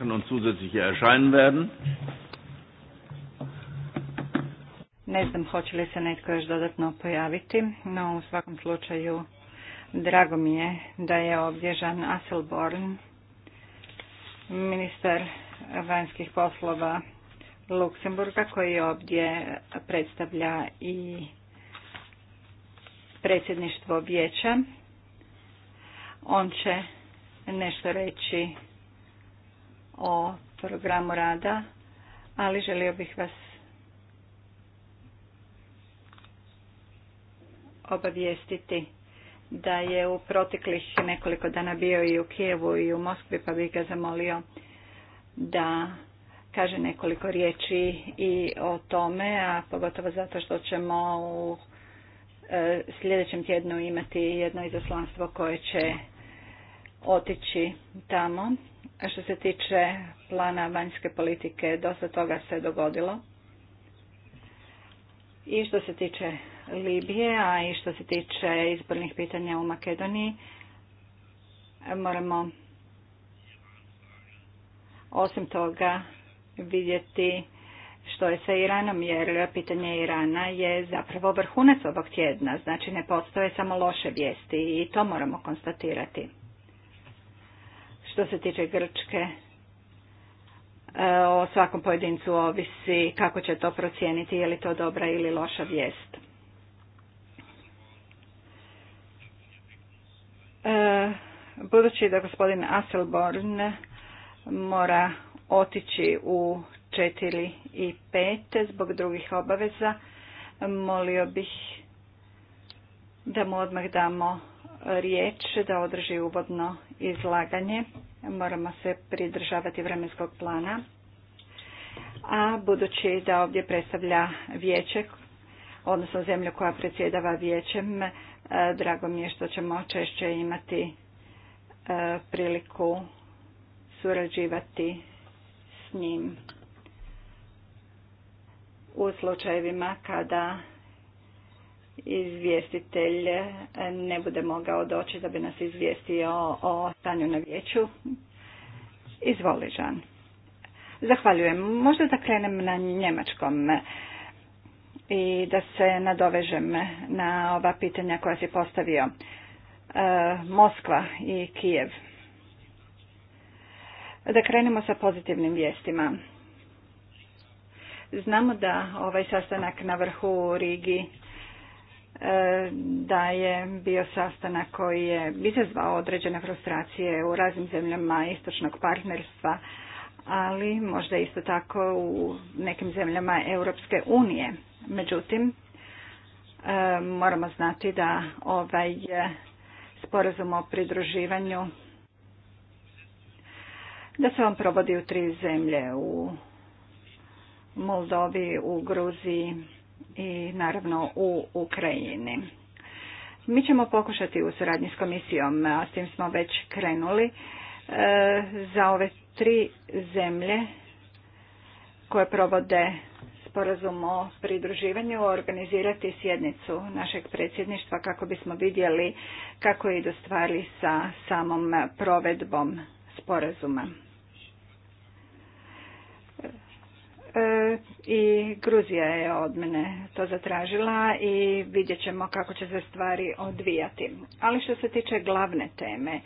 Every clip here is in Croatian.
und zusätzliche erscheinen werden. Ne znam hoće li se netko još dodatno pojaviti, no u svakom slučaju drago mi je da je ovdje Jean Asselborn, ministar vanjskih poslova Luksemburga koji ovdje predstavlja i predsjedništvo vijeća. On će nešto reći o programu rada, ali želio bih vas obavijestiti da je u proteklih nekoliko dana bio i u Kijevu i u Moskvi, pa bih ga zamolio da kaže nekoliko riječi i o tome, a pogotovo zato što ćemo u e, sljedećem tjednu imati jedno izaslanstvo koje će otići tamo što se tiče plana vanjske politike, dosta toga se dogodilo. I što se tiče Libije, a i što se tiče izbornih pitanja u Makedoniji, moramo osim toga vidjeti što je sa Iranom, jer pitanje Irana je zapravo vrhunac ovog tjedna, znači ne postoje samo loše vijesti i to moramo konstatirati. Što se tiče Grčke, e, o svakom pojedincu ovisi kako će to procijeniti, je li to dobra ili loša vijest. E, budući da gospodin Asselborn mora otići u 4 i 5 zbog drugih obaveza, molio bih da mu odmah damo riječ da održi uvodno izlaganje moramo se pridržavati vremenskog plana. A budući da ovdje predstavlja vijeće, odnosno zemlju koja predsjedava vijećem, e, drago mi je što ćemo češće imati e, priliku surađivati s njim u slučajevima kada izvjestitelj e, ne bude mogao doći da bi nas izvijestio o stanju na vijeću. Izvoli, Žan. Zahvaljujem. Možda da krenem na njemačkom i da se nadovežem na ova pitanja koja si postavio. E, Moskva i Kijev. Da krenemo sa pozitivnim vijestima. Znamo da ovaj sastanak na vrhu Rigi E, da je bio sastanak koji je izazvao određene frustracije u raznim zemljama istočnog partnerstva, ali možda isto tako u nekim zemljama Europske unije. Međutim, e, moramo znati da ovaj sporazum o pridruživanju da se on provodi u tri zemlje, u Moldovi, u Gruziji i naravno u Ukrajini. Mi ćemo pokušati u suradnji s komisijom, a s tim smo već krenuli, e, za ove tri zemlje koje provode sporazum o pridruživanju organizirati sjednicu našeg predsjedništva kako bismo vidjeli kako i idu stvari sa samom provedbom sporazuma. E, i Gruzija je od mene to zatražila i vidjet ćemo kako će se stvari odvijati. Ali što se tiče glavne teme,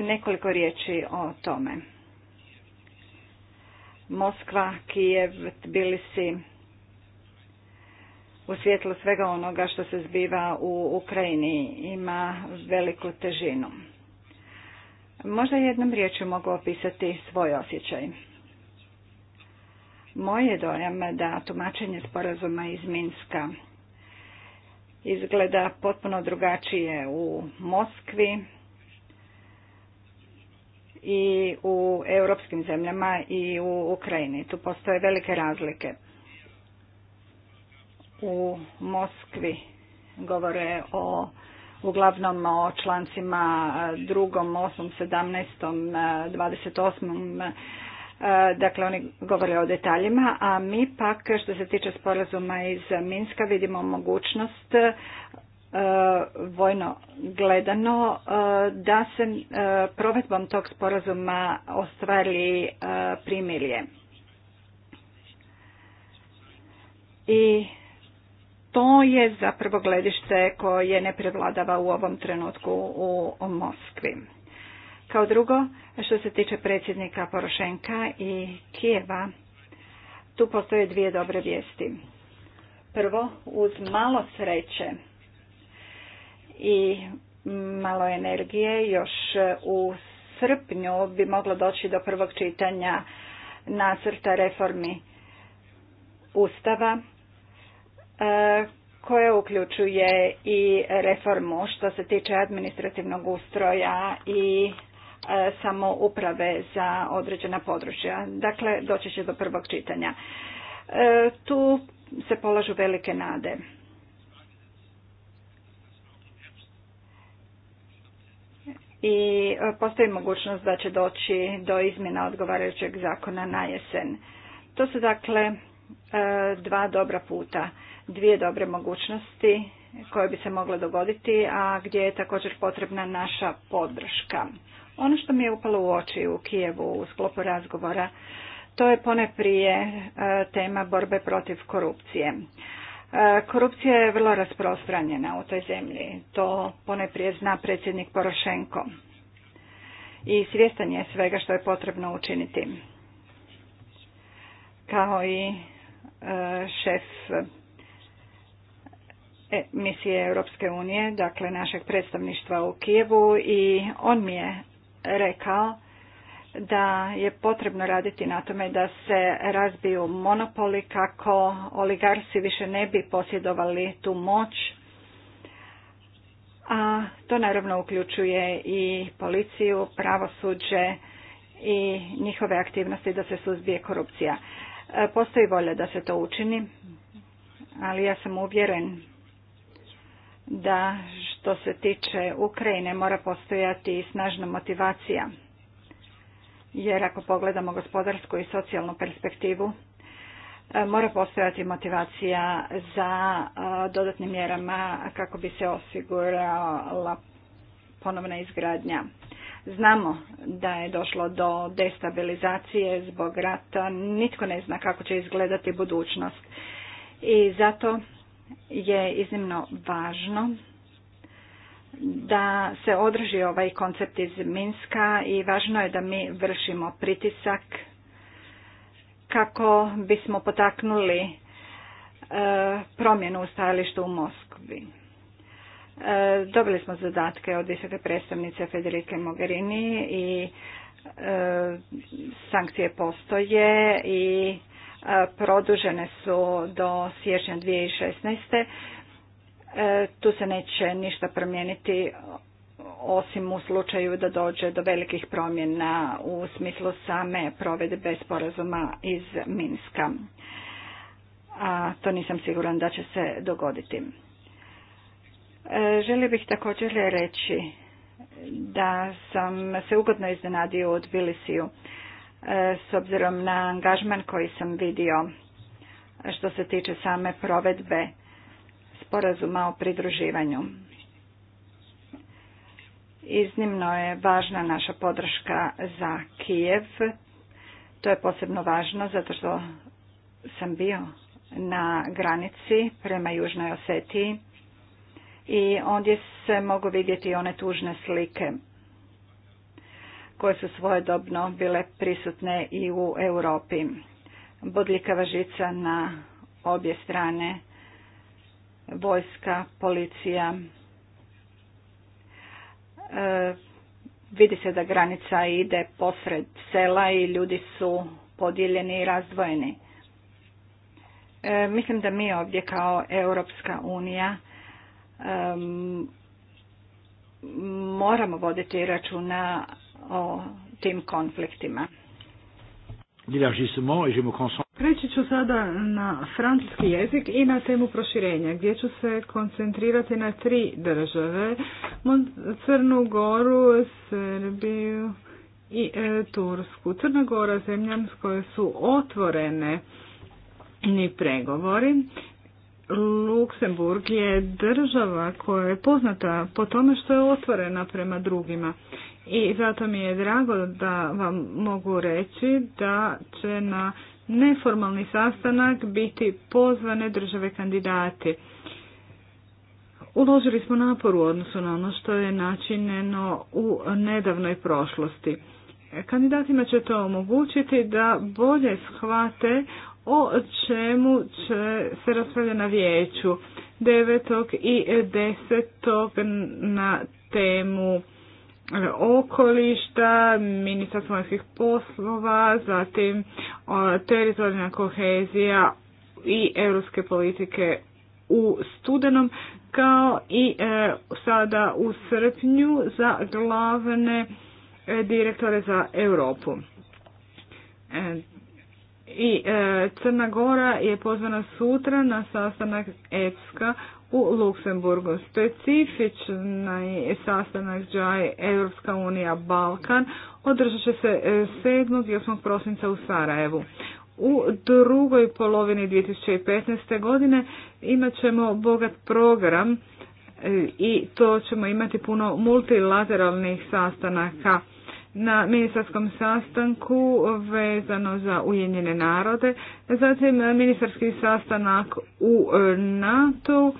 nekoliko riječi o tome. Moskva, Kijev, Tbilisi, u svjetlu svega onoga što se zbiva u Ukrajini ima veliku težinu. Možda jednom riječju mogu opisati svoj osjećaj. Moje je dojam da tumačenje sporazuma iz Minska izgleda potpuno drugačije u Moskvi i u europskim zemljama i u Ukrajini. Tu postoje velike razlike. U Moskvi govore o uglavnom o člancima drugom, osam, sedamnaestom, dvadeset osam E, dakle, oni govore o detaljima, a mi pak što se tiče sporazuma iz Minska vidimo mogućnost e, vojno gledano e, da se provedbom tog sporazuma ostvari primilje. I to je zapravo gledište koje ne prevladava u ovom trenutku u Moskvi. Kao drugo, što se tiče predsjednika Porošenka i Kijeva, tu postoje dvije dobre vijesti. Prvo, uz malo sreće i malo energije još u srpnju bi moglo doći do prvog čitanja nacrta reformi Ustava e, koja uključuje i reformu što se tiče administrativnog ustroja i E, samouprave za određena područja. Dakle, doći će do prvog čitanja. E, tu se polažu velike nade. i e, postoji mogućnost da će doći do izmjena odgovarajućeg zakona na jesen. To su dakle dva dobra puta, dvije dobre mogućnosti koje bi se mogle dogoditi, a gdje je također potrebna naša podrška ono što mi je upalo u oči u Kijevu u sklopu razgovora, to je pone prije e, tema borbe protiv korupcije. E, korupcija je vrlo rasprostranjena u toj zemlji. To pone prije zna predsjednik Porošenko. I svjestan je svega što je potrebno učiniti. Kao i e, šef misije Europske unije, dakle našeg predstavništva u Kijevu i on mi je rekao da je potrebno raditi na tome da se razbiju monopoli kako oligarsi više ne bi posjedovali tu moć. A to naravno uključuje i policiju, pravosuđe i njihove aktivnosti da se suzbije korupcija. E, postoji volja da se to učini, ali ja sam uvjeren da što se tiče Ukrajine mora postojati snažna motivacija. Jer ako pogledamo gospodarsku i socijalnu perspektivu, e, mora postojati motivacija za e, dodatnim mjerama kako bi se osigurala ponovna izgradnja. Znamo da je došlo do destabilizacije zbog rata, nitko ne zna kako će izgledati budućnost. I zato je iznimno važno da se održi ovaj koncept iz Minska i važno je da mi vršimo pritisak kako bismo potaknuli e, promjenu u stajalištu u Moskvi. E, dobili smo zadatke od visoke predstavnice Federike Mogherini i e, sankcije postoje i produžene su do siječnja 2016. E, tu se neće ništa promijeniti osim u slučaju da dođe do velikih promjena u smislu same provedbe sporazuma iz Minska. A to nisam siguran da će se dogoditi. E, želio bih također reći da sam se ugodno iznenadio u Tbilisiju e, s obzirom na angažman koji sam vidio što se tiče same provedbe sporazuma o pridruživanju. Iznimno je važna naša podrška za Kijev. To je posebno važno zato što sam bio na granici prema Južnoj Osetiji i ondje se mogu vidjeti one tužne slike koje su svojedobno bile prisutne i u Europi. Bodljikava žica na obje strane vojska, policija. E, vidi se da granica ide posred sela i ljudi su podijeljeni i razdvojeni. E, mislim da mi ovdje kao Europska unija moramo voditi računa o tim konfliktima. je me Preći ću sada na francuski jezik i na temu proširenja, gdje ću se koncentrirati na tri države, Crnu Goru, Srbiju i e, Tursku. Crna Gora zemlja s koje su otvorene ni pregovori. Luksemburg je država koja je poznata po tome što je otvorena prema drugima. I zato mi je drago da vam mogu reći da će na neformalni sastanak biti pozvane države kandidati. Uložili smo napor u odnosu na ono što je načinjeno u nedavnoj prošlosti. Kandidatima će to omogućiti da bolje shvate o čemu će se raspravlja na vijeću 9. i 10. na temu okolišta, ministarstvo vanjskih poslova, zatim teritorijalna kohezija i europske politike u studenom kao i e, sada u srpnju za glavne e, direktore za Europu. E, I Crna Gora je pozvana sutra na sastanak EPSKA u Luksemburgu. Specifičan sastanak džaj Europska unija Balkan održat će se 7. E, i 8. prosinca u Sarajevu. U drugoj polovini 2015. godine imat ćemo bogat program e, i to ćemo imati puno multilateralnih sastanaka na ministarskom sastanku vezano za Ujedinjene narode, zatim ministarski sastanak u e, NATO,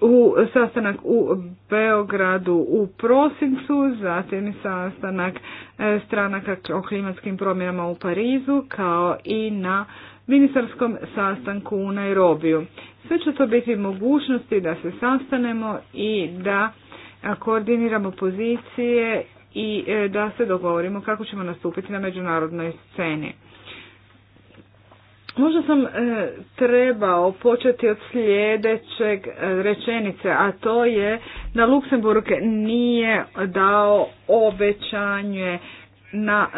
u sastanak u Beogradu u prosincu, zatim sastanak e, stranaka o klimatskim promjenama u Parizu, kao i na ministarskom sastanku u Nairobiju. Sve će to biti mogućnosti da se sastanemo i da koordiniramo pozicije i e, da se dogovorimo kako ćemo nastupiti na međunarodnoj sceni. Možda sam e, trebao početi od sljedećeg e, rečenice, a to je da Luksemburg nije dao obećanje na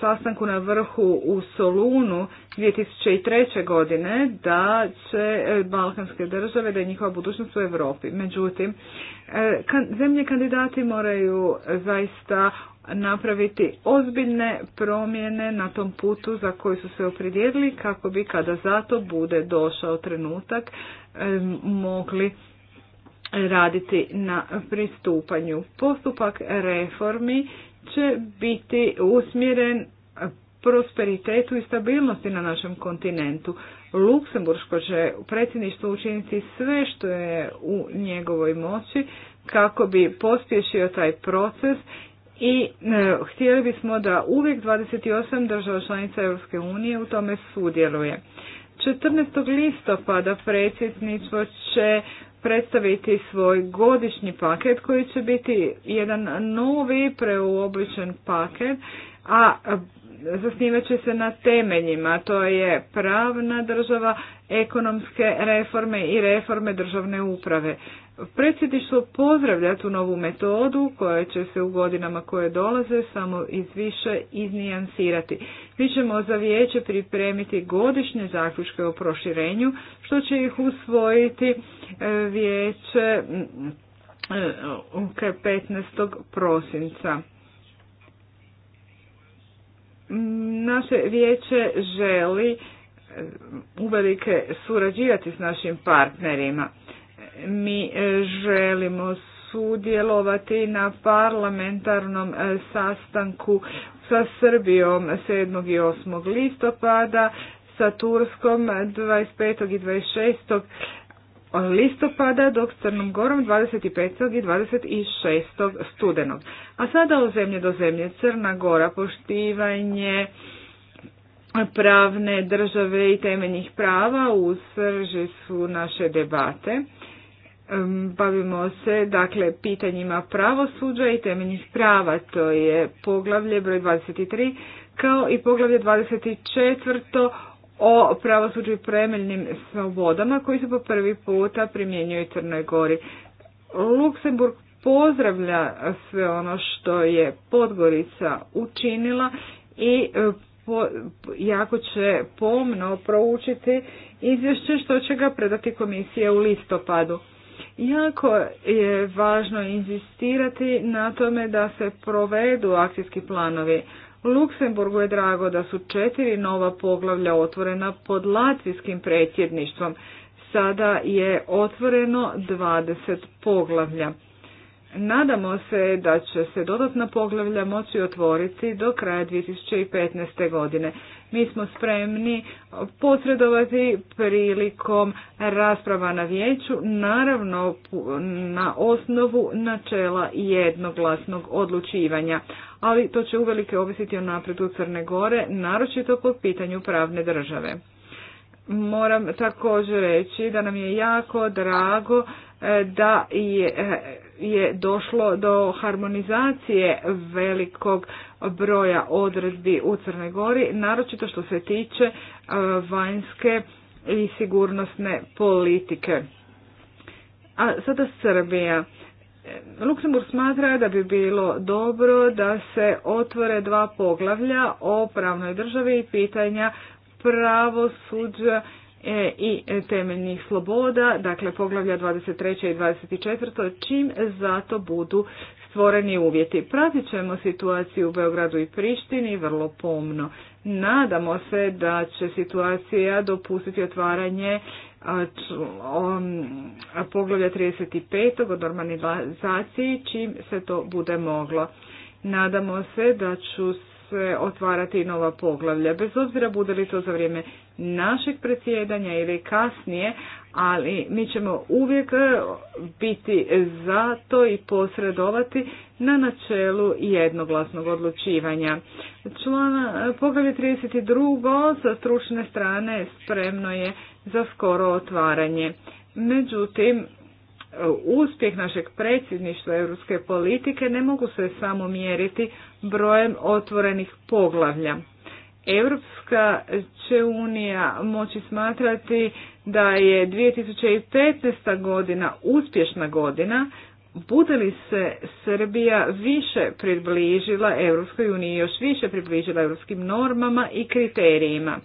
sastanku na vrhu u Solunu 2003. godine da će e, balkanske države, da je njihova budućnost u Europi. Međutim, e, zemlje kandidati moraju zaista napraviti ozbiljne promjene na tom putu za koji su se opredijelili kako bi kada zato bude došao trenutak e, mogli raditi na pristupanju. Postupak reformi će biti usmjeren prosperitetu i stabilnosti na našem kontinentu. Luksemburško će predsjedništvo učiniti sve što je u njegovoj moći kako bi pospješio taj proces i e, htjeli bismo da uvijek 28 država članica Europske unije u tome sudjeluje. 14. listopada predsjedništvo će predstaviti svoj godišnji paket koji će biti jedan novi preuobličen paket, a zasnivat će se na temeljima, to je pravna država, ekonomske reforme i reforme državne uprave. Predsjedništvo pozdravlja tu novu metodu koja će se u godinama koje dolaze samo iz više iznijansirati. Mi ćemo za vijeće pripremiti godišnje zaključke o proširenju što će ih usvojiti vijeće 15. prosinca. Naše vijeće želi e, uvelike surađivati s našim partnerima. Mi e, želimo sudjelovati na parlamentarnom e, sastanku sa Srbijom 7. i 8. listopada, sa Turskom 25. i 26 listopada, dok s Crnom Gorom 25. i 26. studenog. A sada o zemlje do zemlje Crna Gora poštivanje pravne države i temeljnih prava u srži su naše debate. Bavimo se dakle pitanjima pravosuđa i temeljnih prava, to je poglavlje broj 23 kao i poglavlje 24 o pravosuđu i premeljnim svobodama koji se po prvi puta primjenjuju u Crnoj Gori. Luksemburg pozdravlja sve ono što je Podgorica učinila i e, jako će pomno proučiti izvješće što će ga predati komisija u listopadu. Jako je važno inzistirati na tome da se provedu akcijski planovi. Luksemburgu je drago da su četiri nova poglavlja otvorena pod latvijskim predsjedništvom. Sada je otvoreno 20 poglavlja. Nadamo se da će se dodatna poglavlja moći otvoriti do kraja 2015. godine. Mi smo spremni posredovati prilikom rasprava na vijeću, naravno na osnovu načela jednoglasnog odlučivanja, ali to će uvelike ovisiti o napredu Crne Gore, naročito po pitanju pravne države. Moram također reći da nam je jako drago e, da e, je, došlo do harmonizacije velikog broja odredbi u Crnoj Gori, naročito što se tiče e, vanjske i sigurnosne politike. A sada Srbija. Luksemburg smatra da bi bilo dobro da se otvore dva poglavlja o pravnoj državi i pitanja pravosuđa e, i temeljnih sloboda, dakle poglavlja 23. i 24. čim zato budu stvoreni uvjeti. Pratit ćemo situaciju u Beogradu i Prištini vrlo pomno. Nadamo se da će situacija dopustiti otvaranje poglavlja 35. o normalizaciji čim se to bude moglo. Nadamo se da ću se otvarati nova poglavlja, bez obzira bude li to za vrijeme našeg predsjedanja ili kasnije, ali mi ćemo uvijek e, biti za to i posredovati na načelu jednoglasnog odlučivanja. E, poglavlja 32. sa stručne strane spremno je za skoro otvaranje. Međutim, uspjeh našeg predsjedništva europske politike ne mogu se samo mjeriti brojem otvorenih poglavlja. Europska će unija moći smatrati da je 2015. godina uspješna godina, bude li se Srbija više približila Europskoj uniji, još više približila europskim normama i kriterijima.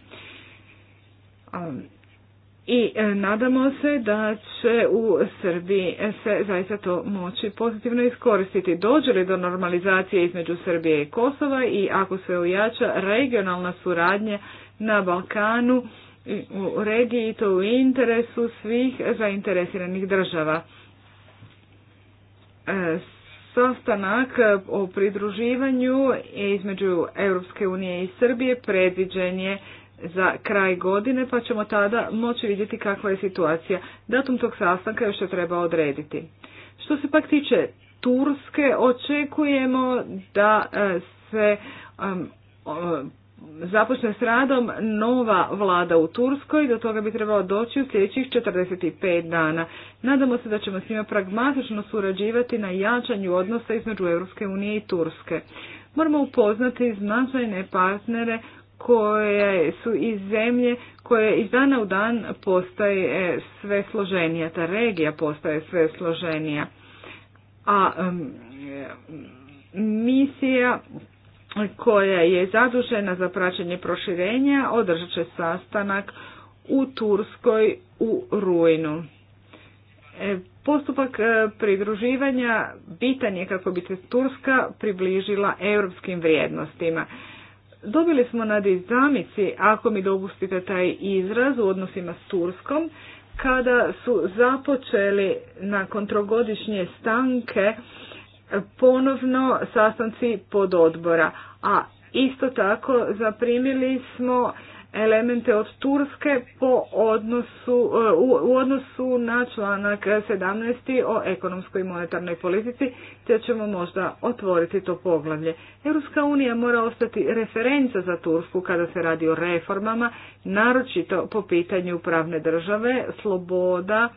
Um, i e, nadamo se da će u Srbiji se zaista to moći pozitivno iskoristiti. Dođe li do normalizacije između Srbije i Kosova i ako se ojača regionalna suradnja na Balkanu u regiji to u interesu svih zainteresiranih država. E, sastanak o pridruživanju između Europske unije i Srbije predviđen je za kraj godine, pa ćemo tada moći vidjeti kakva je situacija. Datum tog sastanka još se treba odrediti. Što se pak tiče Turske, očekujemo da e, se započne s radom nova vlada u Turskoj, do toga bi trebalo doći u sljedećih 45 dana. Nadamo se da ćemo s njima pragmatično surađivati na jačanju odnosa između Europske unije i Turske. Moramo upoznati značajne partnere koje su iz zemlje koje iz dana u dan postaje sve složenija, ta regija postaje sve složenija. A misija koja je zadužena za praćenje proširenja održat će sastanak u Turskoj u rujnu. E, postupak e, pridruživanja bitan je kako bi se Turska približila europskim vrijednostima. Dobili smo na dizamici, ako mi dopustite taj izraz, u odnosima s Turskom, kada su započeli nakon trogodišnje stanke ponovno sastanci pod odbora, A isto tako zaprimili smo elemente od Turske po odnosu, e, u, odnosu na članak 17. o ekonomskoj i monetarnoj politici, te ćemo možda otvoriti to poglavlje. Europska unija mora ostati referenca za Tursku kada se radi o reformama, naročito po pitanju pravne države, sloboda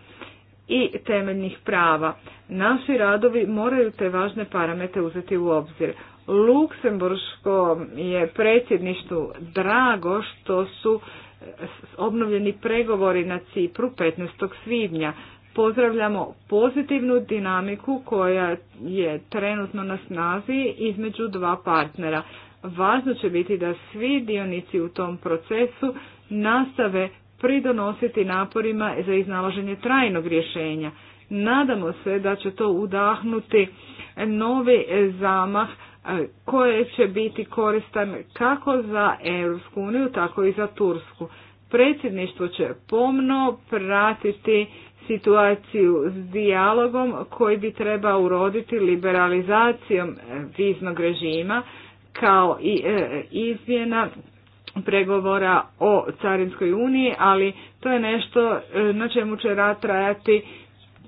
i temeljnih prava. Naši radovi moraju te važne parametre uzeti u obzir. Luksemburško je predsjedništvu drago što su obnovljeni pregovori na Cipru 15. svibnja. Pozdravljamo pozitivnu dinamiku koja je trenutno na snazi između dva partnera. Važno će biti da svi dionici u tom procesu nastave pridonositi naporima za iznalaženje trajnog rješenja. Nadamo se da će to udahnuti novi zamah E, koje će biti koristan kako za Europsku uniju, tako i za Tursku. Predsjedništvo će pomno pratiti situaciju s dijalogom koji bi treba uroditi liberalizacijom e, viznog režima kao i e, izmjena pregovora o Carinskoj uniji, ali to je nešto na čemu će rad trajati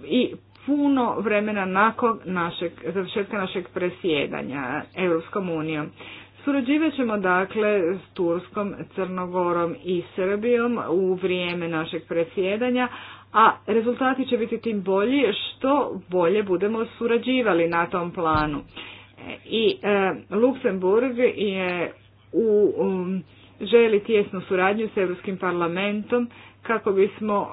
i puno vremena nakon našeg, završetka našeg presjedanja Europskom unijom. Surađivat ćemo dakle s Turskom, Crnogorom i Srbijom u vrijeme našeg presjedanja, a rezultati će biti tim bolji što bolje budemo surađivali na tom planu. I e, Luksemburg je u um, želi tjesnu suradnju s Europskim parlamentom kako bismo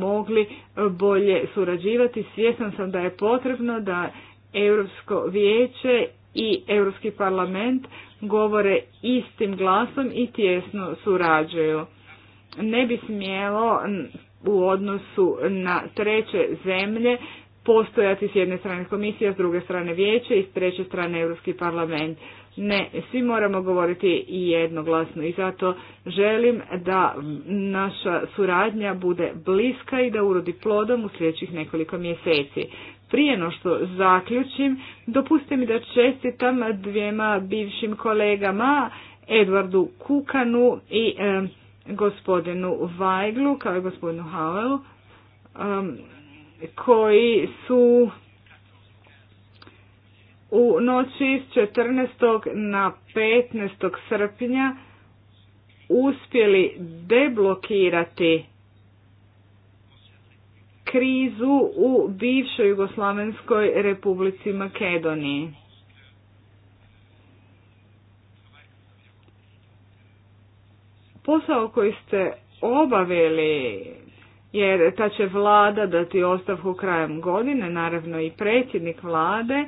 mogli bolje surađivati. Svjestan sam da je potrebno da Europsko vijeće i Europski parlament govore istim glasom i tjesno surađuju. Ne bi smjelo u odnosu na treće zemlje postojati s jedne strane komisija, s druge strane vijeće i s treće strane Europski parlament. Ne, svi moramo govoriti i jednoglasno i zato želim da naša suradnja bude bliska i da urodi plodom u sljedećih nekoliko mjeseci. Prije no što zaključim, dopustite mi da čestitam dvijema bivšim kolegama, Edvardu Kukanu i gospodinu Vajglu, kao i gospodinu Havelu, koji su u noći s 14. na 15. srpnja uspjeli deblokirati krizu u bivšoj Jugoslavenskoj republici Makedoniji. Posao koji ste obavili, jer ta će vlada dati ostavku krajem godine, naravno i predsjednik vlade,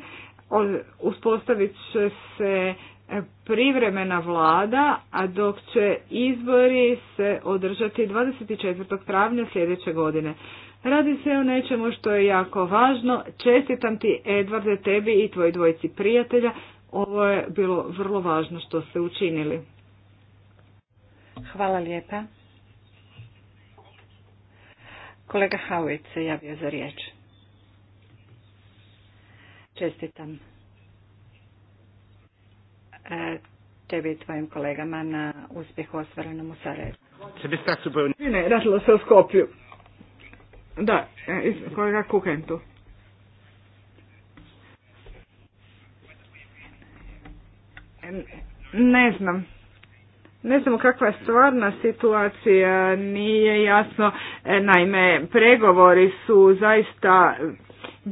uspostavit će se e, privremena vlada, a dok će izbori se održati 24. travnja sljedeće godine. Radi se o nečemu što je jako važno. Čestitam ti, Edvarde, tebi i tvoj dvojici prijatelja. Ovo je bilo vrlo važno što ste učinili. Hvala lijepa. Kolega Howitt se javio za riječ. Čestitam e, tebi i tvojim kolegama na uspjehu ostvarenom u Sarajevu. Ne, radilo se o Skopju. Da, e, kolega Kukan tu. Ne znam. Ne znam kakva je stvarna situacija, nije jasno. E, naime, pregovori su zaista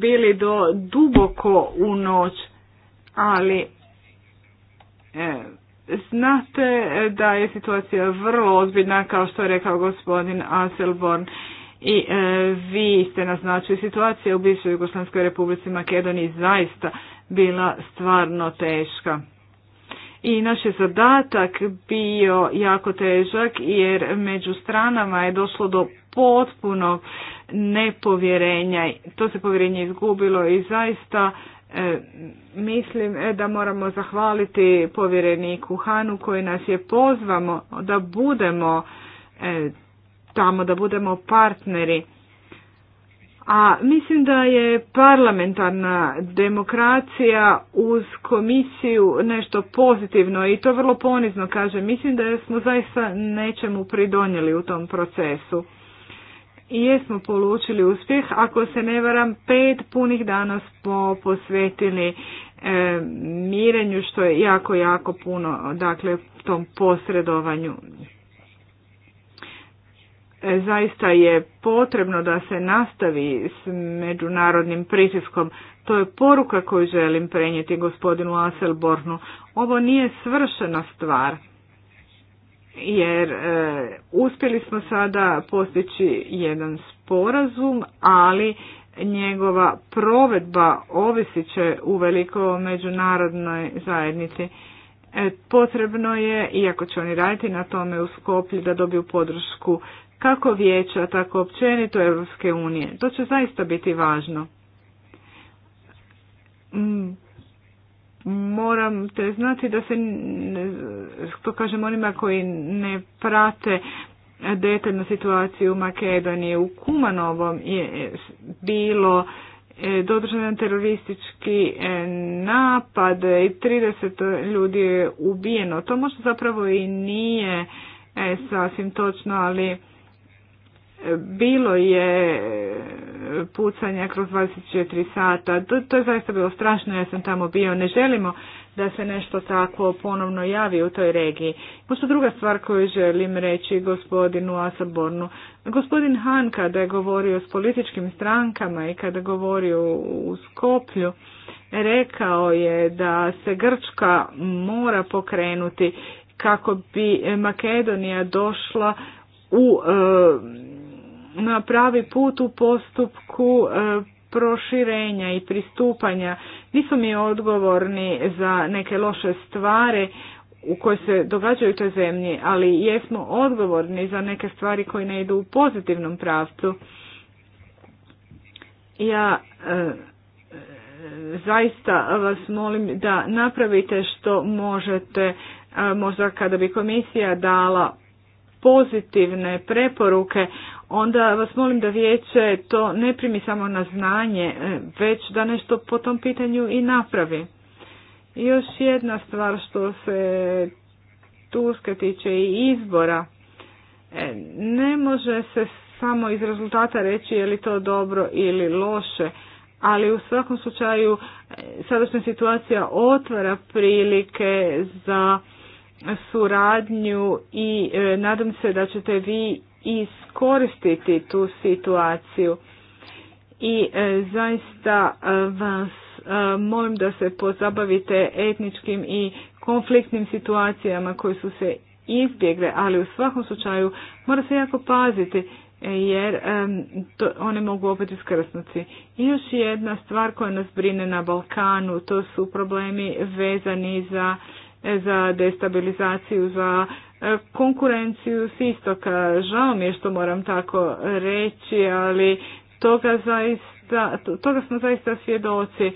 bili do duboko u noć, ali e, znate da je situacija vrlo ozbiljna kao što je rekao gospodin Aselborn i e, vi ste naznačili situacija u bivšoj Jugoslavskoj republici Makedoniji zaista bila stvarno teška. I naš je zadatak bio jako težak jer među stranama je došlo do potpuno nepovjerenja. To se povjerenje izgubilo i zaista e, mislim e, da moramo zahvaliti povjereniku Hanu koji nas je pozvamo da budemo e, tamo, da budemo partneri. A mislim da je parlamentarna demokracija uz komisiju nešto pozitivno i to vrlo ponizno kaže. Mislim da smo zaista nečemu pridonjeli u tom procesu. I jesmo polučili uspjeh. Ako se ne varam, pet punih dana smo posvetili e, mirenju, što je jako, jako puno, dakle, tom posredovanju. E, zaista je potrebno da se nastavi s međunarodnim pritiskom. To je poruka koju želim prenijeti gospodinu Aselbornu. Ovo nije svršena stvar jer e, uspjeli smo sada postići jedan sporazum, ali njegova provedba ovisit će u veliko međunarodnoj zajednici. E, potrebno je, iako će oni raditi na tome u Skoplji, da dobiju podršku kako vijeća, tako općenito Europske unije. To će zaista biti važno. Mm, moram te znati da se, to kažem onima koji ne prate detaljnu situaciju u Makedoniji, u Kumanovom je bilo e, dodržan teroristički e, napad i 30 ljudi je ubijeno. To možda zapravo i nije e, sasvim točno, ali bilo je pucanja kroz 24 sata, to, to je zaista bilo strašno, ja sam tamo bio, ne želimo da se nešto tako ponovno javi u toj regiji. Pošto druga stvar koju želim reći gospodinu Asabornu, gospodin Han kada je govorio s političkim strankama i kada je govorio u Skoplju, rekao je da se Grčka mora pokrenuti kako bi Makedonija došla u na pravi put u postupku e, proširenja i pristupanja. Nisu mi odgovorni za neke loše stvari u koje se događaju u toj zemlji, ali jesmo odgovorni za neke stvari koje ne idu u pozitivnom pravcu. Ja e, zaista vas molim da napravite što možete, e, možda kada bi komisija dala pozitivne preporuke, onda vas molim da vijeće to ne primi samo na znanje, e, već da nešto po tom pitanju i napravi. još jedna stvar što se Turske tiče i izbora. E, ne može se samo iz rezultata reći je li to dobro ili loše, ali u svakom slučaju e, sadašnja situacija otvara prilike za suradnju i nadam se da ćete vi iskoristiti tu situaciju. I e, zaista e, vas e, molim da se pozabavite etničkim i konfliktnim situacijama koje su se izbjegle, ali u svakom slučaju mora se jako paziti jer to, one mogu opet iskrsnuti. I još jedna stvar koja nas brine na Balkanu, to su problemi vezani za za destabilizaciju, za E, konkurenciju s istoka. Žao mi je što moram tako reći, ali toga, zaista, toga smo zaista svjedoci.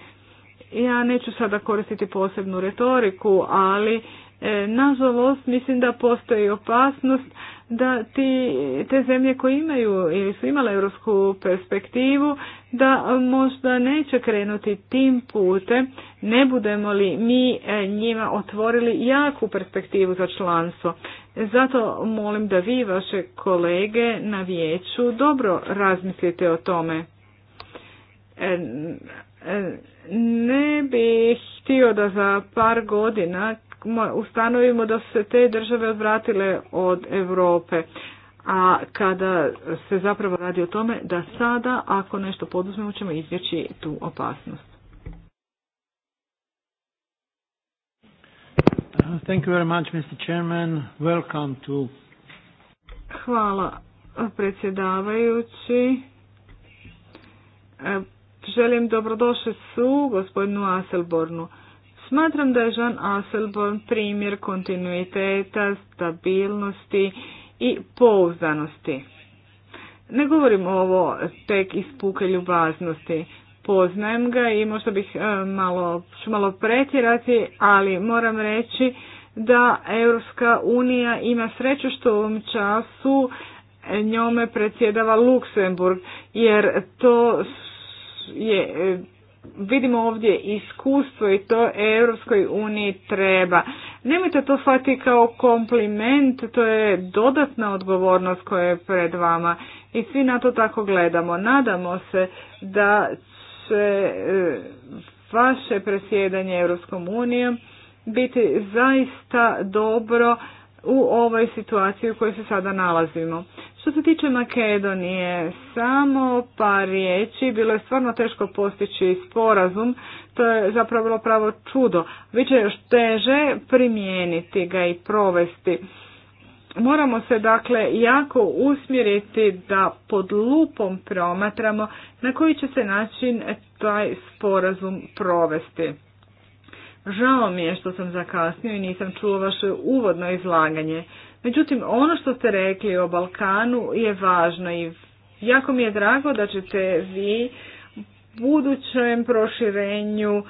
Ja neću sada koristiti posebnu retoriku, ali E, nažalost, mislim da postoji opasnost da ti, te zemlje koje imaju ili su imale europsku perspektivu, da možda neće krenuti tim putem, ne budemo li mi e, njima otvorili jaku perspektivu za članstvo. Zato molim da vi vaše kolege na vijeću dobro razmislite o tome. E, ne bih htio da za par godina ustanovimo da su se te države odvratile od Europe. A kada se zapravo radi o tome da sada ako nešto poduzmemo ćemo izvjeći tu opasnost. Thank you very much, Mr. Chairman. Welcome to... Hvala predsjedavajući. E, želim dobrodošli su gospodinu Aselbornu. Smatram da je Jean Asselborn primjer kontinuiteta, stabilnosti i pouzdanosti. Ne govorim ovo tek iz puke ljubaznosti. Poznajem ga i možda bih e, malo, malo pretjerati, ali moram reći da Europska unija ima sreću što u ovom času njome predsjedava Luksemburg, jer to je e, vidimo ovdje iskustvo i to Europskoj uniji treba. Nemojte to shvatiti kao kompliment, to je dodatna odgovornost koja je pred vama i svi na to tako gledamo. Nadamo se da će e, vaše presjedanje Europskom unijom biti zaista dobro u ovoj situaciji u kojoj se sada nalazimo. Što se tiče Makedonije, samo par riječi, bilo je stvarno teško postići sporazum, to je zapravo bilo pravo čudo. Biće još teže primijeniti ga i provesti. Moramo se dakle jako usmjeriti da pod lupom promatramo na koji će se način taj sporazum provesti. Žao mi je što sam zakasnio i nisam čuo vaše uvodno izlaganje. Međutim, ono što ste rekli o Balkanu je važno i jako mi je drago da ćete vi budućem proširenju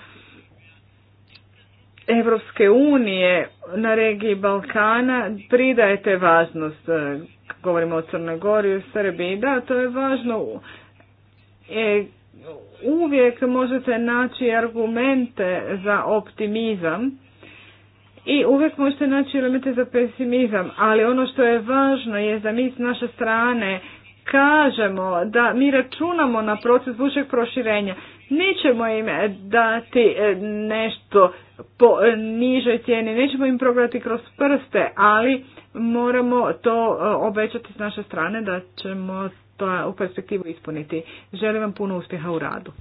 Evropske unije na regiji Balkana pridajete važnost, govorimo o Crnoj Gori, i Srbiji, da, to je važno e, uvijek možete naći argumente za optimizam i uvijek možete naći argumente za pesimizam, ali ono što je važno je da mi s naše strane kažemo da mi računamo na proces bušeg proširenja. Nećemo im e, dati e, nešto po e, nižoj cijeni, nećemo im progledati kroz prste, ali moramo to obećati s naše strane da ćemo pa u perspektivu ispuniti. Želim vam puno uspjeha u radu.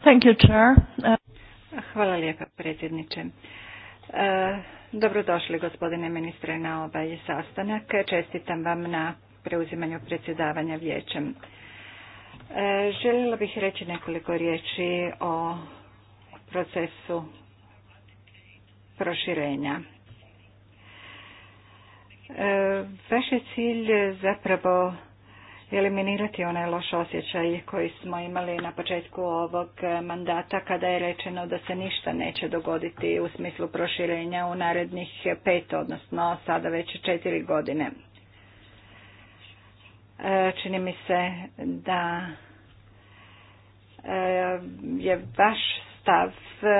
Thank you, Chair. Hvala lijepa, predsjedniče. E, dobrodošli, gospodine ministre, na ovaj sastanak. Čestitam vam na preuzimanju predsjedavanja vijećem. E, željela bih reći nekoliko riječi o procesu proširenja. E, vaš je cilj zapravo eliminirati onaj loš osjećaj koji smo imali na početku ovog mandata kada je rečeno da se ništa neće dogoditi u smislu proširenja u narednih pet, odnosno sada već četiri godine. E, čini mi se da e, je vaš stav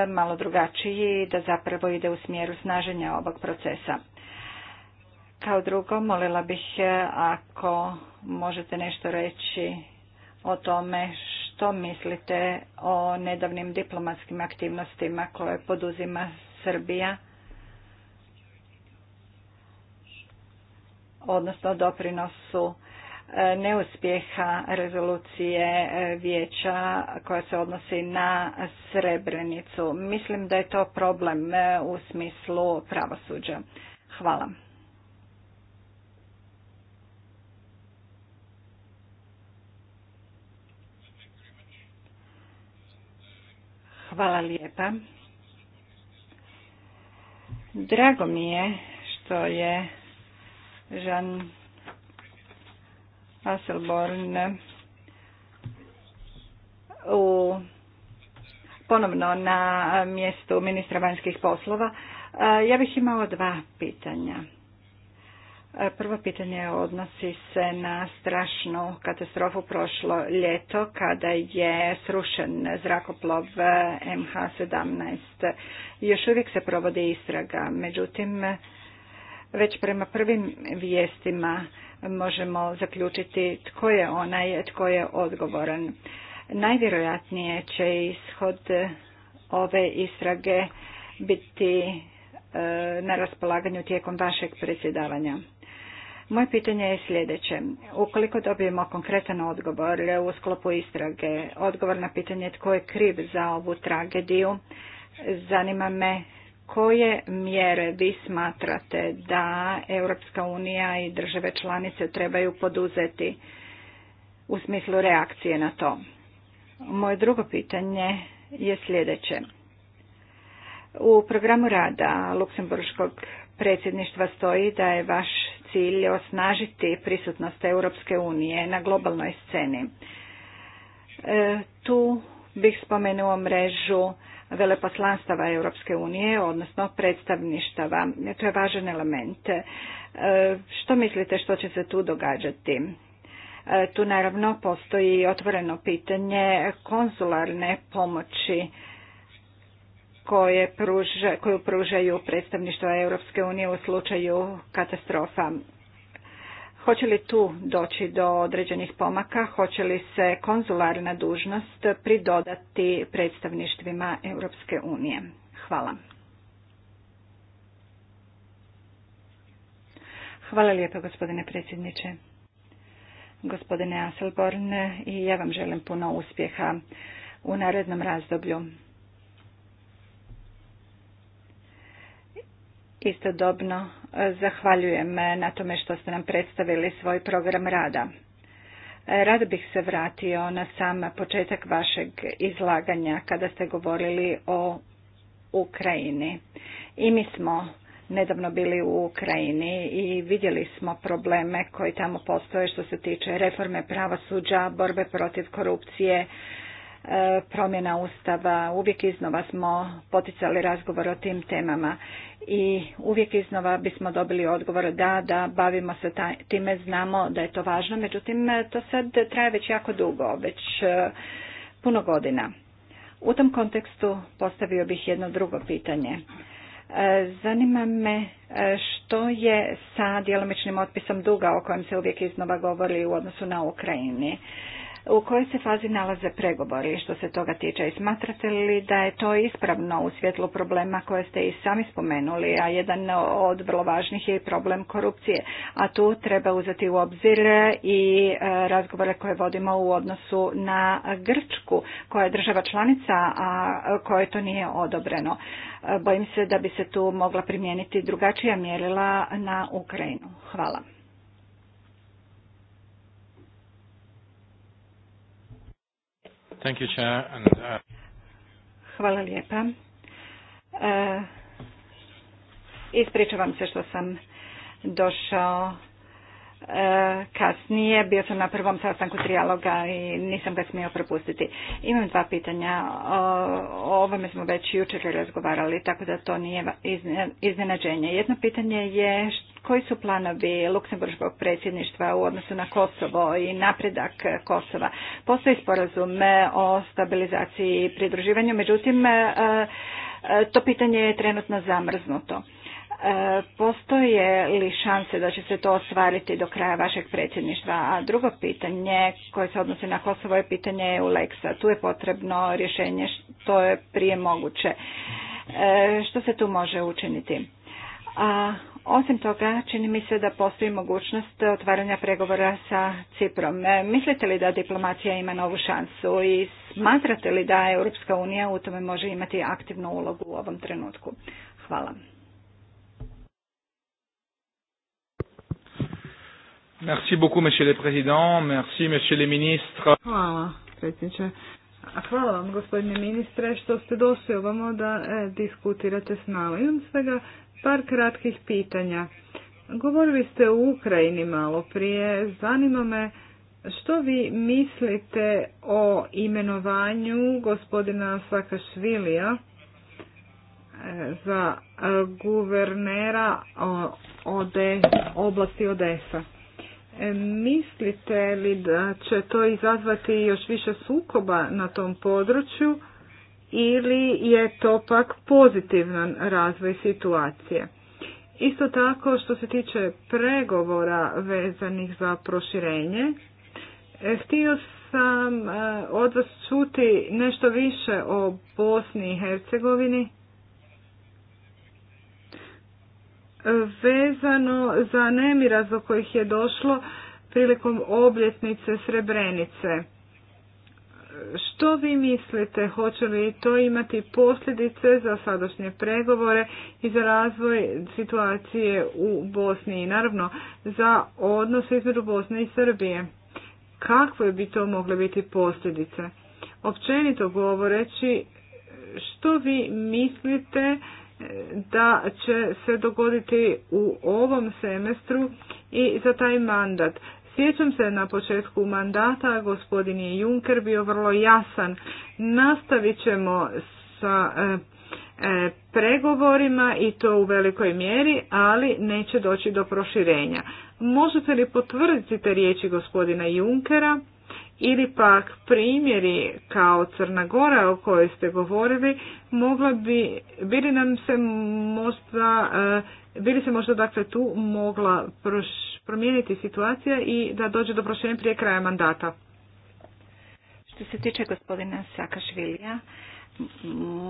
malo drugačiji da zapravo ide u smjeru snaženja ovog procesa. Kao drugo, molila bih e, ako možete nešto reći o tome što mislite o nedavnim diplomatskim aktivnostima koje poduzima Srbija, odnosno doprinosu e, neuspjeha rezolucije e, vijeća koja se odnosi na Srebrenicu. Mislim da je to problem u smislu pravosuđa. Hvala. Hvala lijepa. Drago mi je što je Jean Asselborn u ponovno na mjestu ministra vanjskih poslova. Ja bih imala dva pitanja. E, prvo pitanje odnosi se na strašnu katastrofu prošlo ljeto kada je srušen zrakoplov e, MH17. Još uvijek se provodi istraga, međutim već prema prvim vijestima možemo zaključiti tko je onaj, tko je odgovoran. Najvjerojatnije će ishod ove istrage biti e, na raspolaganju tijekom vašeg predsjedavanja. Moje pitanje je sljedeće. Ukoliko dobijemo konkretan odgovor u sklopu istrage, odgovor na pitanje tko je kriv za ovu tragediju, zanima me koje mjere vi smatrate da Europska unija i države članice trebaju poduzeti u smislu reakcije na to? Moje drugo pitanje je sljedeće. U programu rada Luksemburškog predsjedništva stoji da je vaš cilj osnažiti prisutnost Europske unije na globalnoj sceni. E, tu bih spomenuo mrežu veleposlanstava Europske unije, odnosno predstavništava. To je važan element. E, što mislite što će se tu događati? E, tu naravno postoji otvoreno pitanje konzularne pomoći koje koju pružaju predstavništva Europske unije u slučaju katastrofa. Hoće li tu doći do određenih pomaka? Hoće li se konzularna dužnost pridodati predstavništvima Europske unije? Hvala. Hvala lijepo gospodine predsjedniče. Gospodine Asselborn, i ja vam želim puno uspjeha u narednom razdoblju. Istodobno e, zahvaljujem e, na tome što ste nam predstavili svoj program rada. E, rado bih se vratio na sam početak vašeg izlaganja kada ste govorili o Ukrajini. I mi smo nedavno bili u Ukrajini i vidjeli smo probleme koji tamo postoje što se tiče reforme pravosuđa, borbe protiv korupcije, E, promjena Ustava. Uvijek iznova smo poticali razgovor o tim temama i uvijek iznova bismo dobili odgovor da, da, bavimo se time, znamo da je to važno. Međutim, to sad traje već jako dugo, već e, puno godina. U tom kontekstu postavio bih jedno drugo pitanje. E, zanima me što je sa djelomičnim otpisom duga o kojem se uvijek iznova govori u odnosu na Ukrajini u kojoj se fazi nalaze pregovori što se toga tiče i smatrate li da je to ispravno u svjetlu problema koje ste i sami spomenuli, a jedan od vrlo važnih je i problem korupcije, a tu treba uzeti u obzir i e, razgovore koje vodimo u odnosu na Grčku koja je država članica, a koje to nije odobreno. E, bojim se da bi se tu mogla primijeniti drugačija mjerila na Ukrajinu. Hvala. Thank you, Chair. And, uh, Hvala lijepa. E, ispričavam se što sam došao e, kasnije. Bio sam na prvom sastanku trijaloga i nisam ga smio propustiti. Imam dva pitanja. O ovome smo već jučer razgovarali, tako da to nije iznenađenje. Jedno pitanje je koji su planovi Luksemburgskog predsjedništva u odnosu na Kosovo i napredak Kosova? Postoji sporazum o stabilizaciji i pridruživanju, međutim e, e, to pitanje je trenutno zamrznuto. E, postoje li šanse da će se to ostvariti do kraja vašeg predsjedništva? A drugo pitanje koje se odnosi na Kosovo je pitanje u a Tu je potrebno rješenje što je prije moguće. Što se tu može učiniti? A osim toga, čini mi se da postoji mogućnost otvaranja pregovora sa Ciprom. E, mislite li da diplomacija ima novu šansu i smatrate li da Europska unija u tome može imati aktivnu ulogu u ovom trenutku? Hvala. Merci beaucoup, monsieur le président. Merci, monsieur le ministre. Hvala, predsjedniče. Hvala vam, gospodine ministre, što ste došli ovamo da e, diskutirate s nama. Imam svega Par kratkih pitanja. Govorili ste o Ukrajini malo prije. Zanima me što vi mislite o imenovanju gospodina Sakašvilija e, za guvernera Ode, oblasti Odesa? E, mislite li da će to izazvati još više sukoba na tom području ili je to pak pozitivan razvoj situacije. Isto tako što se tiče pregovora vezanih za proširenje, e, htio sam e, od vas čuti nešto više o Bosni i Hercegovini vezano za nemira do kojih je došlo prilikom obljetnice Srebrenice. Što vi mislite, hoće li to imati posljedice za sadašnje pregovore i za razvoj situacije u Bosni i naravno za odnos između Bosne i Srbije? Kakve bi to mogle biti posljedice? Općenito govoreći, što vi mislite e, da će se dogoditi u ovom semestru i za taj mandat. Sjećam se na početku mandata, gospodin je Juncker bio vrlo jasan. Nastavit ćemo sa e, e, pregovorima i to u velikoj mjeri, ali neće doći do proširenja. Možete li potvrditi te riječi gospodina Junkera ili pak primjeri kao Crna Gora o kojoj ste govorili mogla bi, bili nam se možda e, bili se možda dakle tu mogla promijeniti situacija i da dođe do prošenja prije kraja mandata? Što se tiče gospodina Sakašvilija,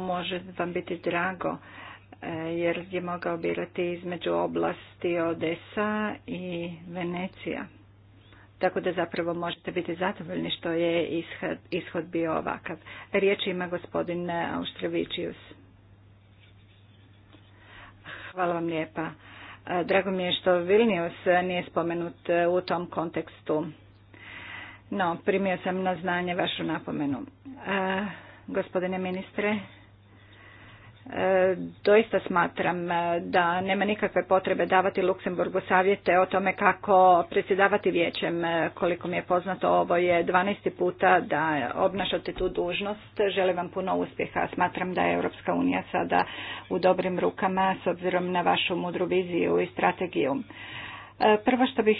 može vam biti drago e, jer je mogao birati između oblasti Odesa i Venecija. Tako da zapravo možete biti zadovoljni što je ishod bio ovakav. Riječ ima gospodin Auštrevičius. Hvala vam lijepa. E, drago mi je što Vilnius nije spomenut e, u tom kontekstu. No, primio sam na znanje vašu napomenu. E, gospodine ministre, E, doista smatram e, da nema nikakve potrebe davati Luksemburgu savjete o tome kako predsjedavati vijećem. E, koliko mi je poznato, ovo je 12. puta da obnašate tu dužnost. Želim vam puno uspjeha. Smatram da je Europska unija sada u dobrim rukama s obzirom na vašu mudru viziju i strategiju. Prvo što bih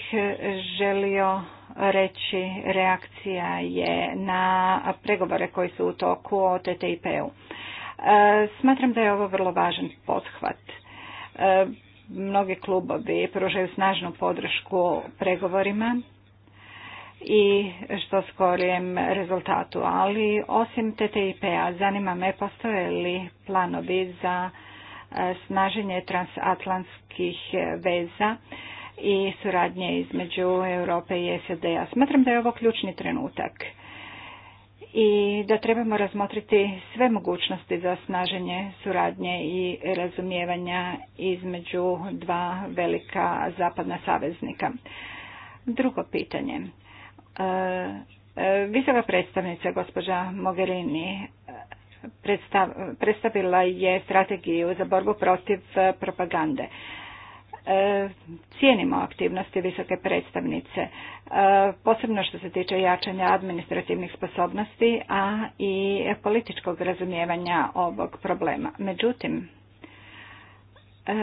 želio reći reakcija je na pregovore koji su u toku o TTIP-u. Smatram da je ovo vrlo važan pothvat. E, mnogi klubovi pružaju snažnu podršku pregovorima i što skorijem rezultatu. Ali osim TTIP-a zanima me postoje li planovi za e, snaženje transatlantskih veza i suradnje između Europe i SAD-a. Smatram da je ovo ključni trenutak i da trebamo razmotriti sve mogućnosti za snaženje suradnje i razumijevanja između dva velika zapadna saveznika. Drugo pitanje. E, e, visoka predstavnica gospođa Mogherini e, predstavila je strategiju za borbu protiv propagande. E, cijenimo aktivnosti visoke predstavnice, e, posebno što se tiče jačanja administrativnih sposobnosti, a i političkog razumijevanja ovog problema. Međutim, E,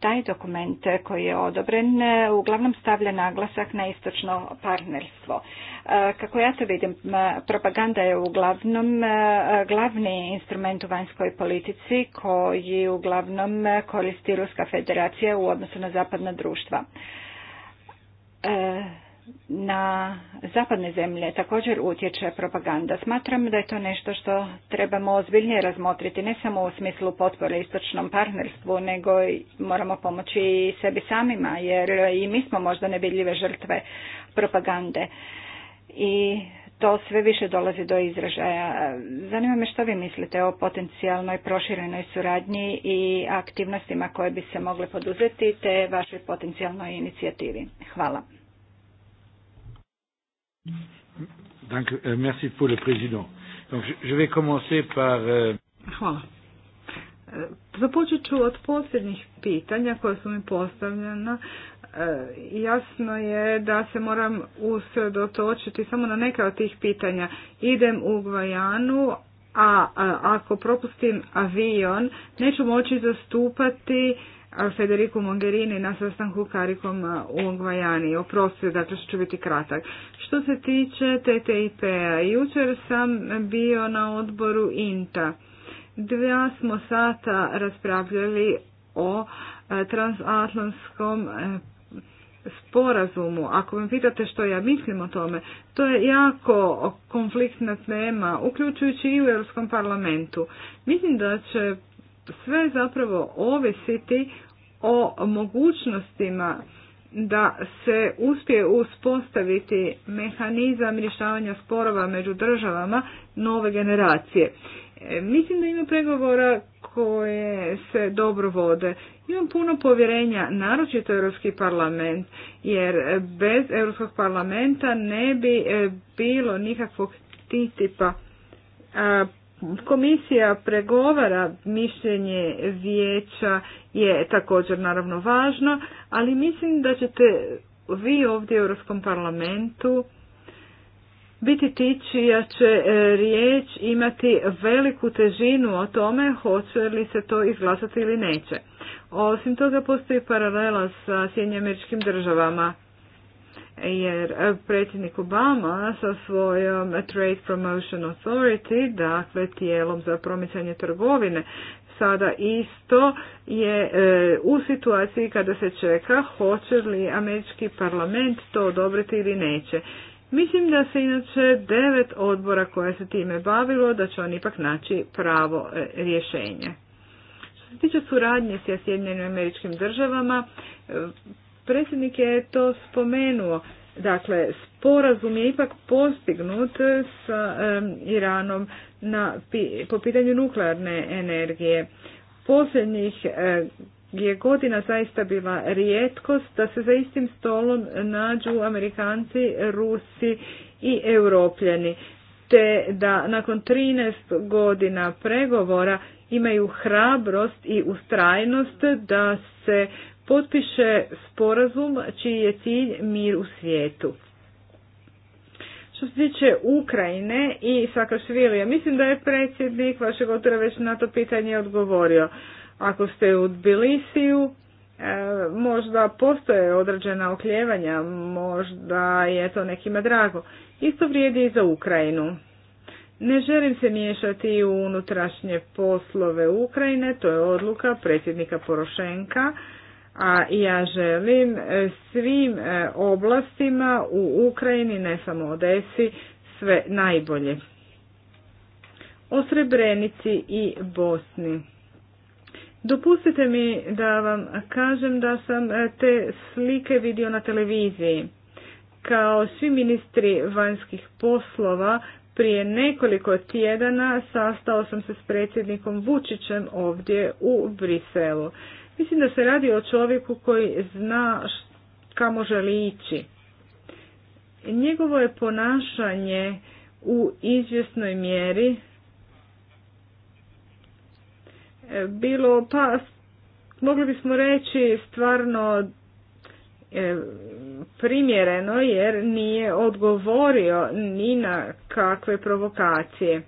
taj dokument koji je odobren e, uglavnom stavlja naglasak na istočno partnerstvo. E, kako ja to vidim, propaganda je uglavnom glavni instrument u vanjskoj politici koji uglavnom koristi Ruska federacija u odnosu na zapadna društva na zapadne zemlje također utječe propaganda. Smatram da je to nešto što trebamo ozbiljnije razmotriti, ne samo u smislu potpore istočnom partnerstvu, nego moramo pomoći i sebi samima, jer i mi smo možda nevidljive žrtve propagande. I to sve više dolazi do izražaja. Zanima me što vi mislite o potencijalnoj proširenoj suradnji i aktivnostima koje bi se mogle poduzeti te vašoj potencijalnoj inicijativi. Hvala. Euh, merci le président. Donc, je par... Euh, Hvala. E, započet ću od posljednjih pitanja koja su mi postavljena. E, jasno je da se moram usredotočiti samo na neka od tih pitanja. Idem u Gvajanu, a ako propustim avion, neću moći zastupati Federiku Mongerini na sastanku Karikom uh, u Gvajani. Oprostite, dakle što ću biti kratak. Što se tiče TTIP-a, jučer sam bio na odboru INTA. Dva smo sata raspravljali o uh, transatlantskom uh, sporazumu. Ako me pitate što ja mislim o tome, to je jako konfliktna tema, uključujući i u Europskom parlamentu. Mislim da će sve zapravo ovisiti o mogućnostima da se uspije uspostaviti mehanizam rješavanja sporova među državama nove generacije. E, mislim da ima pregovora koje se dobro vode. Imam puno povjerenja, naročito Europski parlament, jer bez Europskog parlamenta ne bi e, bilo nikakvog titipa Komisija pregovara, mišljenje vijeća je također naravno važno, ali mislim da ćete vi ovdje u Europskom parlamentu biti ti čija će e, riječ imati veliku težinu o tome hoće li se to izglasati ili neće. Osim toga postoji paralela sa Sjedinjim američkim državama jer predsjednik Obama sa svojom Trade Promotion Authority, dakle tijelom za promicanje trgovine, sada isto je e, u situaciji kada se čeka hoće li američki parlament to odobriti ili neće. Mislim da se inače devet odbora koja se time bavilo, da će on ipak naći pravo e, rješenje. Što se tiče suradnje s Sjedinjenim američkim državama, Predsjednik je to spomenuo. Dakle, sporazum je ipak postignut sa Iranom na, po pitanju nuklearne energije. Posljednjih je godina zaista bila rijetkost da se za istim stolom nađu Amerikanci, Rusi i Europljani, te da nakon 13 godina pregovora imaju hrabrost i ustrajnost da se potpiše sporazum čiji je cilj mir u svijetu. Što se tiče Ukrajine i Sakašvilija, mislim da je predsjednik vašeg otvora već na to pitanje odgovorio. Ako ste u Tbilisiju, e, možda postoje određena okljevanja, možda je to nekima drago. Isto vrijedi i za Ukrajinu. Ne želim se miješati u unutrašnje poslove Ukrajine, to je odluka predsjednika Porošenka, a ja želim e, svim e, oblastima u Ukrajini, ne samo Odesi, sve najbolje. O Srebrenici i Bosni. Dopustite mi da vam kažem da sam e, te slike vidio na televiziji. Kao svi ministri vanjskih poslova prije nekoliko tjedana sastao sam se s predsjednikom Vučićem ovdje u Briselu. Mislim da se radi o čovjeku koji zna kamo želi ići. Njegovo je ponašanje u izvjesnoj mjeri e, bilo pa mogli bismo reći stvarno e, primjereno jer nije odgovorio ni na kakve provokacije.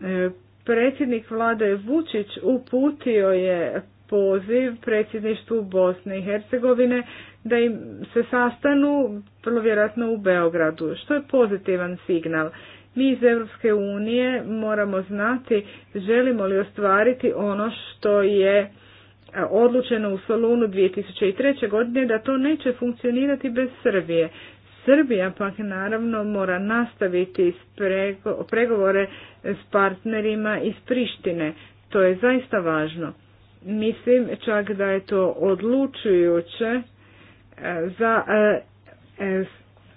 E, Predsjednik vlade Vučić uputio je poziv predsjedništvu Bosne i Hercegovine da im se sastanu vrlo vjerojatno u Beogradu, što je pozitivan signal. Mi iz Europske unije moramo znati želimo li ostvariti ono što je e, odlučeno u Solunu 2003. godine da to neće funkcionirati bez Srbije. Srbija pak naravno mora nastaviti pregovore s partnerima iz Prištine. To je zaista važno. Mislim čak da je to odlučujuće e, za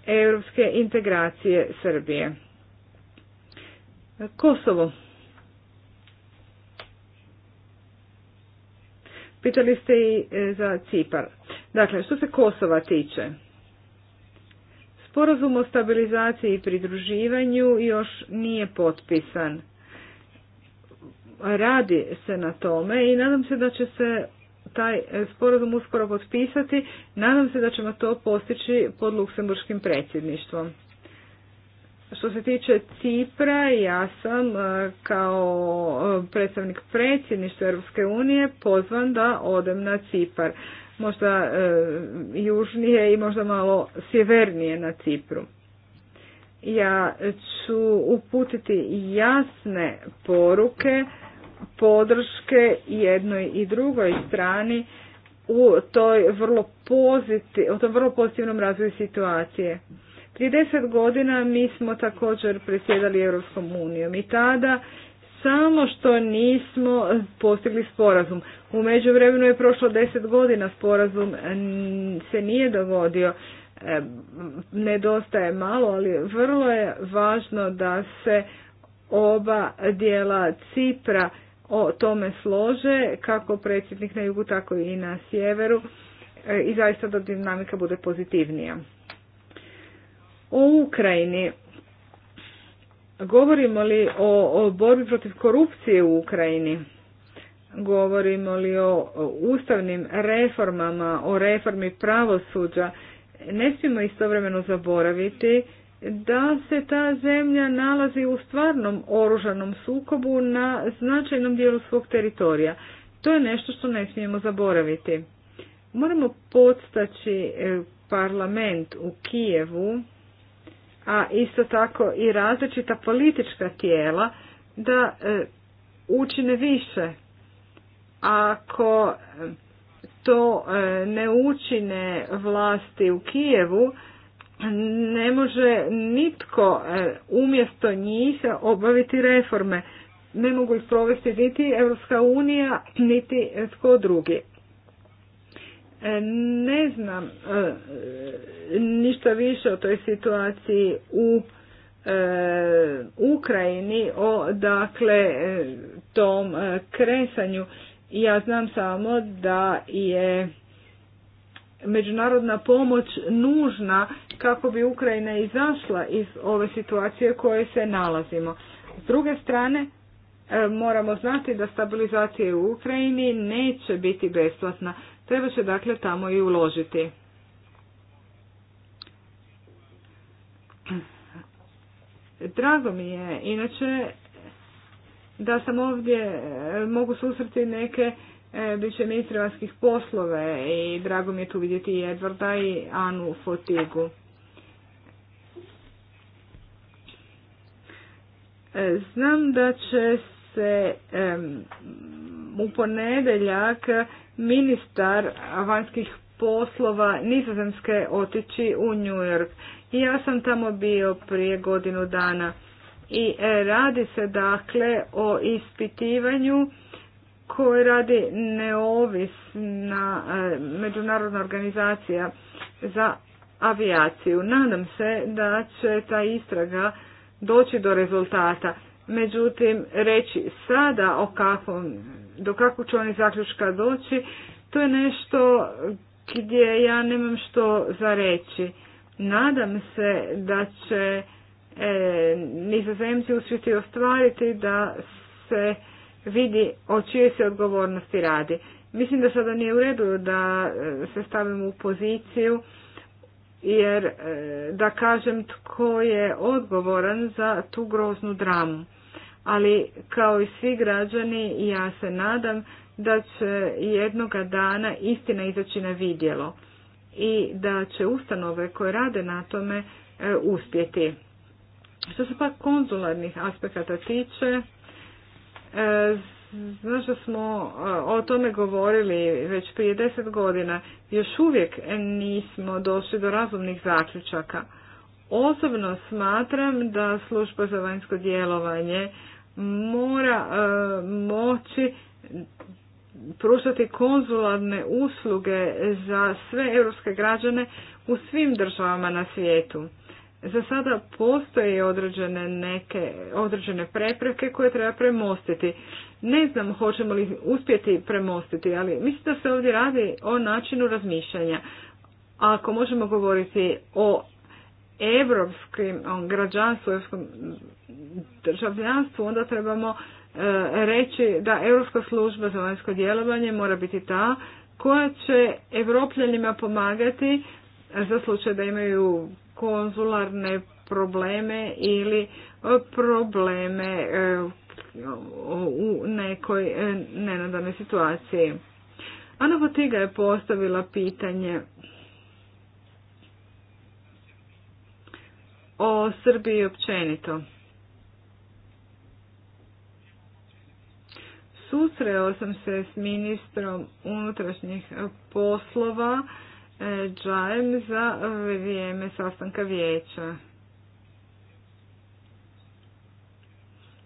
europske e, integracije Srbije. Kosovo. Pitali ste i e, za Cipar. Dakle, što se Kosova tiče, Sporazum o stabilizaciji i pridruživanju još nije potpisan. Radi se na tome i nadam se da će se taj sporazum uskoro potpisati. Nadam se da ćemo to postići pod luksemburškim predsjedništvom. Što se tiče Cipra, ja sam e, kao e, predstavnik predsjedništva Europske unije pozvan da odem na Cipar možda e, južnije i možda malo sjevernije na Cipru. Ja ću uputiti jasne poruke podrške jednoj i drugoj strani u toj vrlo pozitiv, u tom vrlo pozitivnom razvoju situacije. Prije godina mi smo također predsjedali Europskom unijom i tada samo što nismo postigli sporazum. U međuvremenu je prošlo deset godina, sporazum se nije dogodio. E, nedostaje malo, ali vrlo je važno da se oba dijela Cipra o tome slože, kako predsjednik na jugu, tako i na sjeveru e, i zaista da dinamika bude pozitivnija. U Ukrajini Govorimo li o, borbi protiv korupcije u Ukrajini? Govorimo li o, o ustavnim reformama, o reformi pravosuđa? Ne smijemo istovremeno zaboraviti da se ta zemlja nalazi u stvarnom oružanom sukobu na značajnom dijelu svog teritorija. To je nešto što ne smijemo zaboraviti. Moramo podstaći e, parlament u Kijevu a isto tako i različita politička tijela da e, učine više. Ako e, to e, ne učine vlasti u Kijevu, ne može nitko umjesto njih obaviti reforme. Ne mogu ih provesti niti Europska unija, niti tko drugi. E, ne znam e, ništa više o toj situaciji u e, Ukrajini, o dakle tom kresanju. Ja znam samo da je međunarodna pomoć nužna kako bi Ukrajina izašla iz ove situacije koje se nalazimo. S druge strane, moramo znati da stabilizacija u Ukrajini neće biti besplatna. Treba se dakle tamo i uložiti. Drago mi je, inače, da sam ovdje, e, mogu susreti neke e, biće ministre poslove i drago mi je tu vidjeti i Edvarda i Anu Fotigu. E, znam da će se u ponedeljak ministar vanjskih poslova nizozemske otići u New York. I ja sam tamo bio prije godinu dana. I e, radi se dakle o ispitivanju koje radi neovisna e, međunarodna organizacija za avijaciju. Nadam se da će ta istraga doći do rezultata. Međutim, reći sada o kakvom do kakvog će oni zaključka doći, to je nešto gdje ja nemam što za reći. Nadam se da će e, nizozemci uspjeti ostvariti da se vidi o čijoj se odgovornosti radi. Mislim da sada nije u redu da e, se stavimo u poziciju jer e, da kažem tko je odgovoran za tu groznu dramu ali kao i svi građani ja se nadam da će jednoga dana istina izaći na vidjelo i da će ustanove koje rade na tome e, uspjeti. Što se pak konzularnih aspekata tiče, e, znaš da smo e, o tome govorili već prije deset godina, još uvijek nismo došli do razumnih zaključaka. Osobno smatram da služba za vanjsko djelovanje mora e, moći pružati konzularne usluge za sve europske građane u svim državama na svijetu. Za sada postoje određene neke određene prepreke koje treba premostiti. Ne znam hoćemo li uspjeti premostiti, ali mislim da se ovdje radi o načinu razmišljanja. Ako možemo govoriti o evropskim um, građanstvu, evropskom državljanstvu, onda trebamo e, reći da Europska služba za vanjsko djelovanje mora biti ta koja će evropljanima pomagati za slučaj da imaju konzularne probleme ili e, probleme e, u nekoj nenadanoj situaciji. Ana Botiga je postavila pitanje o Srbiji općenito. Susreo sam se s ministrom unutrašnjih poslova e, Džajem za vrijeme sastanka vijeća.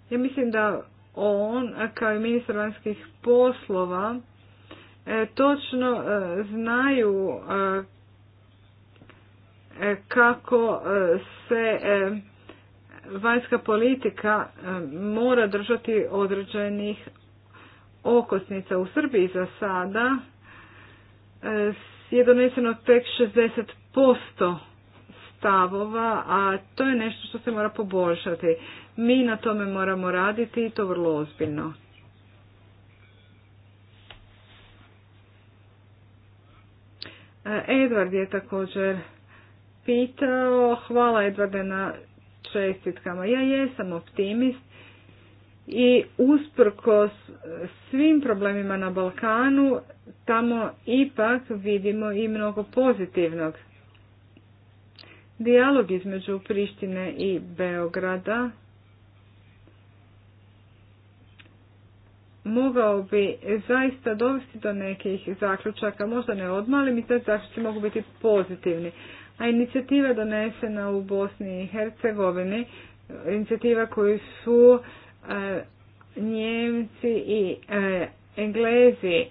Ja mislim da on, kao i ministar vanjskih poslova, e, točno e, znaju E, kako e, se e, vanjska politika mora držati određenih okosnica u Srbiji za sada je doneseno tek 60% stavova, a to je nešto što se mora poboljšati. Mi na tome moramo raditi i to vrlo ozbiljno. Edward je također pitao, hvala Edvarde na čestitkama. Ja jesam optimist i usprkos svim problemima na Balkanu, tamo ipak vidimo i mnogo pozitivnog. Dijalog između Prištine i Beograda mogao bi zaista dovesti do nekih zaključaka, možda ne odmah, ali mi te zaključci mogu biti pozitivni. A inicijativa donesena u Bosni i Hercegovini, inicijativa koju su e, Njemci i e, Englezi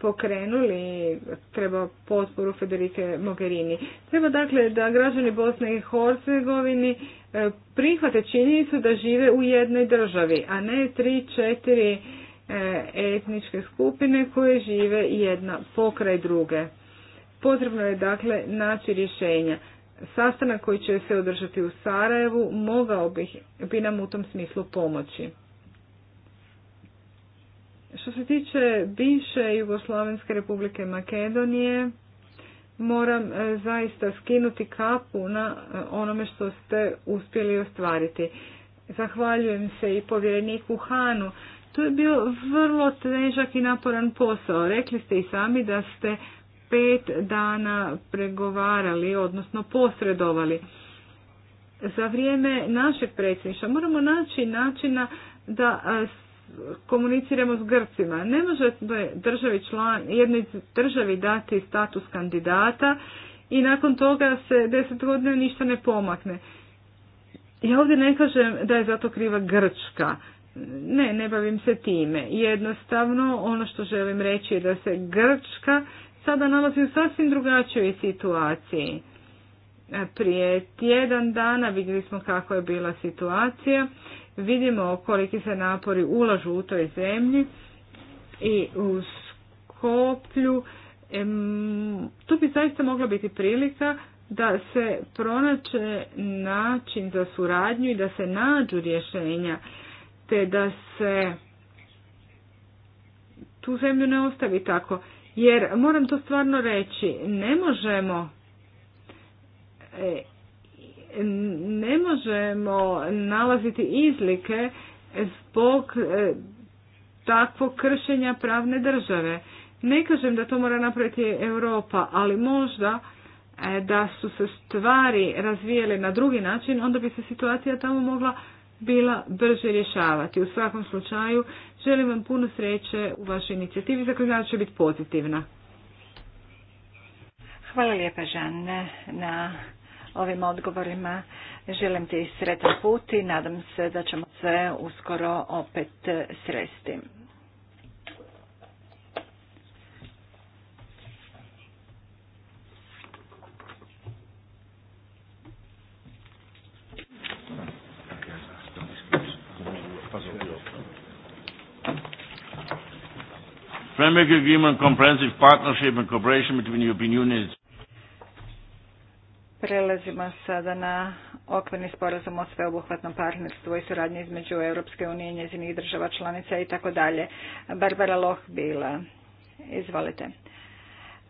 pokrenuli, treba potporu Federike Mogherini. Treba dakle da građani Bosne i Hercegovini e, prihvate činjenicu da žive u jednoj državi, a ne tri, četiri etničke skupine koje žive jedna pokraj druge. Potrebno je dakle naći rješenja. Sastanak koji će se održati u Sarajevu mogao bih, bi nam u tom smislu pomoći. Što se tiče bivše Jugoslavenske republike Makedonije, moram e, zaista skinuti kapu na e, onome što ste uspjeli ostvariti. Zahvaljujem se i povjereniku Hanu. To je bio vrlo težak i naporan posao. Rekli ste i sami da ste pet dana pregovarali, odnosno posredovali. Za vrijeme našeg predsjedništva moramo naći načina da komuniciramo s Grcima. Ne može državi član, jednoj državi dati status kandidata i nakon toga se deset godina ništa ne pomakne. Ja ovdje ne kažem da je zato kriva Grčka. Ne, ne bavim se time. Jednostavno, ono što želim reći je da se Grčka sada nalazi u sasvim drugačijoj situaciji. Prije tjedan dana vidjeli smo kako je bila situacija, vidimo koliki se napori ulažu u toj zemlji i u Skoplju. Tu bi zaista mogla biti prilika da se pronače način za suradnju i da se nađu rješenja, te da se tu zemlju ne ostavi tako. Jer moram to stvarno reći, ne možemo e, ne možemo nalaziti izlike zbog e, takvog kršenja pravne države. Ne kažem da to mora napraviti Europa, ali možda e, da su se stvari razvijele na drugi način, onda bi se situacija tamo mogla bila brže rješavati. U svakom slučaju želim vam puno sreće u vašoj inicijativi za koju će biti pozitivna. Hvala lijepa Žanne, na ovim odgovorima. Želim ti sretan put i nadam se da ćemo se uskoro opet sresti. Framework Agreement Comprehensive Partnership and Cooperation between European Union Prelazimo sada na okvirni sporazum o sveobuhvatnom partnerstvu i suradnji između Europske unije i njezinih država članica i tako dalje. Barbara Lohbila, izvolite.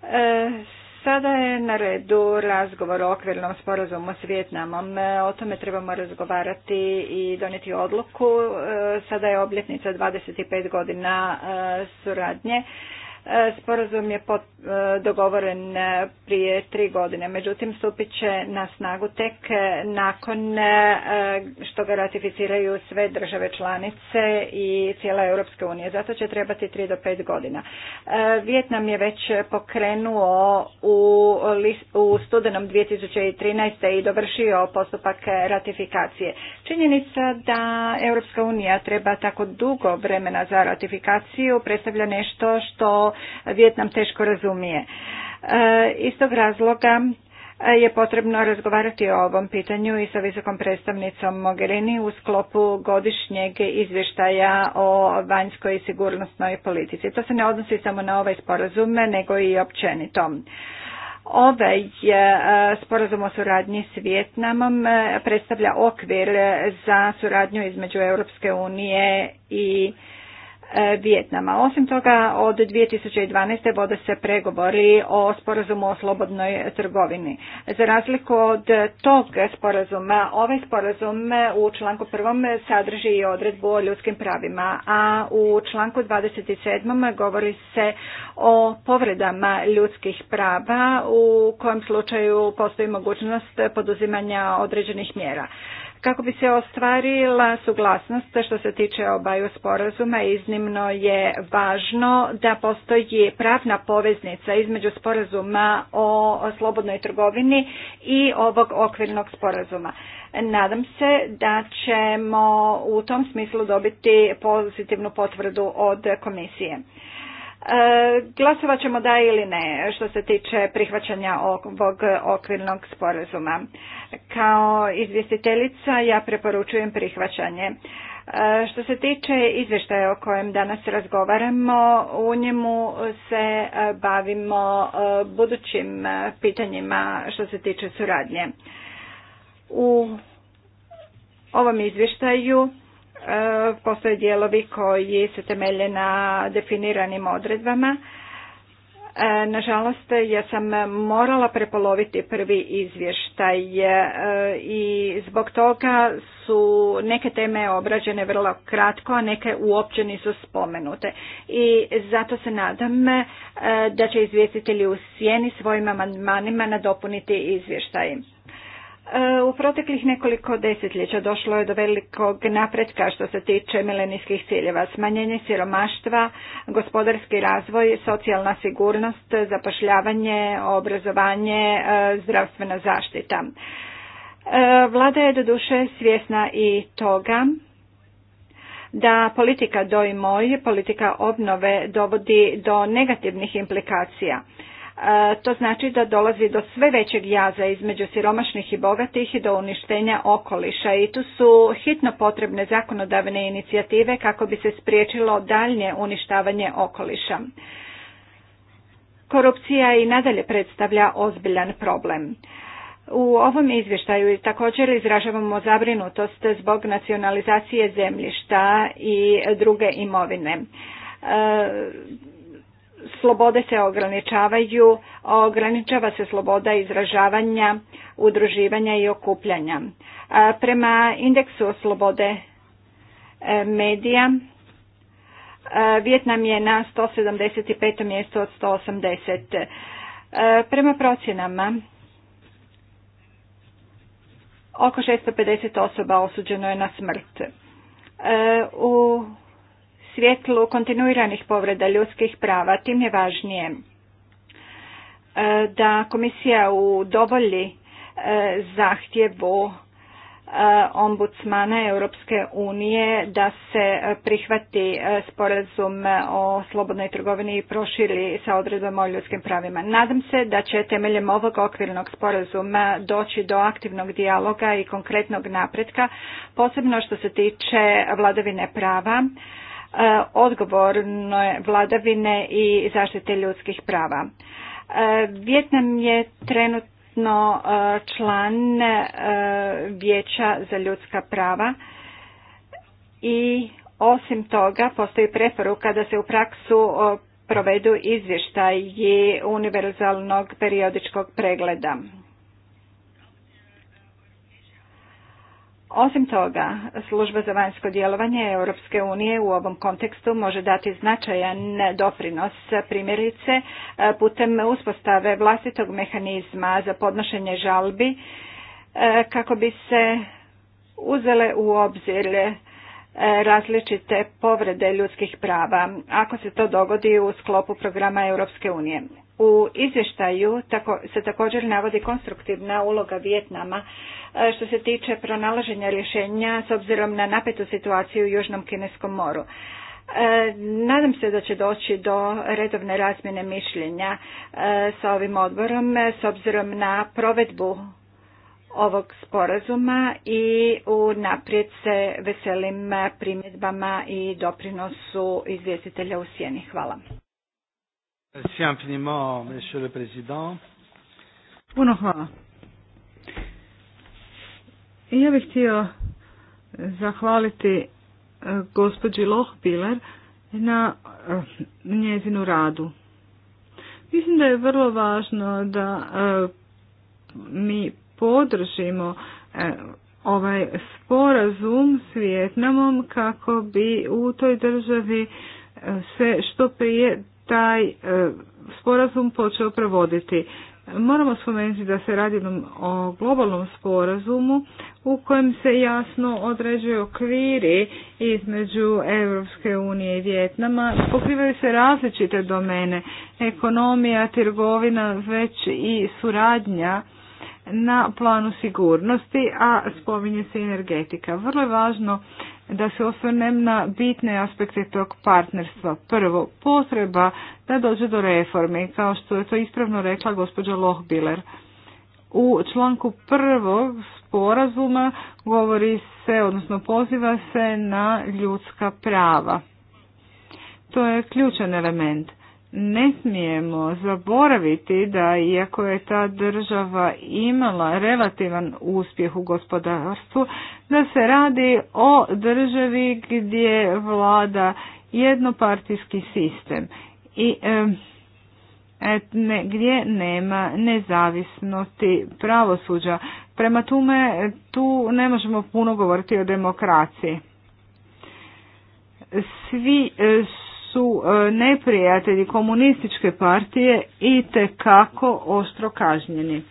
E, Sada je na redu razgovor o okvirnom sporazumu s Vjetnamom. E, o tome trebamo razgovarati i donijeti odluku. E, sada je obljetnica 25 godina e, suradnje. Sporazum je e, dogovoren e, prije tri godine, međutim stupit će na snagu tek e, nakon što ga ratificiraju sve države članice i cijela Europska unija. Zato će trebati tri do pet godina. Vjetnam je već pokrenuo u studenom 2013. i dovršio postupak ratifikacije. Činjenica da Europska unija treba tako dugo vremena za ratifikaciju predstavlja nešto što Vjetnam teško razumije. E, iz tog razloga e, je potrebno razgovarati o ovom pitanju i sa visokom predstavnicom Mogherini u sklopu godišnjeg izvještaja o vanjskoj i sigurnosnoj politici. To se ne odnosi samo na ovaj sporazum, nego i općenito. Ovaj e, sporazum o suradnji s Vjetnamom predstavlja okvir za suradnju između Europske unije i E, Vijetnama. Osim toga, od 2012. vode se pregovori o sporazumu o slobodnoj trgovini. Za razliku od tog sporazuma, ovaj sporazum u članku prvom sadrži i odredbu o ljudskim pravima, a u članku 27. govori se o povredama ljudskih prava u kojem slučaju postoji mogućnost poduzimanja određenih mjera. Kako bi se ostvarila suglasnost što se tiče obaju sporazuma, iznimno je važno da postoji pravna poveznica između sporazuma o slobodnoj trgovini i ovog okvirnog sporazuma. Nadam se da ćemo u tom smislu dobiti pozitivnu potvrdu od komisije. E, glasovat ćemo da ili ne što se tiče prihvaćanja ovog okvirnog sporazuma. Kao izvjestiteljica ja preporučujem prihvaćanje. E, što se tiče izvještaja o kojem danas razgovaramo, u njemu se e, bavimo budućim pitanjima što se tiče suradnje. U ovom izvještaju E, postoje dijelovi koji se temelje na definiranim odredbama. E, nažalost, ja sam morala prepoloviti prvi izvještaj e, i zbog toga su neke teme obrađene vrlo kratko, a neke uopće nisu spomenute. I zato se nadam da će izvjestitelji u sjeni svojim amandmanima nadopuniti izvještaj. E, u proteklih nekoliko desetljeća došlo je do velikog napretka što se tiče milenijskih ciljeva. Smanjenje siromaštva, gospodarski razvoj, socijalna sigurnost, zapošljavanje, obrazovanje, e, zdravstvena zaštita. E, vlada je doduše svjesna i toga da politika doj moj, politika obnove dovodi do negativnih implikacija. To znači da dolazi do sve većeg jaza između siromašnih i bogatih i do uništenja okoliša i tu su hitno potrebne zakonodavne inicijative kako bi se spriječilo daljnje uništavanje okoliša. Korupcija i nadalje predstavlja ozbiljan problem. U ovom izvještaju također izražavamo zabrinutost zbog nacionalizacije zemljišta i druge imovine. E, slobode se ograničavaju, ograničava se sloboda izražavanja, udruživanja i okupljanja. Prema indeksu slobode e, medija e, Vjetnam je na 175. mjestu od 180. E, prema procjenama oko 650 osoba osuđeno je na smrt. U svjetlu kontinuiranih povreda ljudskih prava, tim je važnije e, da komisija udovolji e, zahtjevu e, ombudsmana Europske unije da se prihvati sporazum o slobodnoj trgovini i proširi sa odredbama o ljudskim pravima. Nadam se da će temeljem ovog okvirnog sporazuma doći do aktivnog dijaloga i konkretnog napretka, posebno što se tiče vladavine prava, E, odgovorne vladavine i zaštite ljudskih prava. E, Vjetnam je trenutno e, član Vijeća za ljudska prava i osim toga postoji preporuka da se u praksu provedu izvještaji univerzalnog periodičkog pregleda. Osim toga, služba za vanjsko djelovanje Europske unije u ovom kontekstu može dati značajan doprinos primjerice putem uspostave vlastitog mehanizma za podnošenje žalbi e, kako bi se uzele u obzir e, različite povrede ljudskih prava ako se to dogodi u sklopu programa Europske unije. U izvještaju se također navodi konstruktivna uloga Vijetnama e, što se tiče pronalaženja rješenja s obzirom na napetu situaciju u Južnom Kineskom moru. E, nadam se da će doći do redovne razmjene mišljenja e, sa ovim odborom s obzirom na provedbu ovog sporazuma i unaprijed se veselim primjedbama i doprinosu izvjestitelja u sjeni. Hvala. Puno hvala. Ja bih htio e, zahvaliti e, gospođi Lohpiler na e, njezinu radu. Mislim da je vrlo važno da mi podržimo ovaj sporazum s Vijetnamom kako bi u toj državi se što prije taj e, sporazum počeo provoditi. Moramo spomenuti da se radi o globalnom sporazumu u kojem se jasno određuju okviri između Europske unije i Vjetnama. Pokrivaju se različite domene, ekonomija, trgovina, već i suradnja na planu sigurnosti, a spominje se energetika. Vrlo je važno da se osvrnem na bitne aspekte tog partnerstva. Prvo, potreba da dođe do reforme, kao što je to ispravno rekla gospođa Lohbiler. U članku prvog sporazuma govori se, odnosno poziva se na ljudska prava. To je ključan element ne smijemo zaboraviti da iako je ta država imala relativan uspjeh u gospodarstvu, da se radi o državi gdje vlada jednopartijski sistem i et, gdje nema nezavisnosti pravosuđa. Prema tome tu ne možemo puno govoriti o demokraciji. Svi e, su e, neprijatelji komunističke partije i tekako ostro kažnjeni.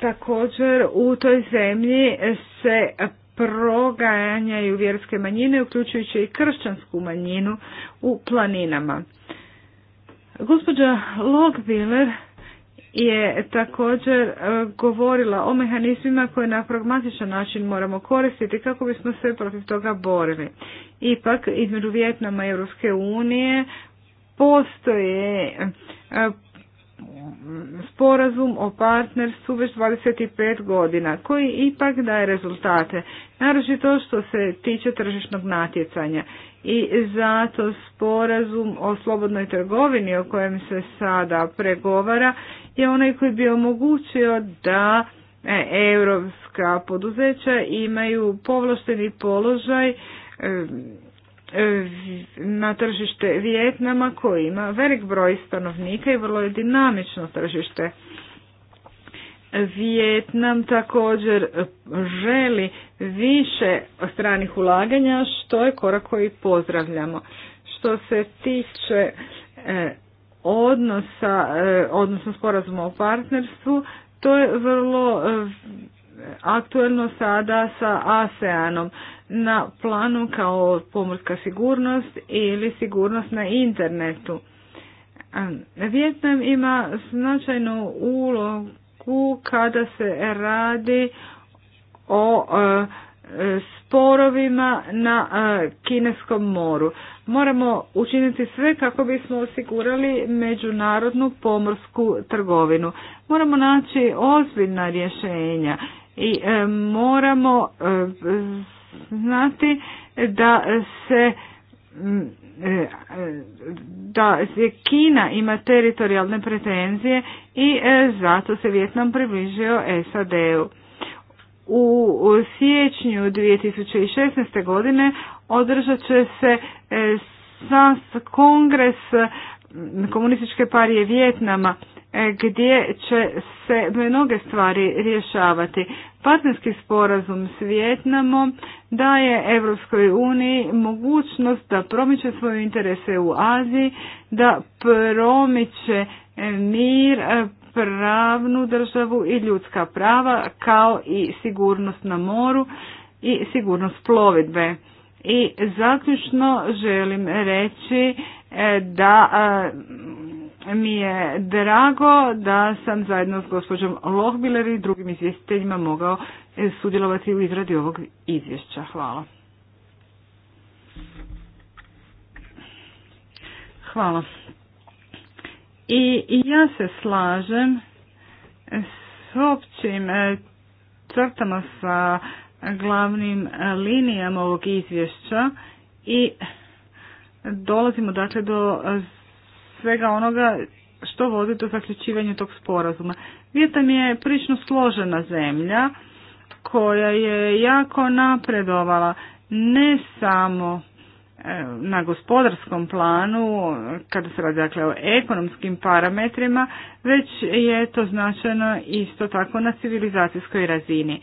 Također u toj zemlji se proganjaju vjerske manjine, uključujući i kršćansku manjinu u planinama. Gospođa Logbiller je također e, govorila o mehanizmima koje na pragmatičan način moramo koristiti kako bismo se protiv toga borili. Ipak između Vjetnama i Europske unije postoje e, sporazum o partnerstvu već 25 godina koji ipak daje rezultate, naročito što se tiče tržišnog natjecanja. I zato sporazum o slobodnoj trgovini o kojem se sada pregovara je onaj koji bi omogućio da e, europska poduzeća imaju povlašteni položaj e, na tržište Vijetnama koji ima velik broj stanovnika i vrlo je dinamično tržište. Vijetnam također želi više stranih ulaganja što je korak koji pozdravljamo. Što se tiče e, odnosa, e, odnosno sporazuma o partnerstvu, to je vrlo e, aktuelno sada sa ASEANom na planu kao pomorska sigurnost ili sigurnost na internetu. E, Vjetnam ima značajnu ulogu kada se radi o sporovima na Kineskom moru. Moramo učiniti sve kako bismo osigurali međunarodnu pomorsku trgovinu. Moramo naći ozbiljna rješenja i e, moramo e, znati da se e, da Kina ima teritorijalne pretenzije i zato se Vjetnam približio SAD-u. U siječnju 2016. godine održat će se e, sas kongres e, komunističke parije Vjetnama e, gdje će se mnoge stvari rješavati. Partnerski sporazum s Vjetnamom daje Europskoj uniji mogućnost da promiče svoje interese u Aziji, da promiče mir, pravnu državu i ljudska prava kao i sigurnost na moru i sigurnost plovidbe. I zaključno želim reći e, da e, mi je drago da sam zajedno s gospođom Lohbiler i drugim izvjestiteljima mogao e, sudjelovati u izradi ovog izvješća. Hvala. Hvala. I ja se slažem s općim e, crtama sa glavnim e, linijama ovog izvješća i dolazimo dakle do e, svega onoga što vodi do zaključivanja tog sporazuma. Vjetam je prilično složena zemlja koja je jako napredovala ne samo E, na gospodarskom planu, kada se radi dakle o ekonomskim parametrima, već je to značajno isto tako na civilizacijskoj razini.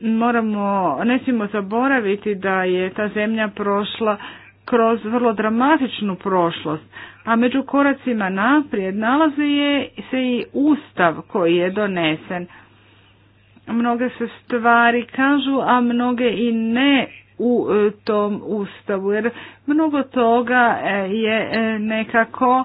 Moramo, ne smijemo zaboraviti da je ta zemlja prošla kroz vrlo dramatičnu prošlost, a među koracima naprijed nalazi je se i ustav koji je donesen. Mnoge se stvari kažu, a mnoge i ne u e, tom ustavu jer mnogo toga e, je e, nekako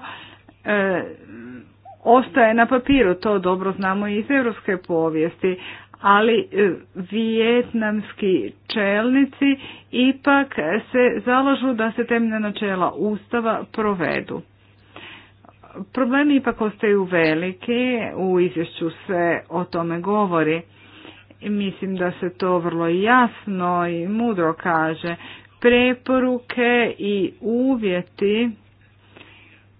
ostaje na papiru, to dobro znamo iz europske povijesti, ali vijetnamski čelnici ipak se zalažu da se temeljna načela ustava provedu. Problemi ipak ostaju veliki, u izvješću se o tome govori mislim da se to vrlo jasno i mudro kaže. Preporuke i uvjeti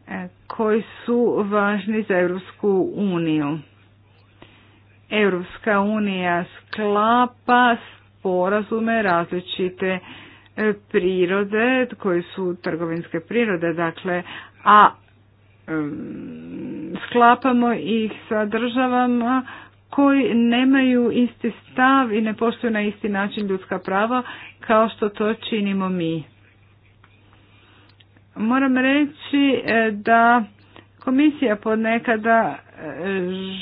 e, koji su važni za Europsku uniju. Europska unija sklapa sporazume različite e, prirode, koji su trgovinske prirode, dakle, a sklapamo ih sa državama koji nemaju isti stav i ne poštuju na isti način ljudska prava kao što to činimo mi. Moram reći e, da komisija ponekada e,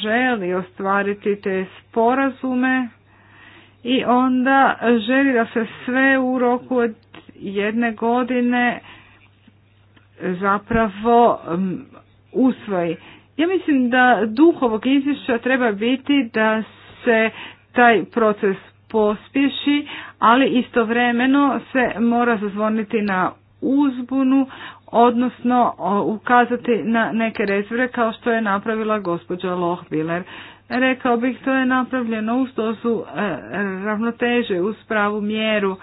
želi ostvariti te sporazume i onda želi da se sve u roku od jedne godine zapravo usvoji. Ja mislim da duh ovog izvješća treba biti da se taj proces pospješi, ali istovremeno se mora zazvoniti na uzbunu, odnosno ukazati na neke rezvore kao što je napravila gospođa Lohbiler. Rekao bih to je napravljeno uz dozu e, ravnoteže, uz pravu mjeru,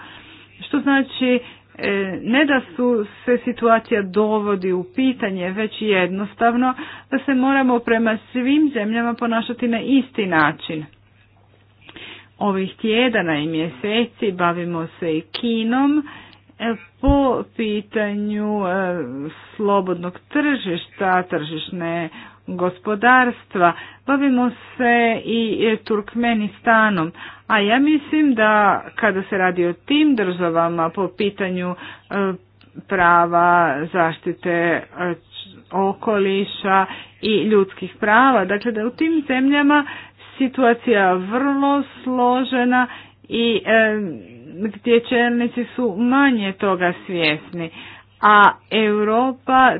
što znači E, ne da su se situacija dovodi u pitanje, već jednostavno da se moramo prema svim zemljama ponašati na isti način. Ovih tjedana i mjeseci bavimo se i kinom e, po pitanju e, slobodnog tržišta, tržišne gospodarstva. Bavimo se i e, Turkmenistanom, a ja mislim da kada se radi o tim državama po pitanju e, prava zaštite e, okoliša i ljudskih prava, dakle da u tim zemljama situacija vrlo složena i e, gdje čelnici su manje toga svjesni. A Europa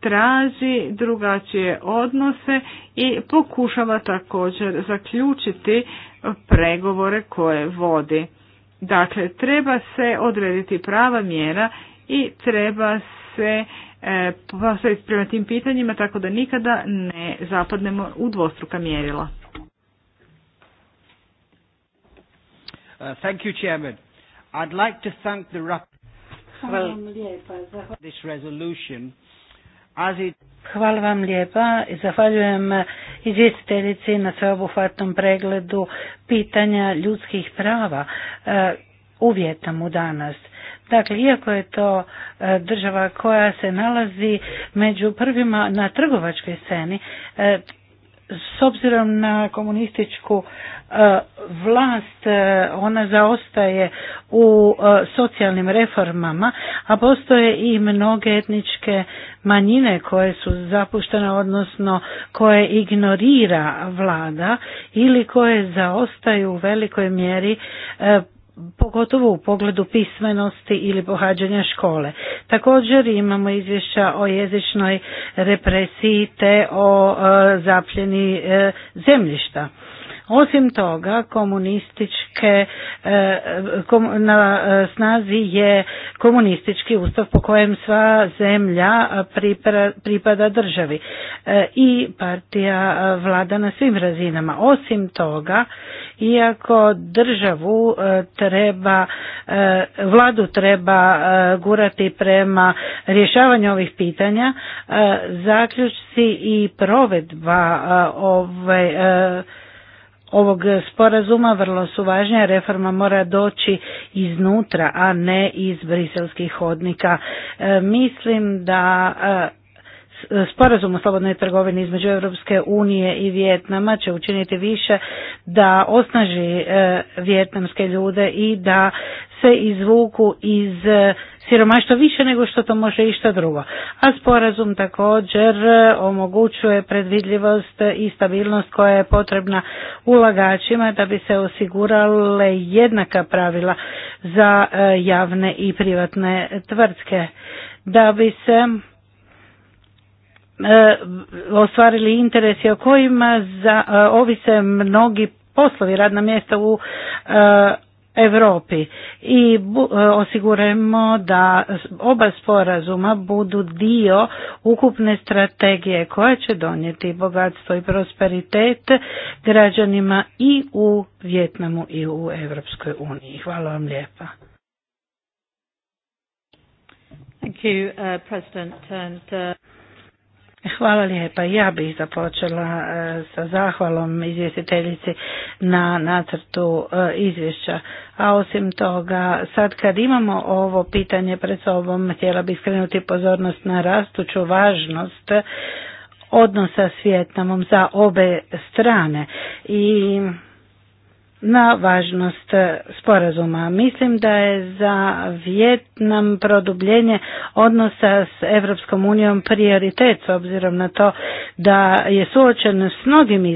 traži drugačije odnose i pokušava također zaključiti pregovore koje vodi. Dakle, treba se odrediti prava mjera i treba se e, postaviti prema tim pitanjima tako da nikada ne zapadnemo u dvostruka mjerila. Uh, thank you, Chairman. I'd like to thank the Hvala vam lijepa i zahvaljujem izvjestiteljici na sveobuhvatnom pregledu pitanja ljudskih prava e, u danas. Dakle, iako je to e, država koja se nalazi među prvima na trgovačkoj sceni, e, s obzirom na komunističku e, vlast e, ona zaostaje u e, socijalnim reformama, a postoje i mnoge etničke manjine koje su zapuštene, odnosno koje ignorira vlada ili koje zaostaju u velikoj mjeri pogotovo u pogledu pismenosti ili pohađanja škole. Također imamo izvješća o jezičnoj represiji te o e, zapljeni e, zemljišta. Osim toga, komunističke, e, na snazi je komunistički ustav po kojem sva zemlja pripada državi e, i partija vlada na svim razinama. Osim toga, iako državu e, treba, vladu treba gurati prema rješavanju ovih pitanja, zaključci i provedba ove ovog sporazuma vrlo su važnija. reforma mora doći iznutra, a ne iz briselskih hodnika. E, mislim da e, sporazum o slobodnoj trgovini između Europske unije i Vijetnama će učiniti više da osnaži e, vijetnamske ljude i da se izvuku iz e, siromaštva više nego što to može išta drugo. A sporazum također e, omogućuje predvidljivost i stabilnost koja je potrebna ulagačima da bi se osigurale jednaka pravila za e, javne i privatne tvrtke. Da bi se ostvarili interesi o kojima za, ovise mnogi poslovi, radna mjesta u Europi i e, osiguramo da oba sporazuma budu dio ukupne strategije koja će donijeti bogatstvo i prosperitet građanima i u Vjetnamu i u Europskoj uniji. Hvala vam lijepa. Thank you, uh, uh, Hvala lijepa. Ja bih započela e, sa zahvalom izvjestiteljici na nacrtu e, izvješća. A osim toga, sad kad imamo ovo pitanje pred sobom, htjela bih skrenuti pozornost na rastuću važnost odnosa s za obe strane. I na važnost e, sporazuma. Mislim da je za Vjetnam produbljenje odnosa s Europskom unijom prioritet s obzirom na to da je suočen s mnogim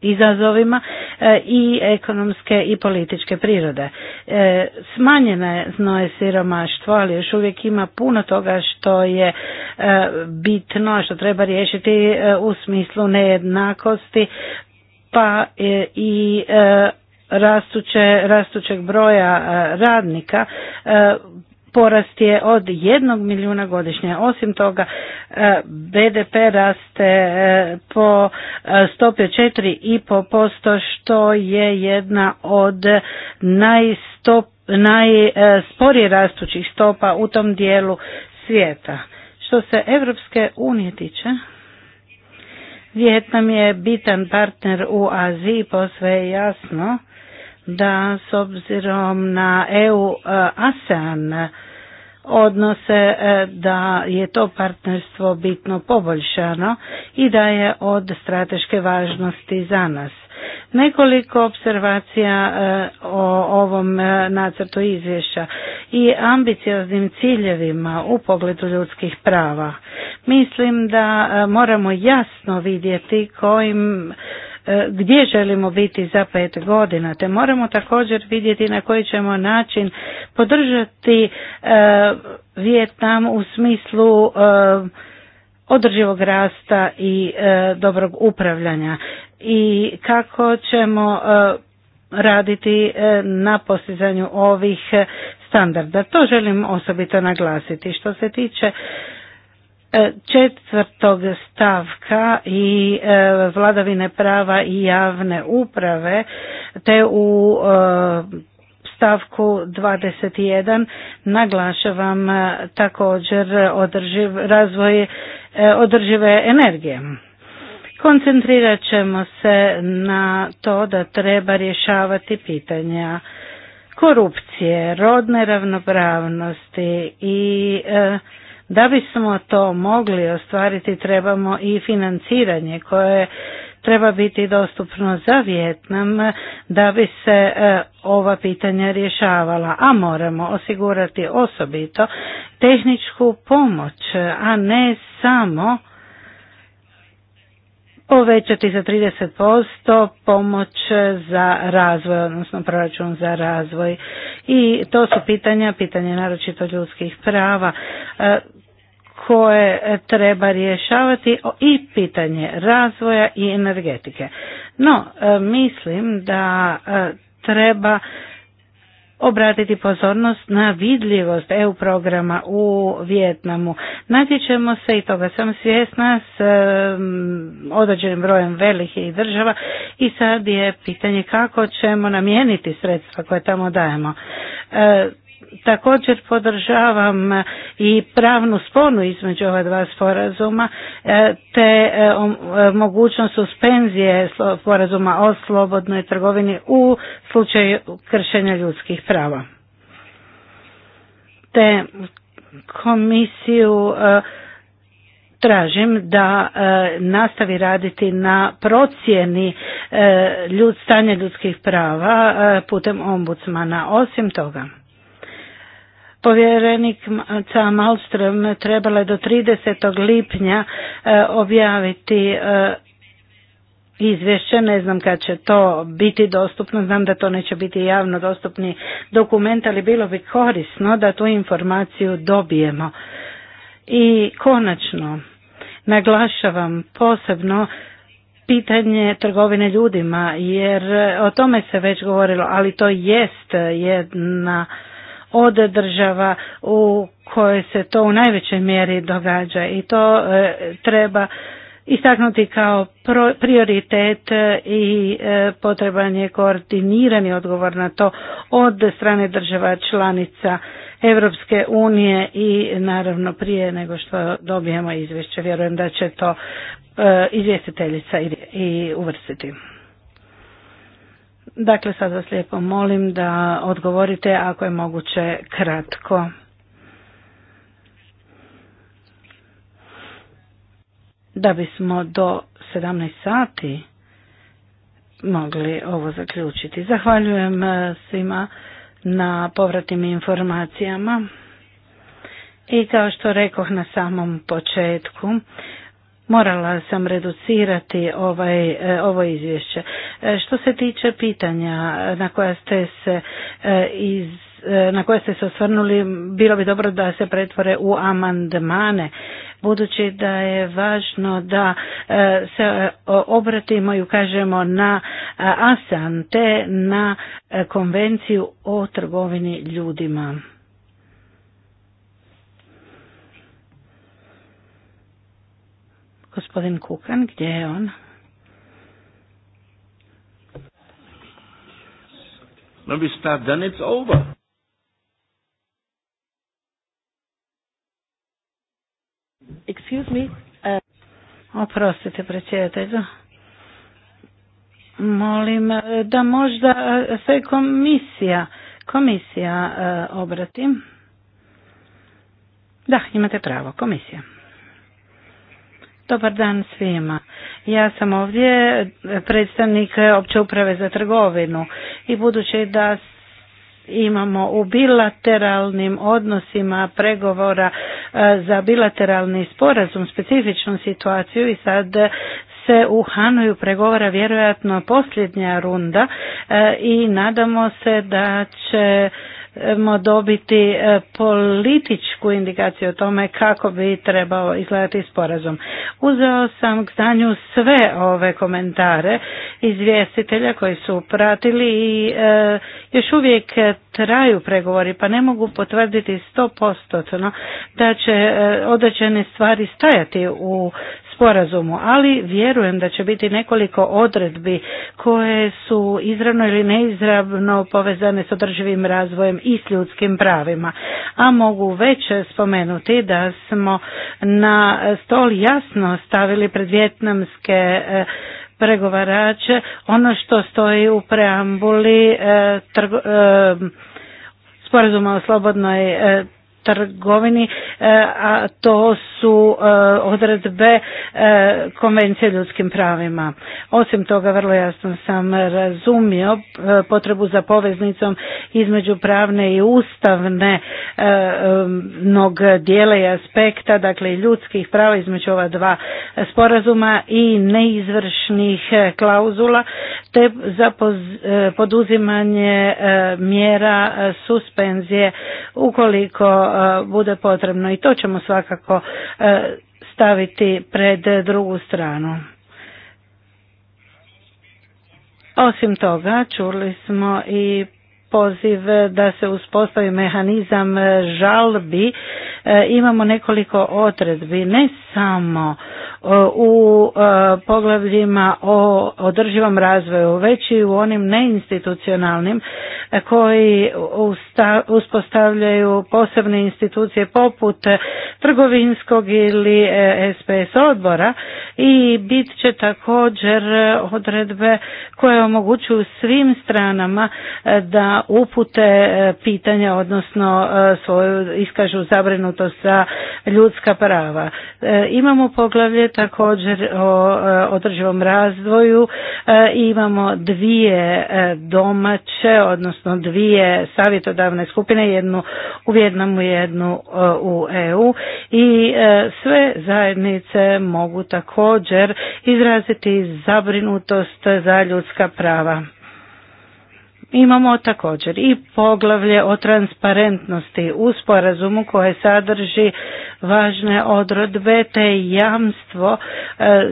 izazovima e, i ekonomske i političke prirode. E, smanjeno je siromaštvo, ali još uvijek ima puno toga što je bitno, što treba riješiti u smislu nejednakosti, pa e, i e, rastuće, rastućeg broja e, radnika porast je od jednog milijuna godišnje. Osim toga, BDP raste po stopi posto što je jedna od najsporije rastućih stopa u tom dijelu svijeta. Što se Evropske unije tiče, Vjetnam je bitan partner u Aziji, posve je jasno da s obzirom na EU-ASEAN e, odnose e, da je to partnerstvo bitno poboljšano i da je od strateške važnosti za nas. Nekoliko observacija e, o ovom e, nacrtu izvješća i ambicioznim ciljevima u pogledu ljudskih prava. Mislim da e, moramo jasno vidjeti kojim gdje želimo biti za pet godina, te moramo također vidjeti na koji ćemo način podržati Vjetnam u smislu održivog rasta i e, dobrog upravljanja i kako ćemo e, raditi e, na postizanju ovih standarda. To želim osobito naglasiti. Što se tiče četvrtog stavka i vladavine prava i javne uprave te u stavku 21 naglašavam e, također održiv razvoj e, održive energije. Koncentrirat ćemo se na to da treba rješavati pitanja korupcije, rodne ravnopravnosti i e, da bismo to mogli ostvariti trebamo i financiranje koje treba biti dostupno za Vjetnam da bi se e, ova pitanja rješavala, a moramo osigurati osobito tehničku pomoć, a ne samo povećati za 30% pomoć za razvoj, odnosno proračun za razvoj. I to su pitanja, pitanje naročito ljudskih prava e, koje e, treba rješavati i pitanje razvoja i energetike. No, e, mislim da e, treba obratiti pozornost na vidljivost EU programa u Vjetnamu. Natječemo se i toga sam svjesna s određenim brojem velikih država i sad je pitanje kako ćemo namijeniti sredstva koje tamo dajemo također podržavam i pravnu sponu između ova dva sporazuma e, te e, e, mogućnost suspenzije sporazuma o slobodnoj trgovini u slučaju kršenja ljudskih prava. Te komisiju tražim da nastavi raditi na procjeni stanja ljudskih prava putem ombudsmana. Osim toga, Povjerenica Malström trebala je do 30. lipnja e, objaviti e, izvješće, ne znam kad će to biti dostupno, znam da to neće biti javno dostupni dokument, ali bilo bi korisno da tu informaciju dobijemo. I konačno, naglašavam posebno pitanje trgovine ljudima, jer o tome se već govorilo, ali to jest jedna od država u kojoj se to u najvećoj mjeri događa i to e, treba istaknuti kao prioritet i e, potreban je koordinirani odgovor na to od strane država članica Europske unije i naravno prije nego što dobijemo izvješće. Vjerujem da će to e, izvjestiteljica i uvrstiti. Dakle, sad vas lijepo molim da odgovorite ako je moguće kratko. Da bismo do 17 sati mogli ovo zaključiti. Zahvaljujem e, svima na povratnim informacijama. I kao što rekoh na samom početku, morala sam reducirati ovaj, e, ovo izvješće. E, što se tiče pitanja na koja ste se e, iz na koje ste se osvrnuli, bilo bi dobro da se pretvore u amandmane, budući da je važno da se obratimo i ukažemo na ASEAN, te na konvenciju o trgovini ljudima. Gospodin Kukan, gdje je on? no bi sta then it's over. Excuse me. Uh... Oprostite, Molim e, da možda e, se komisija, komisija uh, obrati. Da, imate pravo, komisija. Dobar dan svima. Ja sam ovdje predstavnik opće uprave za trgovinu i budući da imamo u bilateralnim odnosima pregovora e, za bilateralni sporazum specifičnu situaciju i sad se u Hanoju pregovara vjerojatno posljednja runda e, i nadamo se da će dobiti e, političku indikaciju o tome kako bi trebao izgledati sporazum. Uzeo sam k sve ove komentare izvjestitelja koji su pratili i e, još uvijek traju pregovori pa ne mogu potvrditi stopostotno da će e, određene stvari stajati u sporazumu, ali vjerujem da će biti nekoliko odredbi koje su izravno ili neizravno povezane s održivim razvojem i s ljudskim pravima. A mogu već spomenuti da smo na stol jasno stavili pred vjetnamske eh, pregovarače ono što stoji u preambuli eh, eh, sporazuma o slobodnoj trgovini, e, a to su e, odredbe e, Konvencije ljudskim pravima. Osim toga, vrlo jasno sam razumio potrebu za poveznicom između pravne i ustavne mnog dijela i aspekta, dakle i ljudskih prava između ova dva sporazuma i neizvršnih klauzula, te za poduzimanje mjera suspenzije ukoliko E, bude potrebno i to ćemo svakako e, staviti pred drugu stranu. Osim toga, čuli smo i poziv da se uspostavi mehanizam žalbi E, imamo nekoliko odredbi, ne samo e, u e, poglavljima o održivom razvoju, već i u onim neinstitucionalnim koji uspostavljaju posebne institucije poput trgovinskog ili SPS odbora i bit će također odredbe koje omogućuju svim stranama da upute pitanja, odnosno svoju iskažu zabrinu potaknuto ljudska prava. E, imamo poglavlje također o e, održivom razvoju e, i imamo dvije domaće, odnosno dvije savjetodavne skupine, jednu u i jednu u EU i sve zajednice mogu također izraziti zabrinutost za ljudska prava. Imamo također i poglavlje o transparentnosti u sporazumu koje sadrži važne odredbe, te jamstvo e,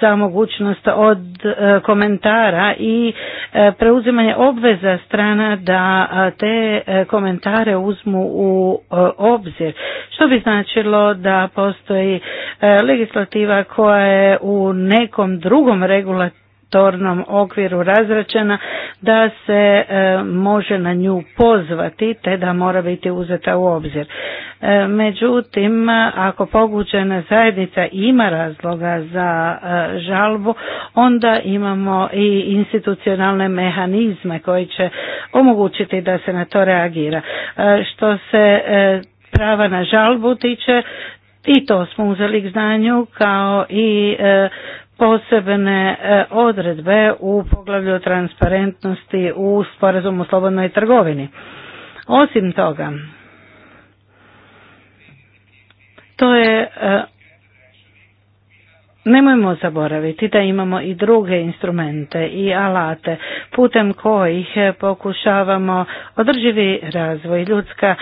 za mogućnost od e, komentara i e, preuzimanje obveza strana da te komentare uzmu u obzir, što bi značilo da postoji legislativa koja je u nekom drugom regulatornom regulatornom okviru razračena da se e, može na nju pozvati te da mora biti uzeta u obzir. E, međutim, ako pogućena zajednica ima razloga za e, žalbu, onda imamo i institucionalne mehanizme koji će omogućiti da se na to reagira. Što se prava na žalbu tiče, i to smo uzeli k znanju kao i posebne e, odredbe u poglavlju transparentnosti u sporazumu o slobodnoj trgovini. Osim toga, to je e, Nemojmo zaboraviti da imamo i druge instrumente i alate putem kojih pokušavamo održivi razvoj ljudska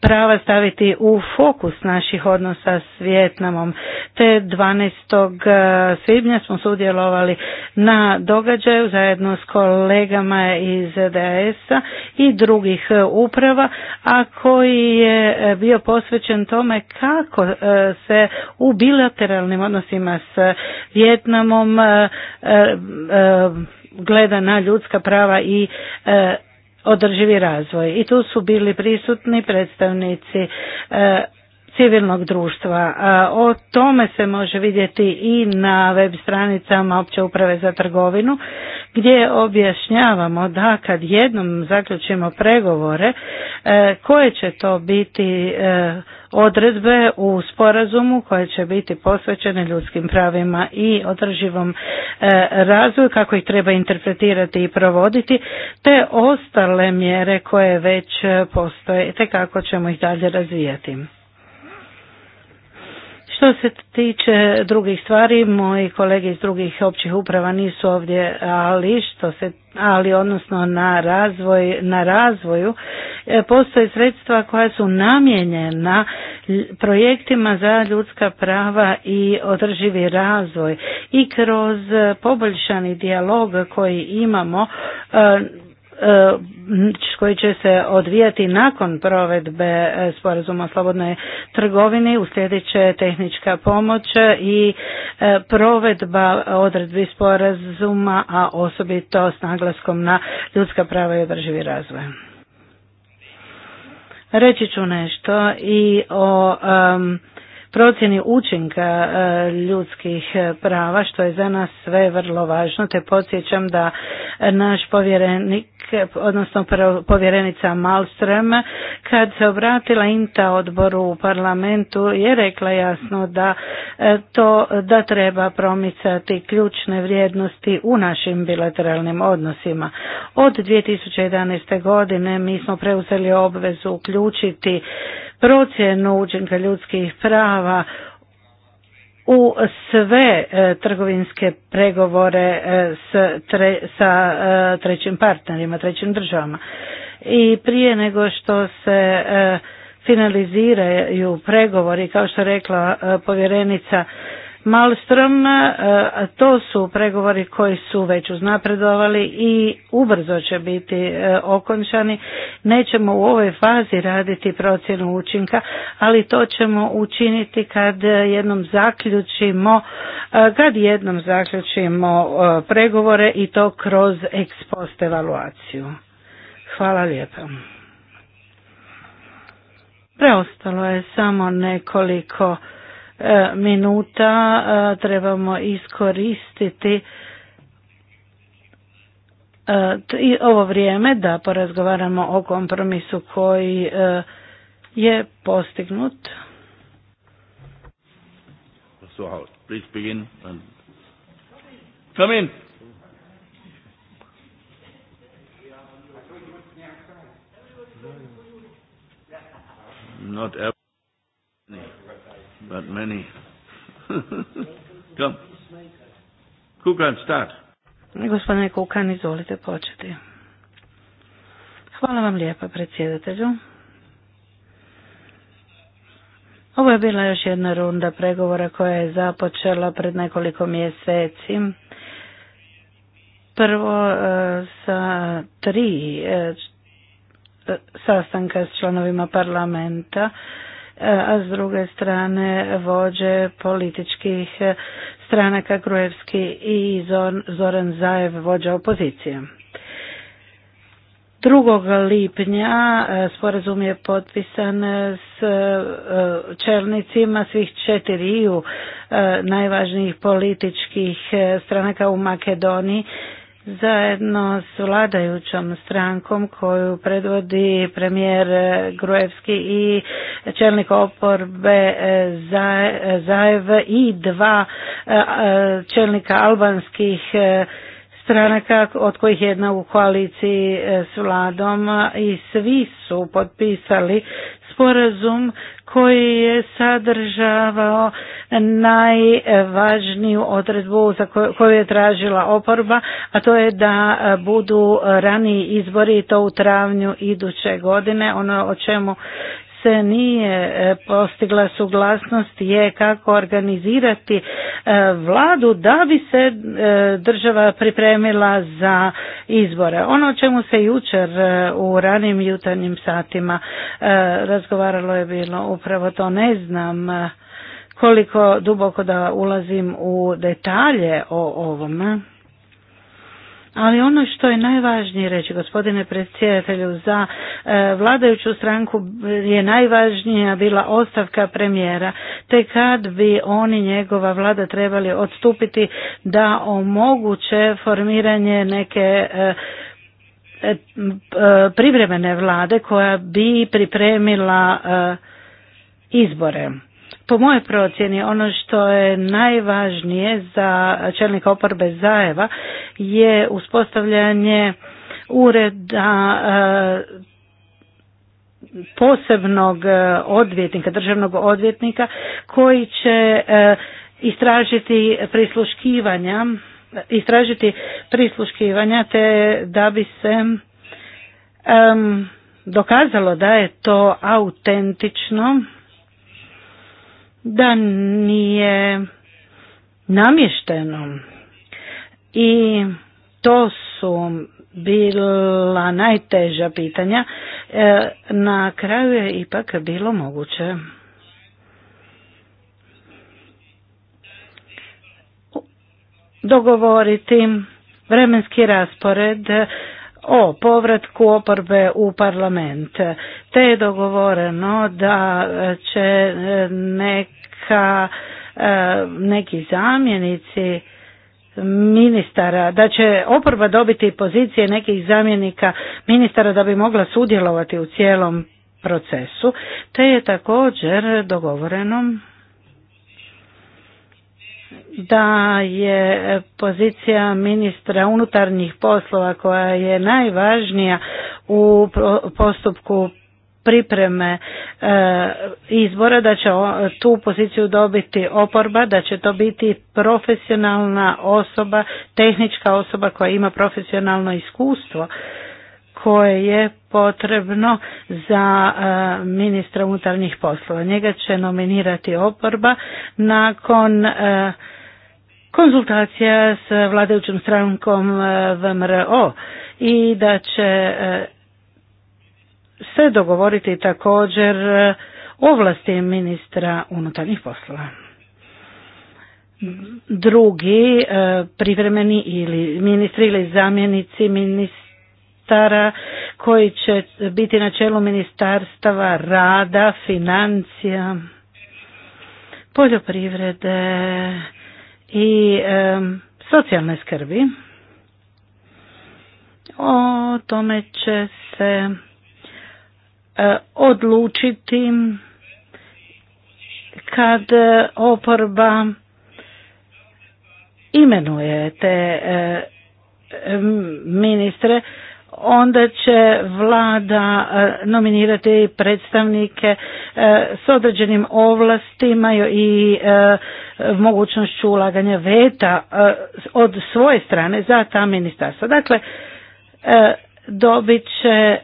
prava staviti u fokus naših odnosa s Vjetnamom. Te 12. Eh, svibnja smo sudjelovali na događaju zajedno s kolegama iz DAS-a i drugih eh, uprava, a koji je eh, bio posvećen tome kako se u bilateralnim odnosima s Vjetnamom gleda na ljudska prava i održivi razvoj. I tu su bili prisutni predstavnici e, civilnog društva. E, o tome se može vidjeti i na web stranicama Opće uprave za trgovinu gdje objašnjavamo da kad jednom zaključimo pregovore e, koje će to biti e, odredbe u sporazumu koje će biti posvećene ljudskim pravima i održivom razvoju kako ih treba interpretirati i provoditi te ostale mjere koje već postoje te kako ćemo ih dalje razvijati. Što se tiče drugih stvari, moji kolege iz drugih općih uprava nisu ovdje, ali što se ali odnosno na razvoj na razvoju e, postoje sredstva koja su namijenjena projektima za ljudska prava i održivi razvoj i kroz poboljšani dijalog koji imamo e, E, koji će se odvijati nakon provedbe e, sporazuma o slobodnoj trgovini, uslijedit tehnička pomoć i e, provedba odredbi sporazuma, a osobito s naglaskom na ljudska prava i održivi razvoj. Reći ću nešto i o procjeni učinka ljudskih prava, što je za nas sve vrlo važno, te podsjećam da naš povjerenik odnosno povjerenica Malström, kad se obratila INTA odboru u parlamentu, je rekla jasno da e, to da treba promicati ključne vrijednosti u našim bilateralnim odnosima. Od 2011. godine mi smo preuzeli obvezu uključiti procjenu učinka ljudskih prava u sve e, trgovinske pregovore e, s sa e, trećim partnerima, trećim državama. I prije nego što se finaliziraju pregovori, kao što rekla povjerenica, Malstrom, e, to su pregovori koji su već uznapredovali i ubrzo će biti e, okončani. Nećemo u ovoj fazi raditi procjenu učinka, ali to ćemo učiniti kad jednom zaključimo, e, kad jednom zaključimo pregovore i to kroz ex post evaluaciju. Hvala lijepa. Preostalo je samo nekoliko E, minuta e, trebamo iskoristiti e, i ovo vrijeme da porazgovaramo o kompromisu koji je postignut. please begin Not but many. Come. Kukan, start. Gospodine Kukan, izvolite početi. Hvala vam lijepa, predsjedatelju. Ovo je bila još jedna runda pregovora koja je započela pred nekoliko mjeseci. Prvo e, sa tri e, e, sastanka s članovima parlamenta E, a s druge strane vođe političkih e, stranaka Grujevski i Zoran Zajev, vođa opozicije. 2. lipnja e, sporazum je potpisan s čelnicima svih četiriju najvažnijih političkih stranaka u Makedoniji zajedno s vladajućom strankom koju predvodi premijer Grujevski i čelnik oporbe Zajev i dva e, e, čelnika albanskih e, stranaka od kojih jedna u koaliciji s vladom i svi su potpisali sporazum koji je sadržavao najvažniju odredbu za koju je tražila oporba, a to je da e, budu raniji izbori i to u travnju iduće godine. Ono o čemu se nije e, postigla suglasnost je kako organizirati e, vladu da bi se e, država pripremila za izbore. Ono o čemu se jučer u ranim jutarnjim satima razgovaralo je bilo upravo to ne znam koliko duboko da ulazim u detalje o ovom ali ono što je najvažnije reći, gospodine predsjedatelju, za e, vladajuću stranku je najvažnija bila ostavka premijera, te kad bi oni njegova vlada trebali odstupiti da omoguće formiranje neke e, e, privremene vlade koja bi pripremila izbore po mojoj procjeni ono što je najvažnije za čelnika oporbe Zajeva je uspostavljanje ureda e, posebnog e, odvjetnika, državnog odvjetnika koji će e, istražiti prisluškivanja istražiti prisluškivanja te da bi se dokazalo da je to autentično da nije namješteno i to su bila najteža pitanja. E, na kraju je ipak bilo moguće dogovoriti vremenski raspored o povratku oporbe u parlament. Te je dogovoreno da e, će e, neka, e, neki zamjenici ministara, da će oporba dobiti pozicije nekih zamjenika ministara da bi mogla sudjelovati u cijelom procesu, te je također dogovoreno da je pozicija ministra unutarnjih poslova koja je najvažnija u postupku pripreme e, izbora da će tu poziciju dobiti oporba, da će to biti profesionalna osoba, tehnička osoba koja ima profesionalno iskustvo koje je potrebno za e, ministra unutarnjih poslova. Njega će nominirati oporba nakon e, konzultacija s vladajućom strankom eh, VMRO i da će eh, se dogovoriti također eh, ovlasti ministra unutarnjih poslova. Drugi privremeni ili ministri ili zamjenici ministara koji će biti na čelu ministarstava rada, financija, poljoprivrede, i socijalne skrbi. O tome će se e, odlučiti kad oporba imenuje te e, ministre onda će vlada e, nominirati predstavnike e, s određenim ovlastima i e, mogućnošću ulaganja veta od svoje strane za ta ministarstva. Dakle, dobit će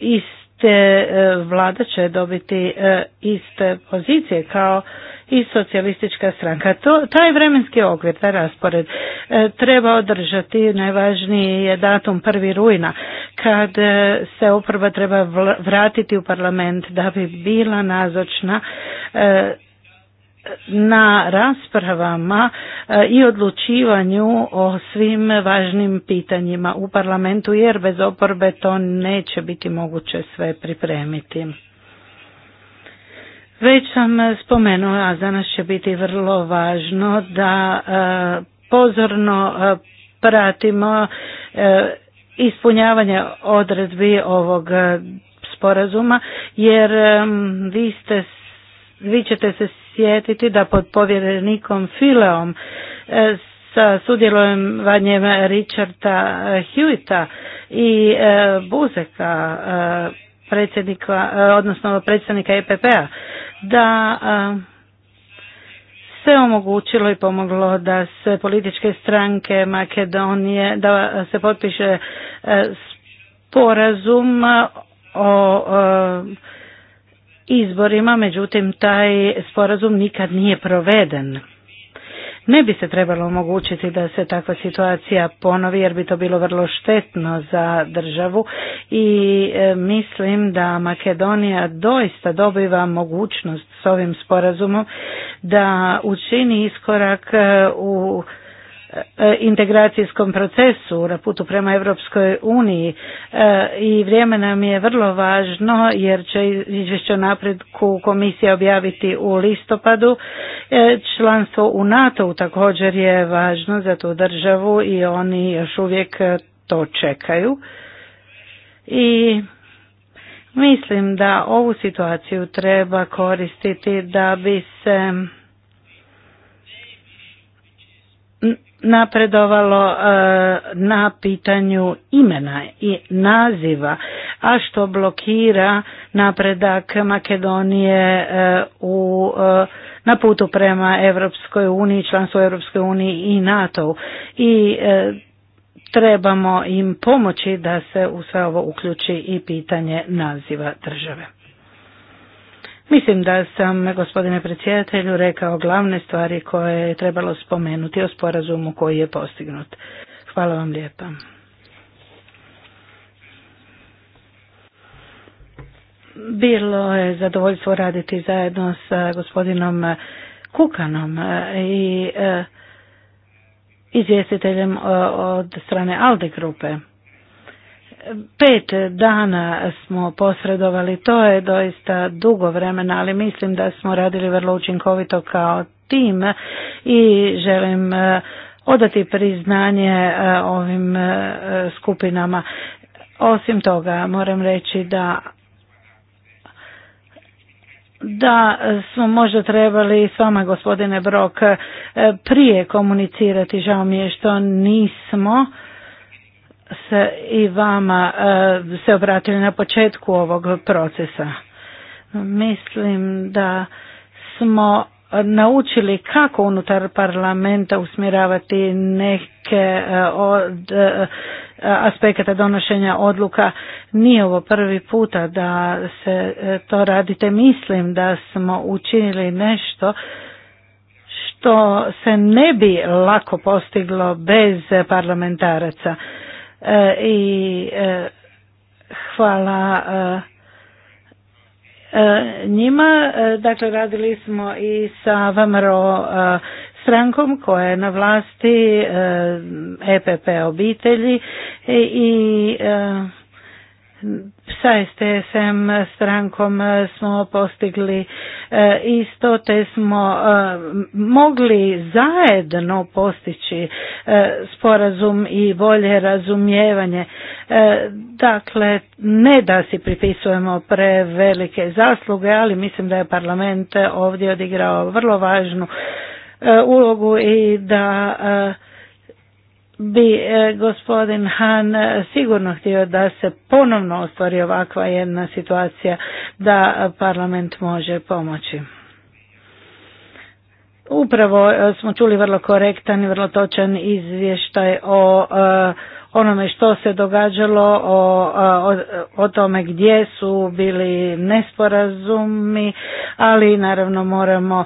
iste, vlada će dobiti iste pozicije kao i socijalistička stranka. To, taj vremenski okvir, taj raspored e, treba održati. Najvažniji je datum 1. rujna kad e, se oporba treba vratiti u parlament da bi bila nazočna e, na raspravama i odlučivanju o svim važnim pitanjima u parlamentu jer bez oporbe to neće biti moguće sve pripremiti. Već sam e, spomenula, a za nas će biti vrlo važno da e, pozorno e, pratimo ispunjavanje odredbi ovog sporazuma jer vi ste vi ćete se sjetiti da pod povjerenikom Fileom sa sudjelovanjem Richarda Hewita i Buzeka predsjednika, odnosno predsjednika EPP-a da se omogućilo i pomoglo da se političke stranke Makedonije, da se potpiše e, sporazum o e, izborima, međutim taj sporazum nikad nije proveden. Ne bi se trebalo omogućiti da se takva situacija ponovi jer bi to bilo vrlo štetno za državu i e, mislim da Makedonija doista dobiva mogućnost s ovim sporazumom da učini iskorak e, u E, integracijskom procesu na putu prema Europskoj uniji e, i vrijeme nam je vrlo važno jer će izvješće o napredku komisija objaviti u listopadu. E, članstvo u NATO također je važno za tu državu i oni još uvijek to čekaju. I mislim da ovu situaciju treba koristiti da bi se napredovalo e, na pitanju imena i naziva, a što blokira napredak Makedonije e, u, e, na putu prema Europskoj uniji, članstvu Europskoj uniji i NATO-u. I trebamo im pomoći da se u sve ovo uključi i pitanje naziva države. Mislim da sam, gospodine predsjedatelju, rekao glavne stvari koje je trebalo spomenuti o sporazumu koji je postignut. Hvala vam lijepa. Bilo je zadovoljstvo raditi zajedno sa gospodinom Kukanom i e, izvjestiteljem e, od strane Alde grupe. Pet dana smo posredovali, to je doista dugo vremena, ali mislim da smo radili vrlo učinkovito kao tim i želim e, odati priznanje e, ovim e, skupinama. Osim toga, moram reći da da smo možda trebali s vama gospodine Brok prije komunicirati, žao mi je što nismo se i vama e, se obratili na početku ovog procesa. Mislim da smo naučili kako unutar parlamenta usmjeravati neke e, od e, aspekata donošenja odluka. Nije ovo prvi puta da se to radite. Mislim da smo učinili nešto što se ne bi lako postiglo bez parlamentaraca. E, i e, hvala e, njima. Dakle, radili smo i sa Vamro strankom koja je na vlasti EPP obitelji i sa STSM strankom e, smo postigli e, isto te smo e, mogli zajedno postići sporazum i bolje razumijevanje. Dakle, ne da si pripisujemo prevelike zasluge, ali mislim da je parlament ovdje odigrao vrlo važnu ulogu i da bi e, gospodin Han e, sigurno htio da se ponovno ostvari ovakva jedna situacija da parlament može pomoći. Upravo e, smo čuli vrlo korektan i vrlo točan izvještaj o onome što se događalo, o, tome gdje su bili nesporazumi, ali naravno moramo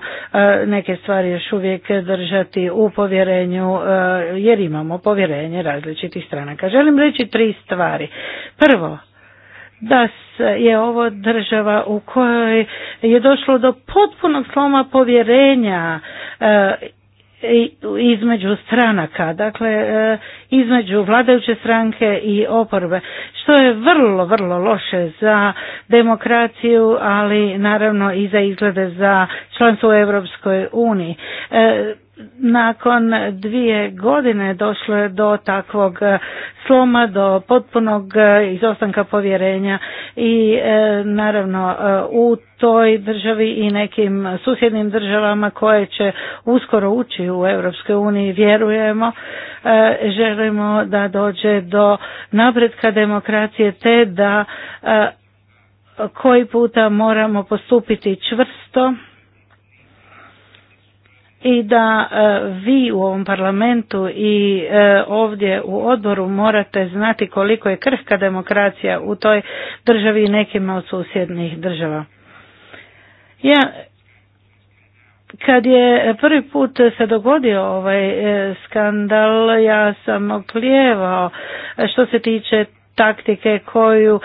neke stvari još uvijek držati u povjerenju jer imamo povjerenje različitih stranaka. Želim reći tri stvari. Prvo, da je ovo država u kojoj je došlo do potpunog sloma povjerenja između stranaka, dakle e, između vladajuće stranke i oporbe, što je vrlo, vrlo loše za demokraciju, ali naravno i za izglede za članstvo u Europskoj uniji. E, nakon dvije godine došlo je do takvog e, sloma, do potpunog e, izostanka povjerenja i e, naravno u toj državi i nekim susjednim državama koje će uskoro ući u Europskoj uniji vjerujemo, želimo da dođe do napretka demokracije te da koji puta moramo postupiti čvrsto i da e, vi u ovom parlamentu i e, ovdje u odboru morate znati koliko je krhka demokracija u toj državi i nekima od susjednih država. Ja kad je prvi put se dogodio ovaj e, skandal, ja sam oklijevao što se tiče taktike koju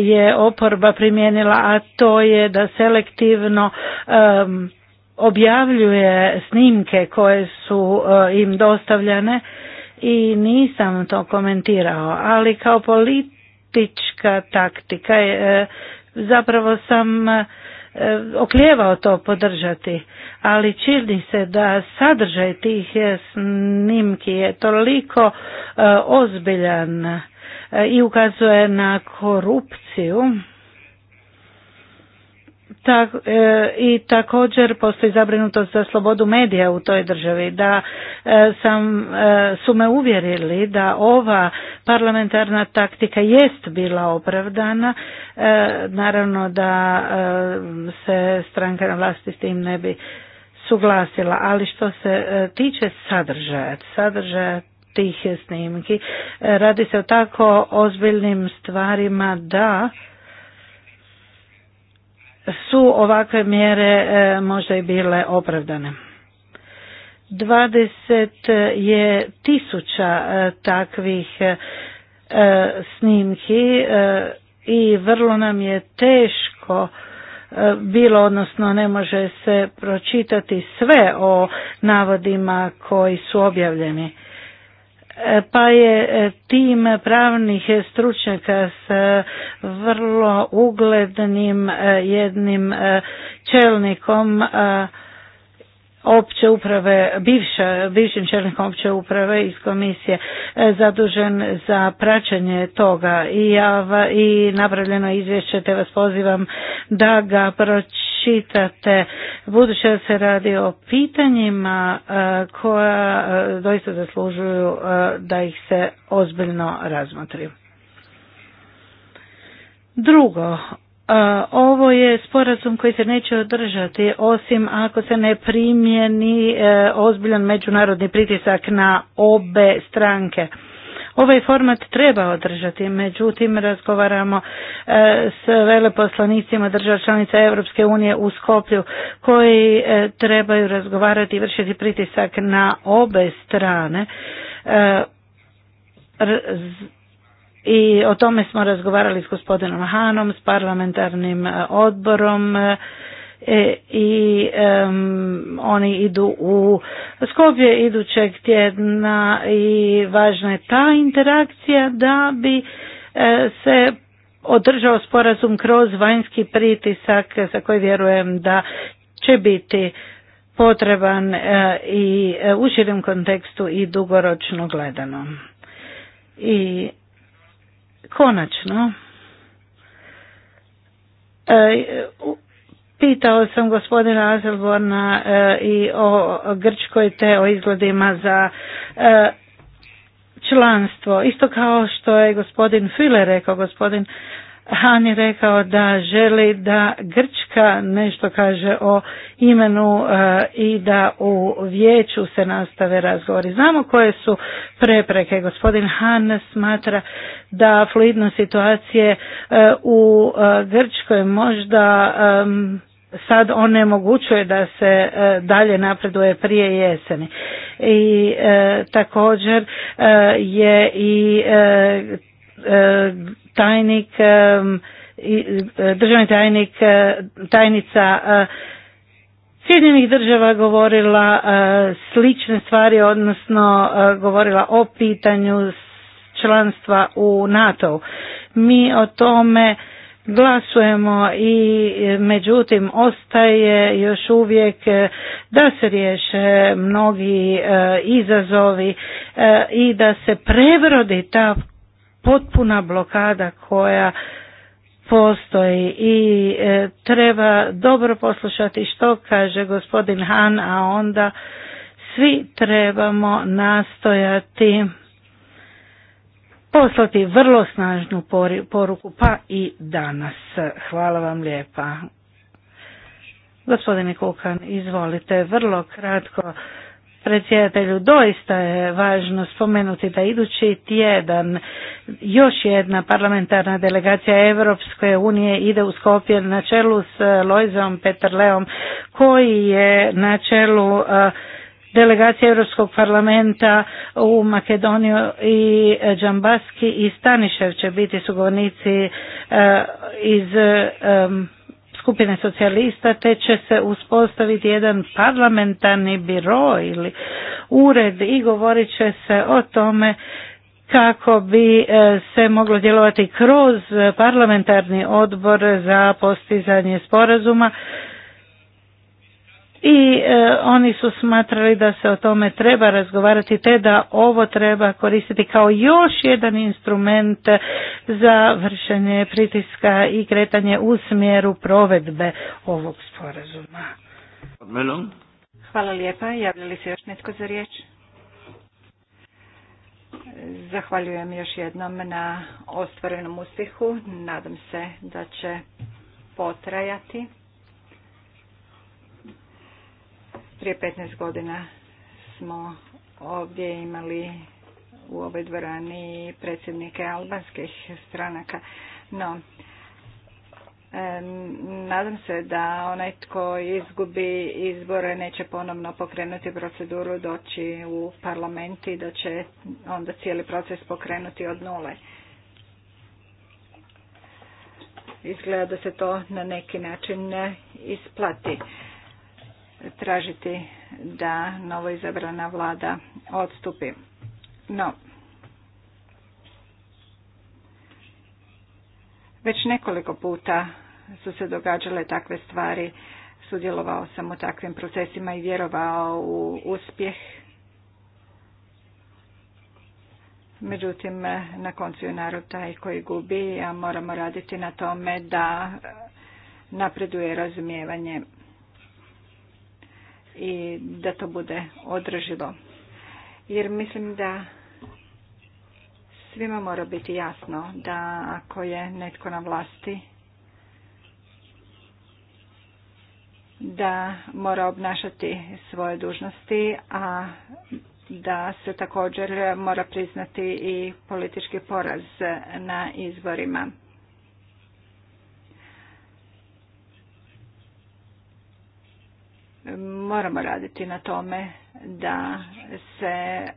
je oporba primijenila, a to je da selektivno objavljuje snimke koje su e, im dostavljene i nisam to komentirao, ali kao politička taktika e, zapravo sam e, okljevao to podržati, ali čini se da sadržaj tih snimki je toliko ozbiljan i ukazuje na korupciju E, i također postoji zabrinutost za slobodu medija u toj državi da e, sam e, su me uvjerili da ova parlamentarna taktika jest bila opravdana naravno da se stranka na vlasti s tim ne bi suglasila ali što se tiče sadržaja sadržaja tih snimki radi se o tako ozbiljnim stvarima da su ovakve mjere e, možda i bile opravdane. 20 je tisuća e, takvih e, snimki i vrlo nam je teško bilo, odnosno ne može se pročitati sve o navodima koji su objavljeni pa je e, tim pravnih stručnjaka s e, vrlo uglednim e, jednim čelnikom opće uprave, bivša, bivšim čelnikom opće uprave iz komisije e, zadužen za praćenje toga i, ja, i napravljeno izvješće te vas pozivam da ga pročitate budući da se radi o pitanjima e, koja e, doista zaslužuju da ih se ozbiljno razmotri. Drugo, ovo je sporazum koji se neće održati osim ako se ne primjeni e, ozbiljan međunarodni pritisak na obe stranke. Ovaj format treba održati, međutim razgovaramo e, s veleposlanicima država članica Europske unije u Skoplju koji e, trebaju razgovarati i vršiti pritisak na obe strane i o tome smo razgovarali s gospodinom Hanom, s parlamentarnim e, odborom e, i oni idu u Skopje idućeg tjedna i važna je ta interakcija da bi e, se održao sporazum kroz vanjski pritisak za koji vjerujem da će biti potreban i u širem kontekstu i dugoročno gledano. I Konačno, e, Pitao sam gospodina Azelborna e, i o Grčkoj te o izgledima za e, članstvo. Isto kao što je gospodin File rekao, gospodin Hani rekao da želi da Grč nešto kaže o imenu eh, i da u vijeću se nastave razgovori. Znamo koje su prepreke. Gospodin Hannes smatra da fluidnost situacije eh, u eh, Grčkoj možda sad onemogućuje da se dalje napreduje prije jeseni. I također je i tajnik i e, državni tajnik, e, tajnica e, Sjedinjenih država govorila slične stvari, odnosno govorila o pitanju članstva u NATO. Mi o tome glasujemo i međutim ostaje još uvijek da se riješe mnogi izazovi i da se prevrodi ta potpuna blokada koja postoji i e, treba dobro poslušati što kaže gospodin Han, a onda svi trebamo nastojati poslati vrlo snažnu poruku, pa i danas. Hvala vam lijepa. Gospodine Kukan, izvolite, vrlo kratko predsjedatelju. Doista je važno spomenuti da idući tjedan još jedna parlamentarna delegacija Europske unije ide u Skopje na čelu s e, Lojzom Peterleom koji je na čelu e, delegacije Europskog parlamenta u Makedoniju i Džambaski i Stanišev će biti sugovornici e, iz skupine socijalista te će se uspostaviti jedan parlamentarni biro ili ured i govorit će se o tome kako bi e, se moglo djelovati kroz parlamentarni odbor za postizanje sporazuma i e, oni su smatrali da se o tome treba razgovarati te da ovo treba koristiti kao još jedan instrument za vršenje pritiska i kretanje u smjeru provedbe ovog sporazuma. Hvala lijepa. Javlja li se još netko za riječ? Zahvaljujem još jednom na ostvarenom uspjehu. Nadam se da će potrajati. Prije 15 godina smo ovdje imali u ovoj dvorani predsjednike albanskih stranaka. No, nadam se da onaj tko izgubi izbore neće ponovno pokrenuti proceduru doći u parlament i da će onda cijeli proces pokrenuti od nule. Izgleda da se to na neki način isplati tražiti da novo izabrana vlada odstupi. No, već nekoliko puta su se događale takve stvari. Sudjelovao sam u takvim procesima i vjerovao u uspjeh. Međutim, na koncu je narod taj koji gubi, a moramo raditi na tome da napreduje razumijevanje i da to bude održivo. Jer mislim da svima mora biti jasno da ako je netko na vlasti da mora obnašati svoje dužnosti, a da se također mora priznati i politički poraz na izborima. moramo raditi na tome da se e,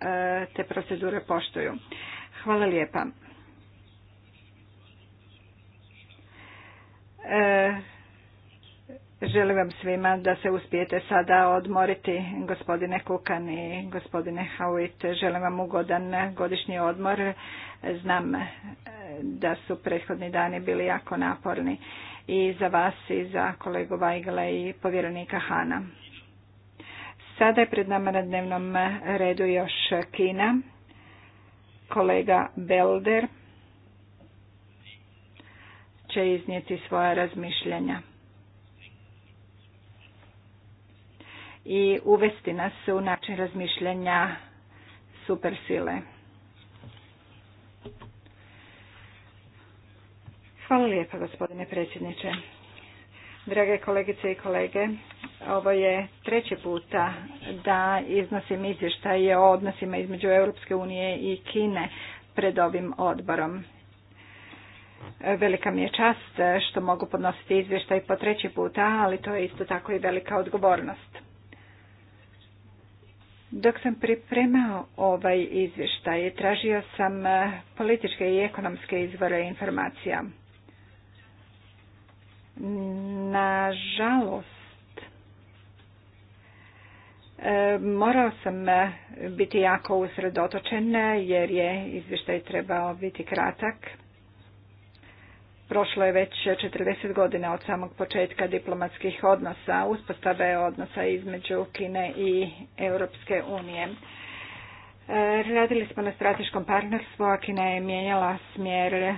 te procedure poštuju. Hvala lijepa. E, želim vam svima da se uspijete sada odmoriti, gospodine Kukan i gospodine Hauit. Želim vam ugodan godišnji odmor. Znam e, da su prethodni dani bili jako naporni i za vas i za kolegu Vajgla i povjerenika Hana. Sada je pred nama na dnevnom redu još Kina, kolega Belder će iznijeti svoja razmišljanja i uvesti nas u način razmišljanja supersile. Hvala lijepa gospodine predsjedniče. Drage kolegice i kolege, ovo je treći puta da iznosim izvještaje o odnosima između Europske unije i Kine pred ovim odborom. Velika mi je čast što mogu podnositi izvještaj po treći puta, ali to je isto tako i velika odgovornost. Dok sam pripremao ovaj izvještaj, tražio sam političke i ekonomske izvore informacija. Nažalost, e, morao sam biti jako usredotočen jer je izvještaj trebao biti kratak. Prošlo je već 40 godina od samog početka diplomatskih odnosa, uspostave odnosa između Kine i Europske unije. E, radili smo na strateškom partnerstvu, a Kina je mijenjala smjer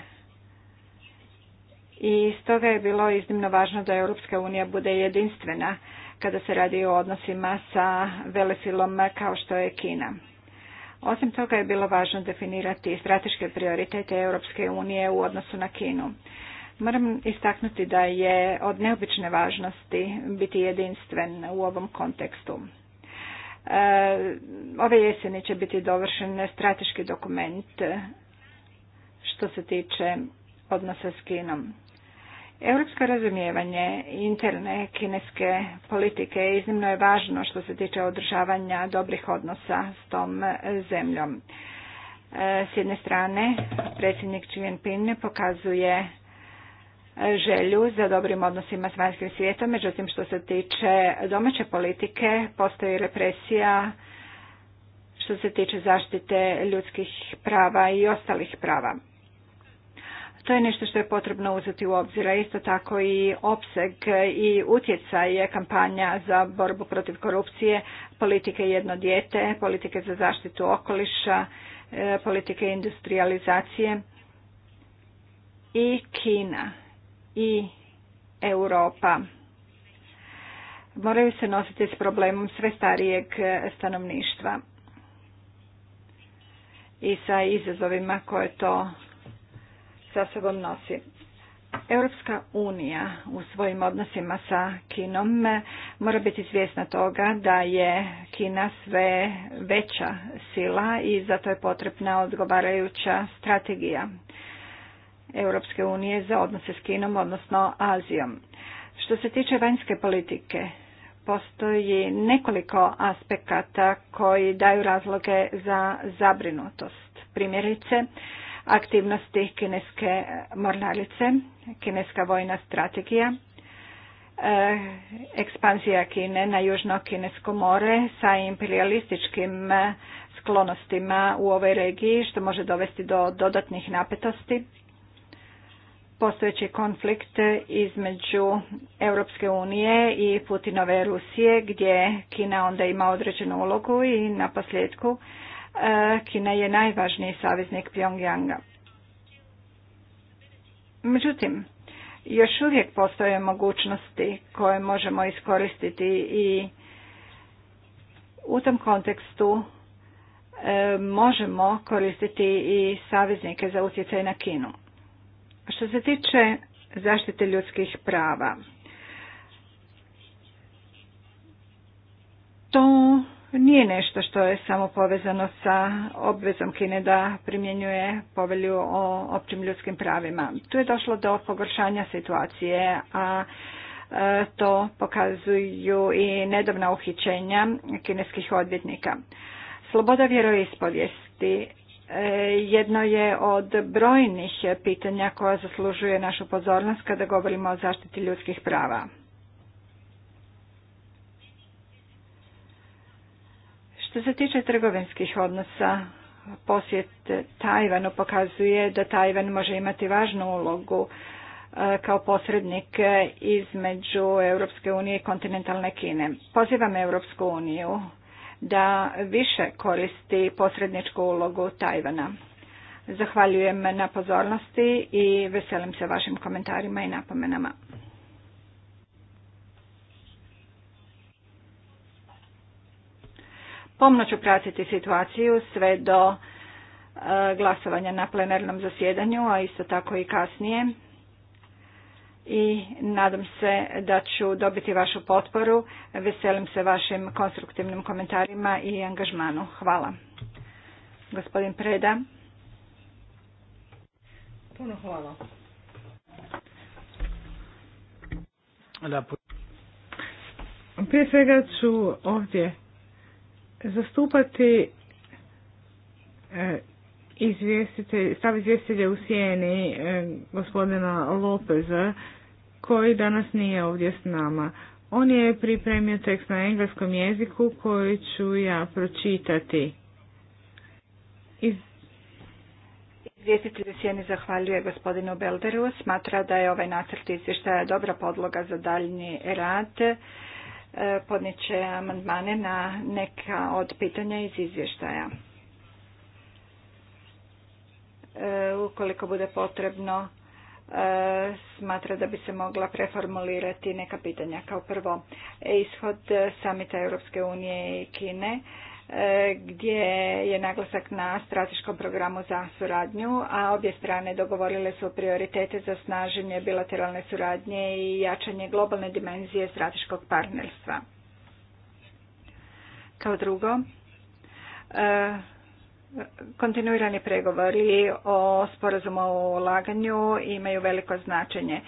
i stoga je bilo iznimno važno da Europska unija bude jedinstvena kada se radi o odnosima sa velesilom kao što je Kina. Osim toga je bilo važno definirati strateške prioritete Europske unije u odnosu na Kinu. Moram istaknuti da je od neobične važnosti biti jedinstven u ovom kontekstu. E, ove jeseni će biti dovršen strateški dokument što se tiče odnosa s Kinom. Europsko razumijevanje interne kineske politike iznimno je važno što se tiče održavanja dobrih odnosa s tom zemljom. E, s jedne strane, predsjednik Xi Jinping pokazuje želju za dobrim odnosima s vanjskim svijetom, međutim što se tiče domaće politike postoji represija što se tiče zaštite ljudskih prava i ostalih prava. To je nešto što je potrebno uzeti u obzira isto tako i opseg i utjecaj kampanja za borbu protiv korupcije, politike jedno dijete, politike za zaštitu okoliša, e, politike industrializacije i Kina i Europa moraju se nositi s problemom sve starijeg stanovništva i sa izazovima koje to sa sobom nosi. Europska unija u svojim odnosima sa Kinom eh, mora biti svjesna toga da je Kina sve veća sila i zato je potrebna odgovarajuća strategija Europske unije za odnose s Kinom, odnosno Azijom. Što se tiče vanjske politike, postoji nekoliko aspekata koji daju razloge za zabrinutost. Primjerice, aktivnosti kineske mornarice, kineska vojna strategija, e, ekspanzija Kine na južno kinesko more sa imperialističkim e, sklonostima u ovoj regiji što može dovesti do dodatnih napetosti. Postojeći konflikt između Europske unije i Putinove Rusije gdje Kina onda ima određenu ulogu i na posljedku Eh, Kina je najvažniji saveznik Pjongjanga. Međutim, još uvijek postoje mogućnosti koje možemo iskoristiti i u tom kontekstu eh, možemo koristiti i saveznike za utjecaj na Kinu. Što se tiče zaštite ljudskih prava, to nije nešto što je samo povezano sa obvezom Kine da primjenjuje povelju o općim ljudskim pravima. Tu je došlo do pogoršanja situacije, a e, to pokazuju i nedavna uhićenja kineskih odvjetnika. Sloboda vjeroispovijesti e, jedno je od brojnih pitanja koja zaslužuje našu pozornost kada govorimo o zaštiti ljudskih prava. Što se tiče trgovinskih odnosa, posjet Tajvanu pokazuje da Tajvan može imati važnu ulogu e, kao posrednik između Europske unije i kontinentalne Kine. Pozivam Europsku uniju da više koristi posredničku ulogu Tajvana. Zahvaljujem na pozornosti i veselim se vašim komentarima i napomenama. Pomno ću pratiti situaciju sve do e, glasovanja na plenarnom zasjedanju, a isto tako i kasnije. I nadam se da ću dobiti vašu potporu. Veselim se vašim konstruktivnim komentarima i angažmanu. Hvala. Gospodin Preda. Puno hvala. Prije svega ću ovdje zastupati e, stav izvjestitelja u sjeni e, gospodina Lopeza koji danas nije ovdje s nama. On je pripremio tekst na engleskom jeziku koji ću ja pročitati. Iz... Izvjestitelj Sjeni zahvaljuje gospodinu Belderu, smatra da je ovaj nacrt izvještaja dobra podloga za daljnji rad E, podnijet će amandmane na neka od pitanja iz izvještaja. E, ukoliko bude potrebno, e, smatra da bi se mogla preformulirati neka pitanja. Kao prvo, ishod samita Europske unije i Kine – E, gdje je naglasak na strateškom programu za suradnju, a obje strane dogovorile su prioritete za snaženje bilateralne suradnje i jačanje globalne dimenzije strateškog partnerstva. Kao drugo, e, kontinuirani pregovori o sporazumu o ulaganju imaju veliko značenje.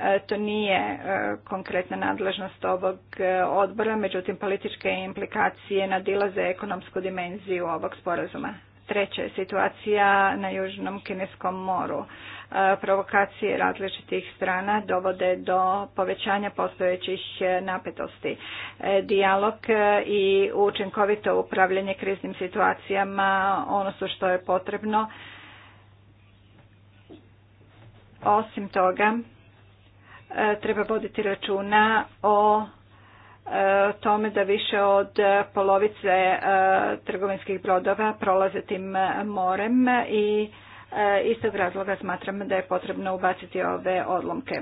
E, to nije e, konkretna nadležnost ovog e, odbora, međutim političke implikacije nadilaze ekonomsku dimenziju ovog sporazuma. Treća je situacija na Južnom Kineskom moru. Provokacije različitih strana dovode do povećanja postojećih napetosti. Dijalog i učinkovito upravljanje kriznim situacijama, ono su što je potrebno. Osim toga, E, treba voditi računa o e, tome da više od polovice e, trgovinskih brodova prolaze tim morem i iz tog razloga smatram da je potrebno ubaciti ove odlomke.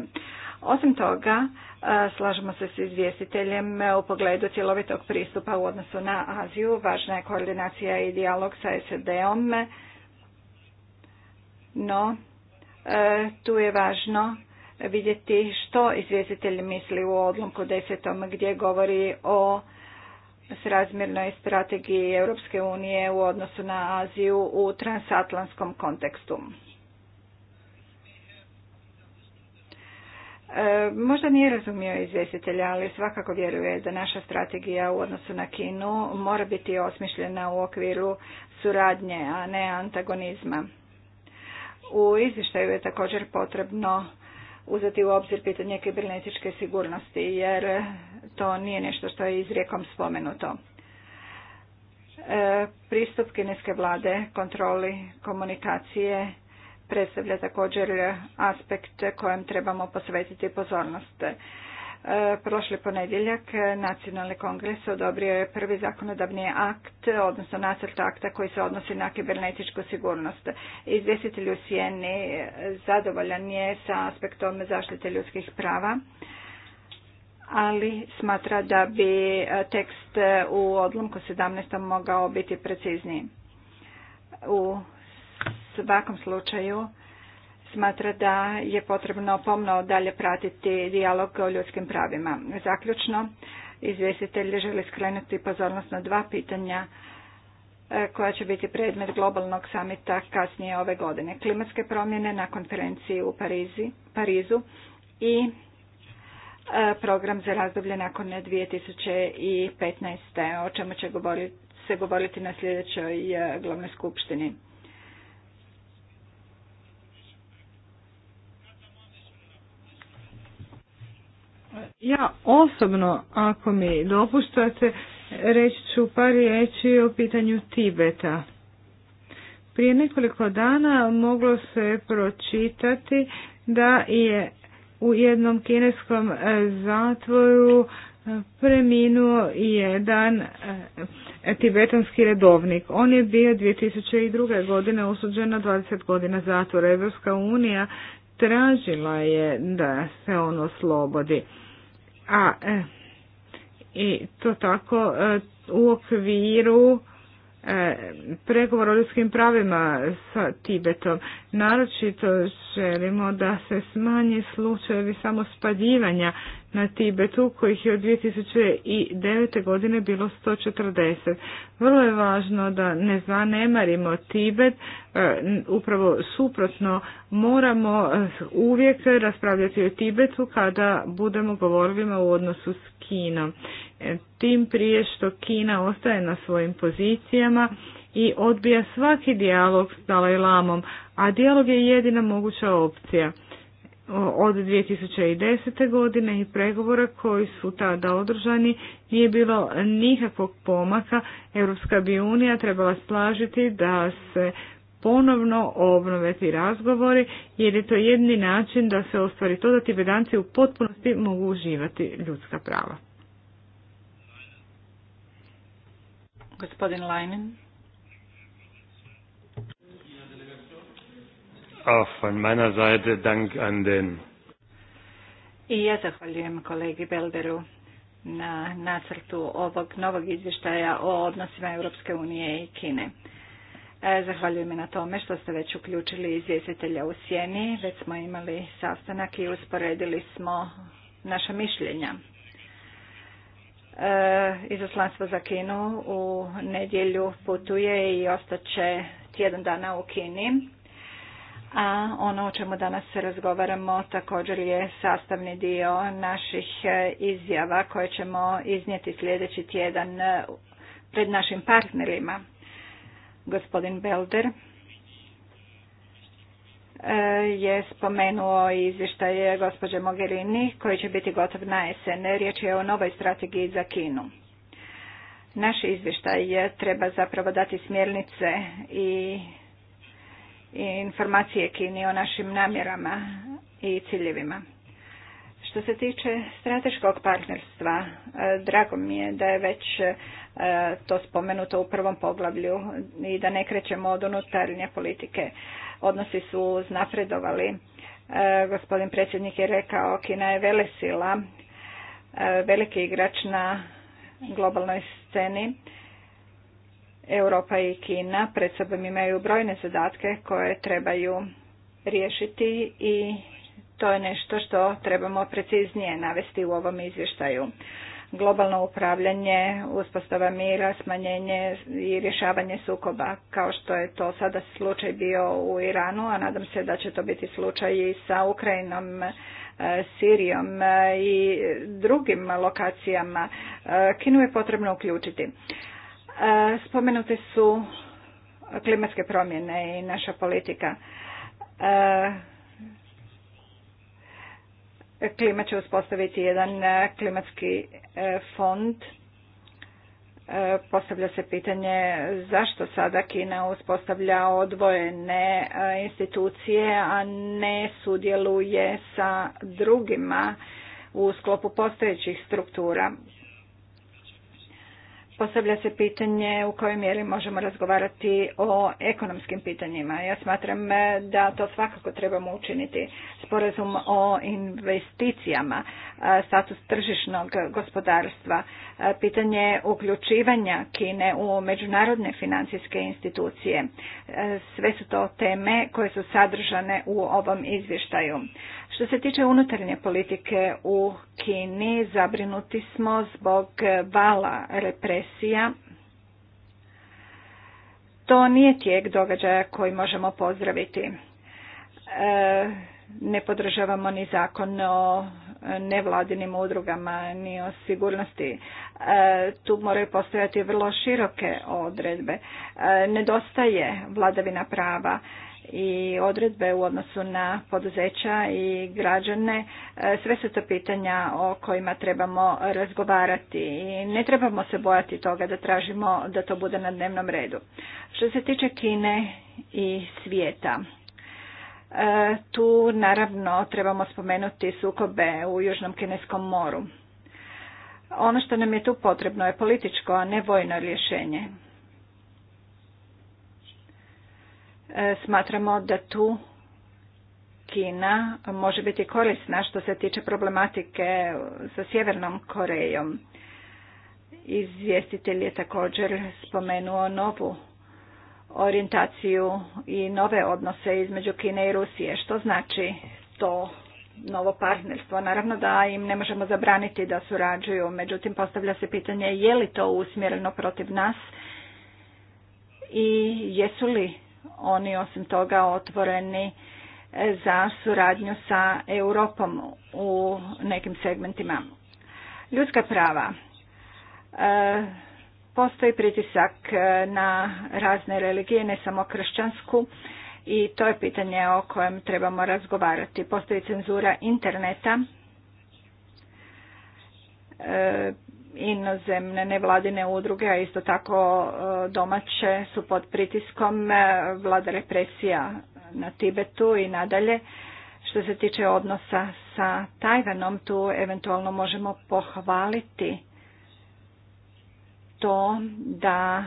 Osim toga, slažemo se s izvjestiteljem u pogledu cjelovitog pristupa u odnosu na Aziju. Važna je koordinacija i dijalog sa SED-om, no tu je važno vidjeti što izvjestitelj misli u odlomku desetom gdje govori o srazmjernoj strategiji Europske unije u odnosu na Aziju u transatlantskom kontekstu. E, možda nije razumio izvjestitelja, ali svakako vjeruje da naša strategija u odnosu na Kinu mora biti osmišljena u okviru suradnje, a ne antagonizma. U izvještaju je također potrebno uzeti u obzir pitanje kibernetičke sigurnosti jer to nije nešto što je izrijekom spomenuto. E, pristup kineske vlade kontroli komunikacije predstavlja također aspekt kojem trebamo posvetiti pozornost. Prošli ponedjeljak Nacionalni kongres odobrio je prvi zakonodavni akt, odnosno nacrt akta koji se odnosi na kibernetičku sigurnost. Izvjestitelj u Sjeni zadovoljan je sa aspektom zaštite ljudskih prava, ali smatra da bi tekst u odlomku 17. mogao biti precizniji. U svakom slučaju smatra da je potrebno pomno dalje pratiti dijalog o ljudskim pravima. Zaključno, izvjestitelj želi skrenuti pozornost na dva pitanja e, koja će biti predmet globalnog samita kasnije ove godine. Klimatske promjene na konferenciji u Parizi, Parizu i e, program za razdoblje nakon 2015. o čemu će govoriti, se govoriti na sljedećoj e, glavnoj skupštini. Ja osobno, ako mi dopuštate, reći ću par riječi o pitanju Tibeta. Prije nekoliko dana moglo se pročitati da je u jednom kineskom e, zatvoru e, preminuo jedan e, tibetanski redovnik. On je bio 2002. godine osuđen na 20 godina zatvora. Evropska unija tražila je da se on oslobodi a e, i to tako e, u okviru e, pregovora o ljudskim pravima sa Tibetom. Naročito želimo da se smanji slučajevi samo na Tibetu, kojih je od 2009. godine bilo 140. Vrlo je važno da ne zanemarimo Tibet, e, upravo suprotno, moramo e, uvijek raspravljati o Tibetu kada budemo govorili u odnosu s Kinom. E, tim prije što Kina ostaje na svojim pozicijama i odbija svaki dijalog s Dalaj Lamom, a dijalog je jedina moguća opcija od 2010. godine i pregovora koji su tada održani nije bilo nikakvog pomaka. Europska bi unija trebala slažiti da se ponovno obnove ti razgovori jer je to jedni način da se ostvari to da ti vedanci u potpunosti mogu uživati ljudska prava. Gospodin Lajnin. Auch von meiner Seite Dank an den. I ja zahvaljujem kolegi Belderu na nacrtu ovog novog izvještaja o odnosima Europske unije i Kine. E, zahvaljujem i na tome što ste već uključili izvjestitelja u sjeni. Već smo imali sastanak i usporedili smo naša mišljenja. E, Izoslanstvo za Kinu u nedjelju putuje i ostaće tjedan dana u Kini a ono o čemu danas razgovaramo također je sastavni dio naših e, izjava koje ćemo iznijeti sljedeći tjedan e, pred našim partnerima. Gospodin Belder e, je spomenuo izvještaje gospođe Mogherini koji će biti gotov na jesen. Riječ je o novoj strategiji za Kinu. Naš izvještaj treba zapravo dati smjernice i informacije Kini o našim namjerama i ciljevima. Što se tiče strateškog partnerstva, e, drago mi je da je već e, to spomenuto u prvom poglavlju i da ne krećemo od unutarnje politike. Odnosi su znapredovali. E, gospodin predsjednik je rekao Kina je velesila, veliki igrač na globalnoj sceni Europa i Kina pred sobom imaju brojne zadatke koje trebaju riješiti i to je nešto što trebamo preciznije navesti u ovom izvještaju. Globalno upravljanje, uspostava mira, smanjenje i rješavanje sukoba, kao što je to sada slučaj bio u Iranu, a nadam se da će to biti slučaj i sa Ukrajinom, e, Sirijom e, i drugim lokacijama. E, Kinu je potrebno uključiti. E, Spomenute su klimatske promjene i naša politika. E, Klima će uspostaviti jedan e, klimatski fond. Postavlja se pitanje zašto sada Kina uspostavlja odvojene institucije, a ne sudjeluje sa drugima u sklopu postojećih struktura. Postavlja se pitanje u kojoj mjeri možemo razgovarati o ekonomskim pitanjima. Ja smatram e, da to svakako trebamo učiniti. Sporazum o investicijama, e, status tržišnog gospodarstva, e, pitanje uključivanja Kine u međunarodne financijske institucije. Sve su to teme koje su sadržane u ovom izvještaju. Što se tiče unutarnje politike u Kini, zabrinuti smo zbog vala represija. To nije tijek događaja koji možemo pozdraviti. E, ne podržavamo ni zakon o nevladinim udrugama ni o sigurnosti. E, tu moraju postojati vrlo široke odredbe. E, nedostaje vladavina prava i odredbe u odnosu na poduzeća i građane, e, sve su to pitanja o kojima trebamo razgovarati i ne trebamo se bojati toga da tražimo da to bude na dnevnom redu. Što se tiče Kine i svijeta, e, tu naravno trebamo spomenuti sukobe u Južnom Kineskom moru. Ono što nam je tu potrebno je političko, a ne vojno rješenje. E, smatramo da tu Kina može biti korisna što se tiče problematike sa Sjevernom Korejom. Izvjestitelj je također spomenuo novu orijentaciju i nove odnose između Kine i Rusije. Što znači to novo partnerstvo? Naravno da im ne možemo zabraniti da surađuju, međutim postavlja se pitanje je li to usmjereno protiv nas i jesu li oni osim toga otvoreni za suradnju sa Europom u nekim segmentima. Ljudska prava. E, postoji pritisak e, na razne religije, ne samo kršćansku, i to je pitanje o kojem trebamo razgovarati. Postoji cenzura interneta, e, inozemne nevladine udruge, a isto tako e, domaće su pod pritiskom e, vlada represija na Tibetu i nadalje. Što se tiče odnosa sa Tajvanom, tu eventualno možemo pohvaliti to da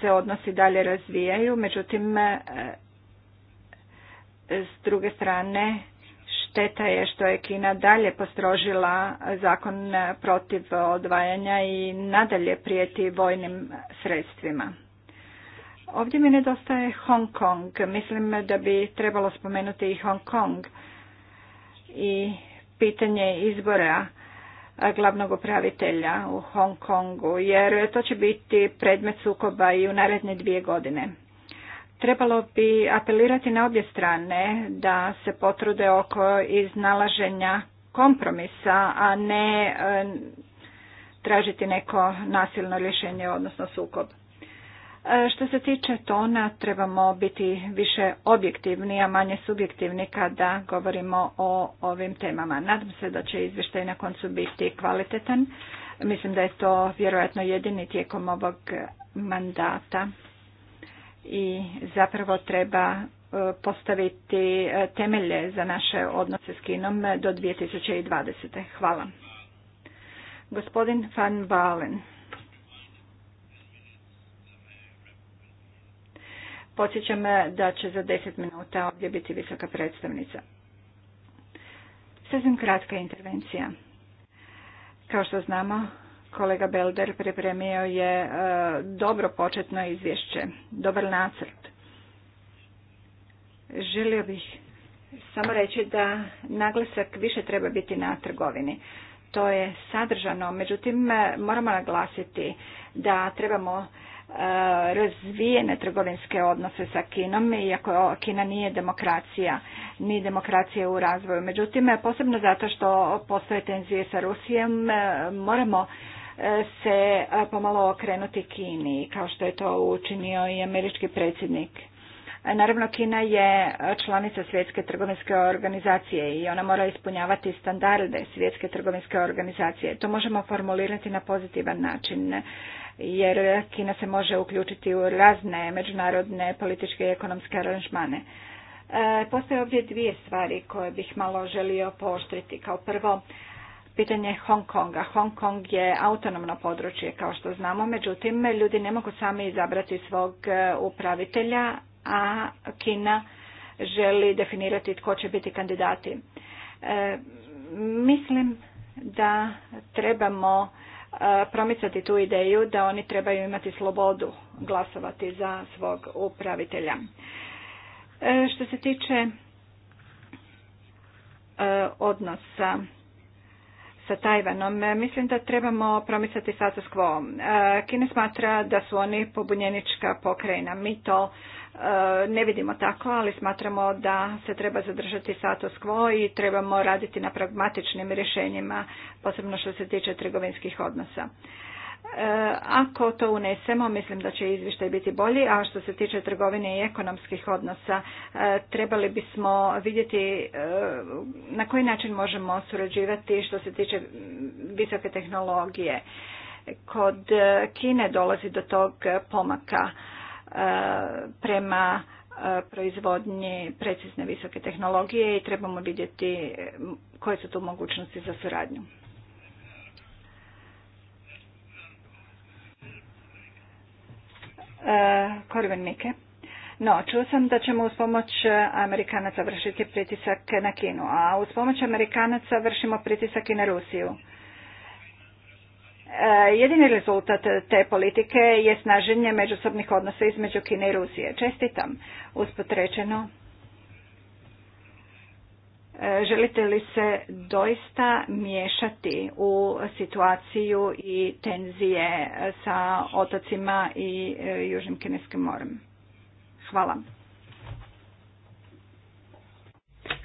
se odnosi dalje razvijaju, međutim e, s druge strane Šteta je što je Kina dalje postrožila zakon protiv odvajanja i nadalje prijeti vojnim sredstvima. Ovdje mi nedostaje Hong Kong. Mislim da bi trebalo spomenuti i Hong Kong i pitanje izbora glavnog upravitelja u Hong Kongu, jer to će biti predmet sukoba i u naredne dvije godine. Trebalo bi apelirati na obje strane da se potrude oko iznalaženja kompromisa, a ne eh, tražiti neko nasilno rješenje, odnosno sukob. Eh, što se tiče tona, trebamo biti više objektivni, a manje subjektivni kada govorimo o ovim temama. Nadam se da će izvještaj na koncu biti kvalitetan. Mislim da je to vjerojatno jedini tijekom ovog mandata i zapravo treba e, postaviti e, temelje za naše odnose s Kinom do 2020. Hvala. Gospodin Van Valen. Podsjećam e, da će za 10 minuta ovdje biti visoka predstavnica. Sasvim kratka intervencija. Kao što znamo, kolega Belder pripremio je e, dobro početno izvješće, dobar nacrt. Želio bih samo reći da naglasak više treba biti na trgovini. To je sadržano, međutim e, moramo naglasiti da trebamo e, razvijene trgovinske odnose sa Kinom, iako Kina nije demokracija, ni demokracija u razvoju. Međutim, posebno zato što postoje tenzije sa Rusijem, moramo se pomalo okrenuti Kini, kao što je to učinio i američki predsjednik. Naravno, Kina je članica Svjetske trgovinske organizacije i ona mora ispunjavati standarde Svjetske trgovinske organizacije. To možemo formulirati na pozitivan način, jer Kina se može uključiti u razne međunarodne političke i ekonomske aranžmane. Postoje ovdje dvije stvari koje bih malo želio pooštriti. Kao prvo, pitanje Hong Konga. Hong Kong je autonomno područje, kao što znamo, međutim, ljudi ne mogu sami izabrati svog e, upravitelja, a Kina želi definirati tko će biti kandidati. E, mislim da trebamo e, promicati tu ideju da oni trebaju imati slobodu glasovati za svog upravitelja. što se tiče odnosa sa Tajvanom, e, mislim da trebamo promicati sato quo. E, Kine smatra da su oni pobunjenička pokrajina. Mi to e, ne vidimo tako, ali smatramo da se treba zadržati sato skvo i trebamo raditi na pragmatičnim rješenjima, posebno što se tiče trgovinskih odnosa. E, ako to unesemo, mislim da će izvještaj biti bolji, a što se tiče trgovine i ekonomskih odnosa, e, trebali bismo vidjeti e, na koji način možemo surađivati što se tiče visoke tehnologije. Kod Kine dolazi do tog pomaka prema proizvodnji precizne visoke tehnologije i trebamo vidjeti koje su tu mogućnosti za suradnju. E, Korvenike. No, čuo sam da ćemo uz pomoć e, Amerikanaca vršiti pritisak na Kinu, a uz pomoć Amerikanaca vršimo pritisak i na Rusiju. E, jedini rezultat te politike je snaženje međusobnih odnosa između Kine i Rusije. Čestitam. Usput rečeno, E, želite li se doista miješati u situaciju i tenzije sa otocima i e, Južnim Kineskim morem? Hvala.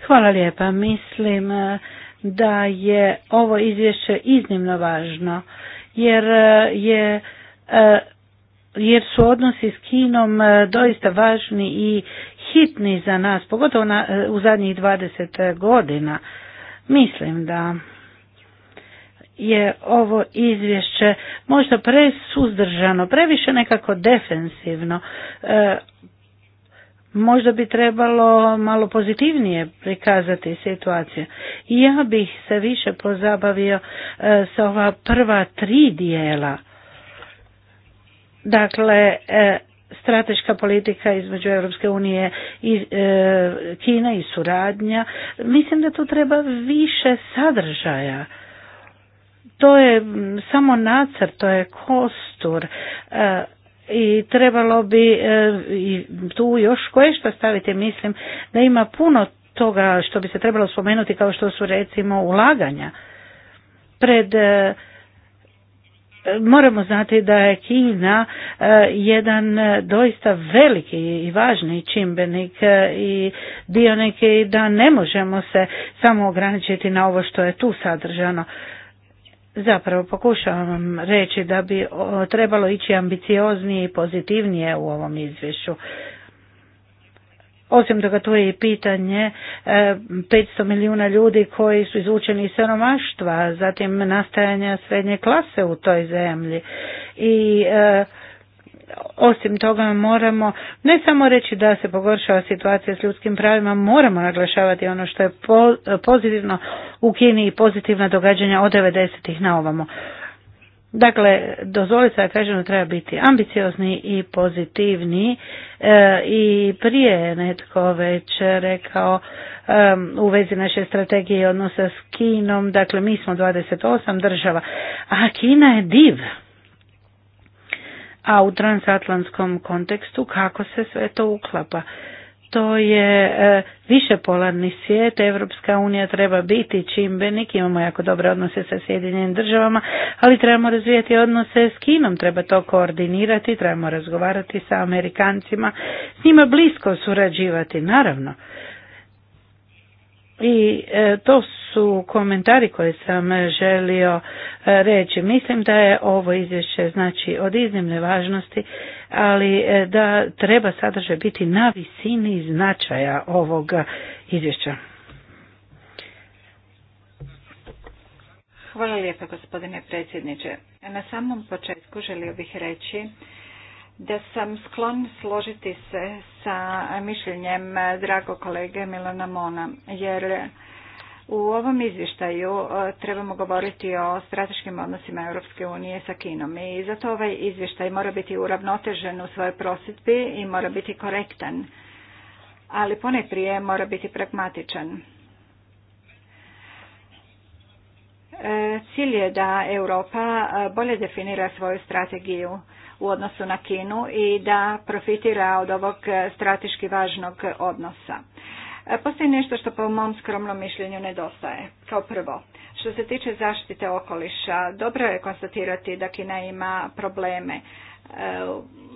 Hvala lijepa. Mislim e, da je ovo izvješće iznimno važno jer je jer su odnosi s Kinom doista važni i hitni za nas, pogotovo na, e, u zadnjih 20 godina. Mislim da je ovo izvješće možda presuzdržano, previše nekako defensivno. E, možda bi trebalo malo pozitivnije prikazati situaciju. Ja bih se više pozabavio e, sa ova prva tri dijela. Dakle, e, strateška politika između Europske unije i e, Kina i suradnja. Mislim da tu treba više sadržaja. To je samo nacrt, to je kostur. E, i trebalo bi e, i tu još koje što staviti, mislim da ima puno toga što bi se trebalo spomenuti kao što su recimo ulaganja. Pred moramo znati da je Kina e, jedan e, doista veliki i važni čimbenik e, i dionik i da ne možemo se samo ograničiti na ovo što je tu sadržano. Zapravo pokušavam reći da bi trebalo ići ambicioznije i pozitivnije u ovom izvješću osim toga tu je i pitanje 500 e, milijuna ljudi koji su izvučeni iz siromaštva, zatim nastajanja srednje klase u toj zemlji i e, osim toga moramo ne samo reći da se pogoršava situacija s ljudskim pravima, moramo naglašavati ono što je pozitivno u Kini i pozitivna događanja od 90 na ovamo. Dakle, dozvolite je kažem, treba biti ambiciozni i pozitivni e, i prije netko već rekao u vezi naše strategije odnosa s Kinom, dakle mi smo 28 država, a Kina je div. A u transatlantskom kontekstu kako se sve to uklapa? to je e, više polarni svijet, Evropska unija treba biti čimbenik, imamo jako dobre odnose sa Sjedinjenim državama, ali trebamo razvijati odnose s Kinom, treba to koordinirati, trebamo razgovarati sa Amerikancima, s njima blisko surađivati, naravno. I e, to su komentari koje sam želio e, reći. Mislim da je ovo izvješće znači od iznimne važnosti, ali e, da treba sadržaj biti na visini značaja ovog izvješća. Hvala lijepa gospodine predsjedniče. Na samom početku želio bih reći da sam sklon složiti se sa mišljenjem drago kolege Milana Mona, jer u ovom izvještaju e, trebamo govoriti o strateškim odnosima Europske unije sa Kinom i zato ovaj izvještaj mora biti uravnotežen u svojoj prosjetbi i mora biti korektan, ali poneprije mora biti pragmatičan. E, cilj je da Europa e, bolje definira svoju strategiju u odnosu na Kinu i da profitira od ovog strateški važnog odnosa. E, postoji nešto što po mom skromnom mišljenju nedostaje. Kao prvo, što se tiče zaštite okoliša, dobro je konstatirati da Kina ima probleme. E,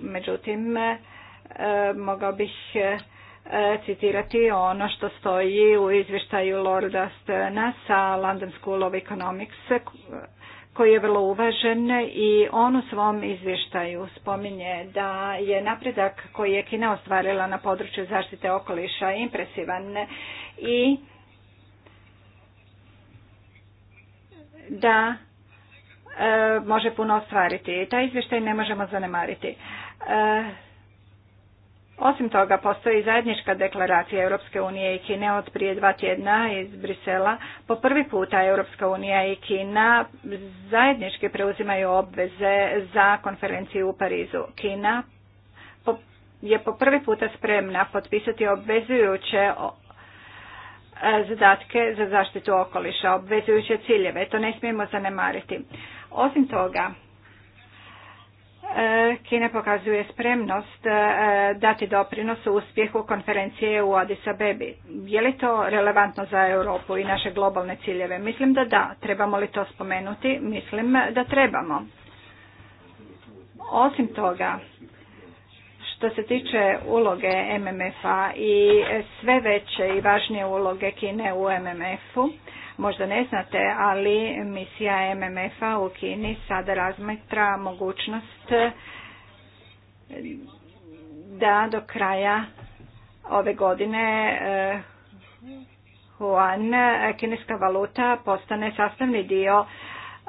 međutim, e, mogao bih citirati ono što stoji u izvještaju Lorda sa London School of Economics, koji je vrlo uvažen i on u svom izvještaju spominje da je napredak koji je Kina ostvarila na području zaštite okoliša impresivan i da e, može puno ostvariti. Taj izvještaj ne možemo zanemariti. E, osim toga, postoji zajednička deklaracija Europske unije i Kine od prije dva tjedna iz Brisela. Po prvi puta Europska unija i Kina zajednički preuzimaju obveze za konferenciju u Parizu. Kina je po prvi puta spremna potpisati obvezujuće e, zadatke za zaštitu okoliša, obvezujuće ciljeve. To ne smijemo zanemariti. Osim toga, E, Kina pokazuje spremnost e, dati doprinos u uspjehu konferencije u Addis Abebi. Je li to relevantno za Europu i naše globalne ciljeve? Mislim da da. Trebamo li to spomenuti? Mislim da trebamo. Osim toga, što se tiče uloge MMF-a i sve veće i važnije uloge Kine u MMF-u, Možda ne znate, ali misija MMF-a u Kini sada razmetra mogućnost eh, da do kraja ove godine eh, Huan, kineska valuta, postane sastavni dio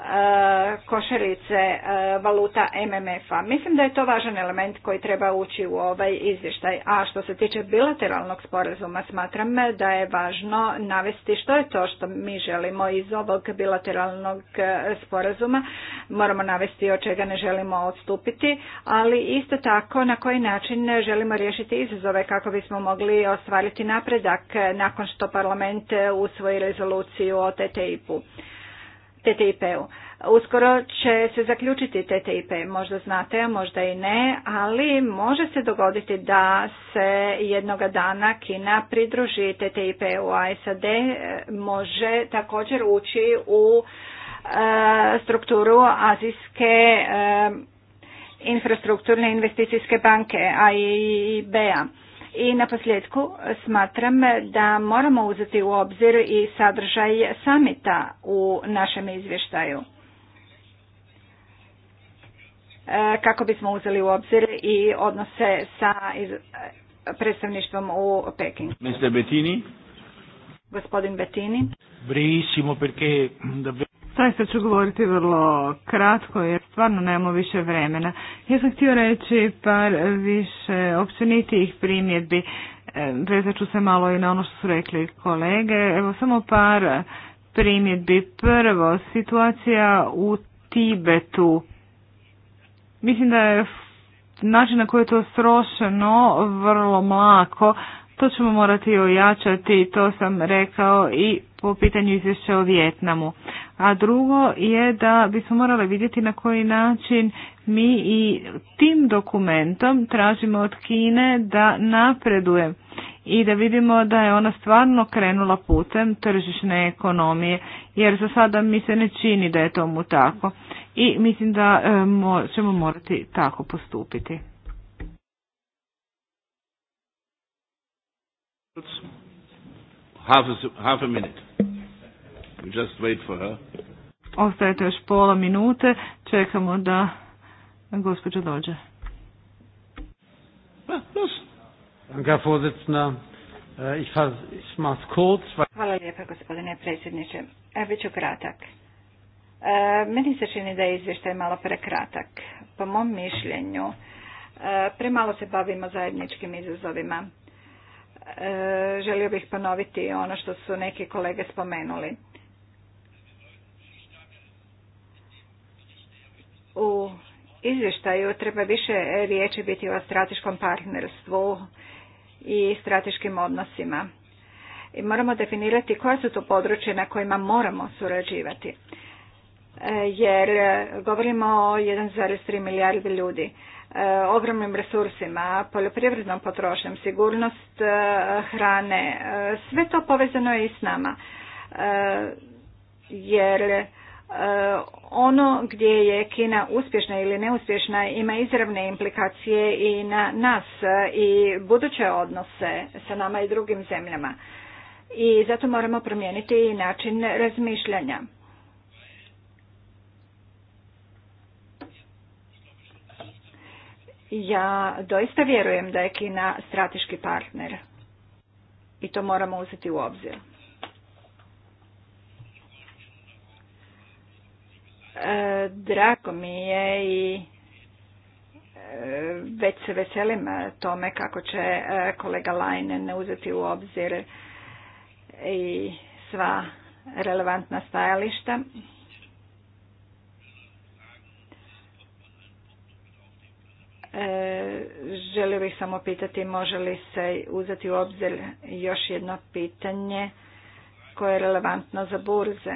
Eh, košarice eh, valuta MMF-a. Mislim da je to važan element koji treba ući u ovaj izvještaj. A što se tiče bilateralnog sporazuma, smatram da je važno navesti što je to što mi želimo iz ovog bilateralnog eh, sporazuma. Moramo navesti od čega ne želimo odstupiti, ali isto tako na koji način želimo riješiti izazove kako bismo mogli ostvariti napredak nakon što parlament usvoji rezoluciju o TTIP-u. TTIP-u. Uskoro će se zaključiti TTIP, možda znate, možda i ne, ali može se dogoditi da se jednoga dana Kina pridruži TTIP-u, a SAD e, može također ući u e, strukturu azijske e, infrastrukturne investicijske banke, AIB-a. I na posljedku smatram da moramo uzeti u obzir i sadržaj samita u našem izvještaju e, kako bismo uzeli u obzir i odnose sa predstavništvom u Pekingu. Mr. Bettini. Gospodin Bettini. perché Zaista ću govoriti vrlo kratko jer stvarno nemamo više vremena. Ja sam htio reći par više općenitijih primjedbi. E, vezat ću se malo i na ono što su rekli kolege. Evo samo par primjedbi. Prvo, situacija u Tibetu. Mislim da je način na koji je to srošeno vrlo mlako, to ćemo morati ojačati, to sam rekao i po pitanju izvješća o Vjetnamu. A drugo je da bismo morali vidjeti na koji način mi i tim dokumentom tražimo od Kine da napreduje i da vidimo da je ona stvarno krenula putem tržišne ekonomije, jer za sada mi se ne čini da je tomu tako. I mislim da e, ćemo morati tako postupiti. Half just wait for her. još pola minute, čekamo da gospođa dođe. Pa, äh, Hvala lijepa, gospodine predsjedniče. bit ću kratak. Äh, meni se čini da je izvještaj malo prekratak. Po mom mišljenju, äh, premalo se bavimo zajedničkim izazovima. E, želio bih ponoviti ono što su neki kolege spomenuli. U izvještaju treba više riječi biti o strateškom partnerstvu i strateškim odnosima. I moramo definirati koja su to područja na kojima moramo surađivati. E, jer govorimo o 1,3 milijardi ljudi. E, ogromnim resursima, poljoprivrednom potrošnjom, sigurnost e, hrane, e, sve to povezano je i s nama. Jer ono gdje je Kina uspješna ili neuspješna ima izravne implikacije i na nas i buduće odnose sa nama i drugim zemljama. I zato moramo promijeniti i način razmišljanja. Ja doista vjerujem da je Kina strateški partner i to moramo uzeti u obzir. E, drago mi je i e, već se veselim e, tome kako će kolega Lajnen uzeti u obzir i sva relevantna stajališta. E, želio bih samo pitati može li se uzeti u obzir još jedno pitanje koje je relevantno za burze.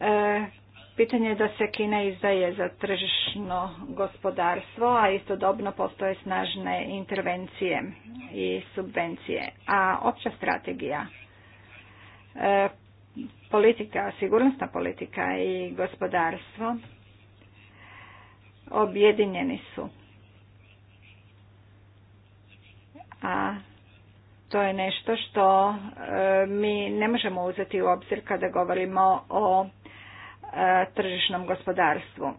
E, pitanje je da se Kina izdaje za tržišno gospodarstvo, a istodobno postoje snažne intervencije i subvencije. A opća strategija, e, politika, sigurnosna politika i gospodarstvo objedinjeni su. A to je nešto što e, mi ne možemo uzeti u obzir kada govorimo o e, tržišnom gospodarstvu.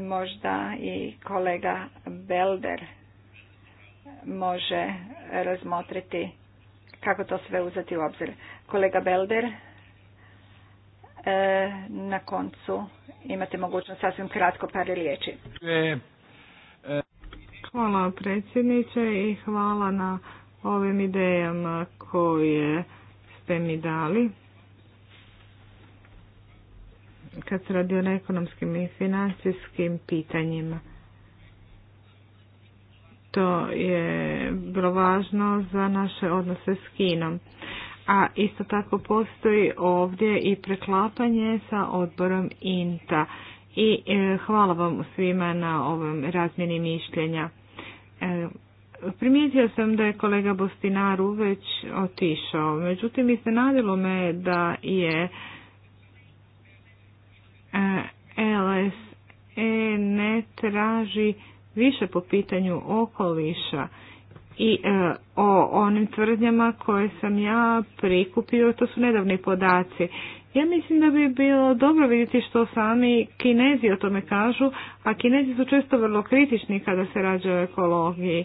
Možda i kolega Belder može razmotriti kako to sve uzeti u obzir. Kolega Belder, E, na koncu imate mogućnost sasvim kratko par riječi. E, e. Hvala predsjedniče i hvala na ovim idejama koje ste mi dali. Kad se radi o ekonomskim i financijskim pitanjima. To je vrlo važno za naše odnose s Kinom a isto tako postoji ovdje i preklapanje sa odborom INTA. I e, hvala vam svima na ovom razmjeni mišljenja. E, primijetio sam da je kolega Bostinaru već otišao, međutim iznenadilo me da je LSE e ne traži više po pitanju okoliša i e, o onim tvrdnjama koje sam ja prikupio, to su nedavni podaci. Ja mislim da bi bilo dobro vidjeti što sami kinezi o tome kažu, a kinezi su često vrlo kritični kada se rađe o ekologiji.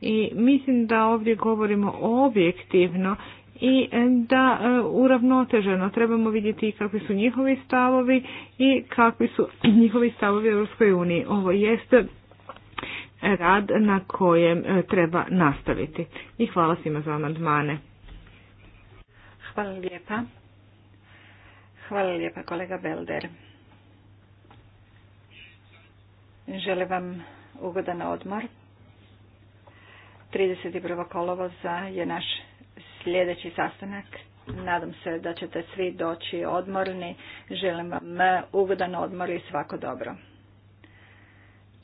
I mislim da ovdje govorimo objektivno i e, da e, uravnoteženo trebamo vidjeti kakvi su njihovi stavovi i kakvi su njihovi stavovi u Europskoj uniji. Ovo jeste rad na kojem e, treba nastaviti. I hvala svima za amandmane. Hvala lijepa. Hvala lijepa kolega Belder. Želim vam ugodan odmor. 31. kolovoza je naš sljedeći sastanak. Nadam se da ćete svi doći odmorni. Želim vam ugodan odmor i svako dobro.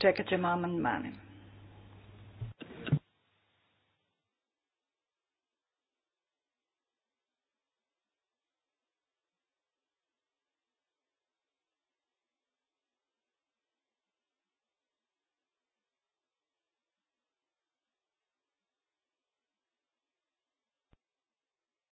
Čekat ćemo amandmane.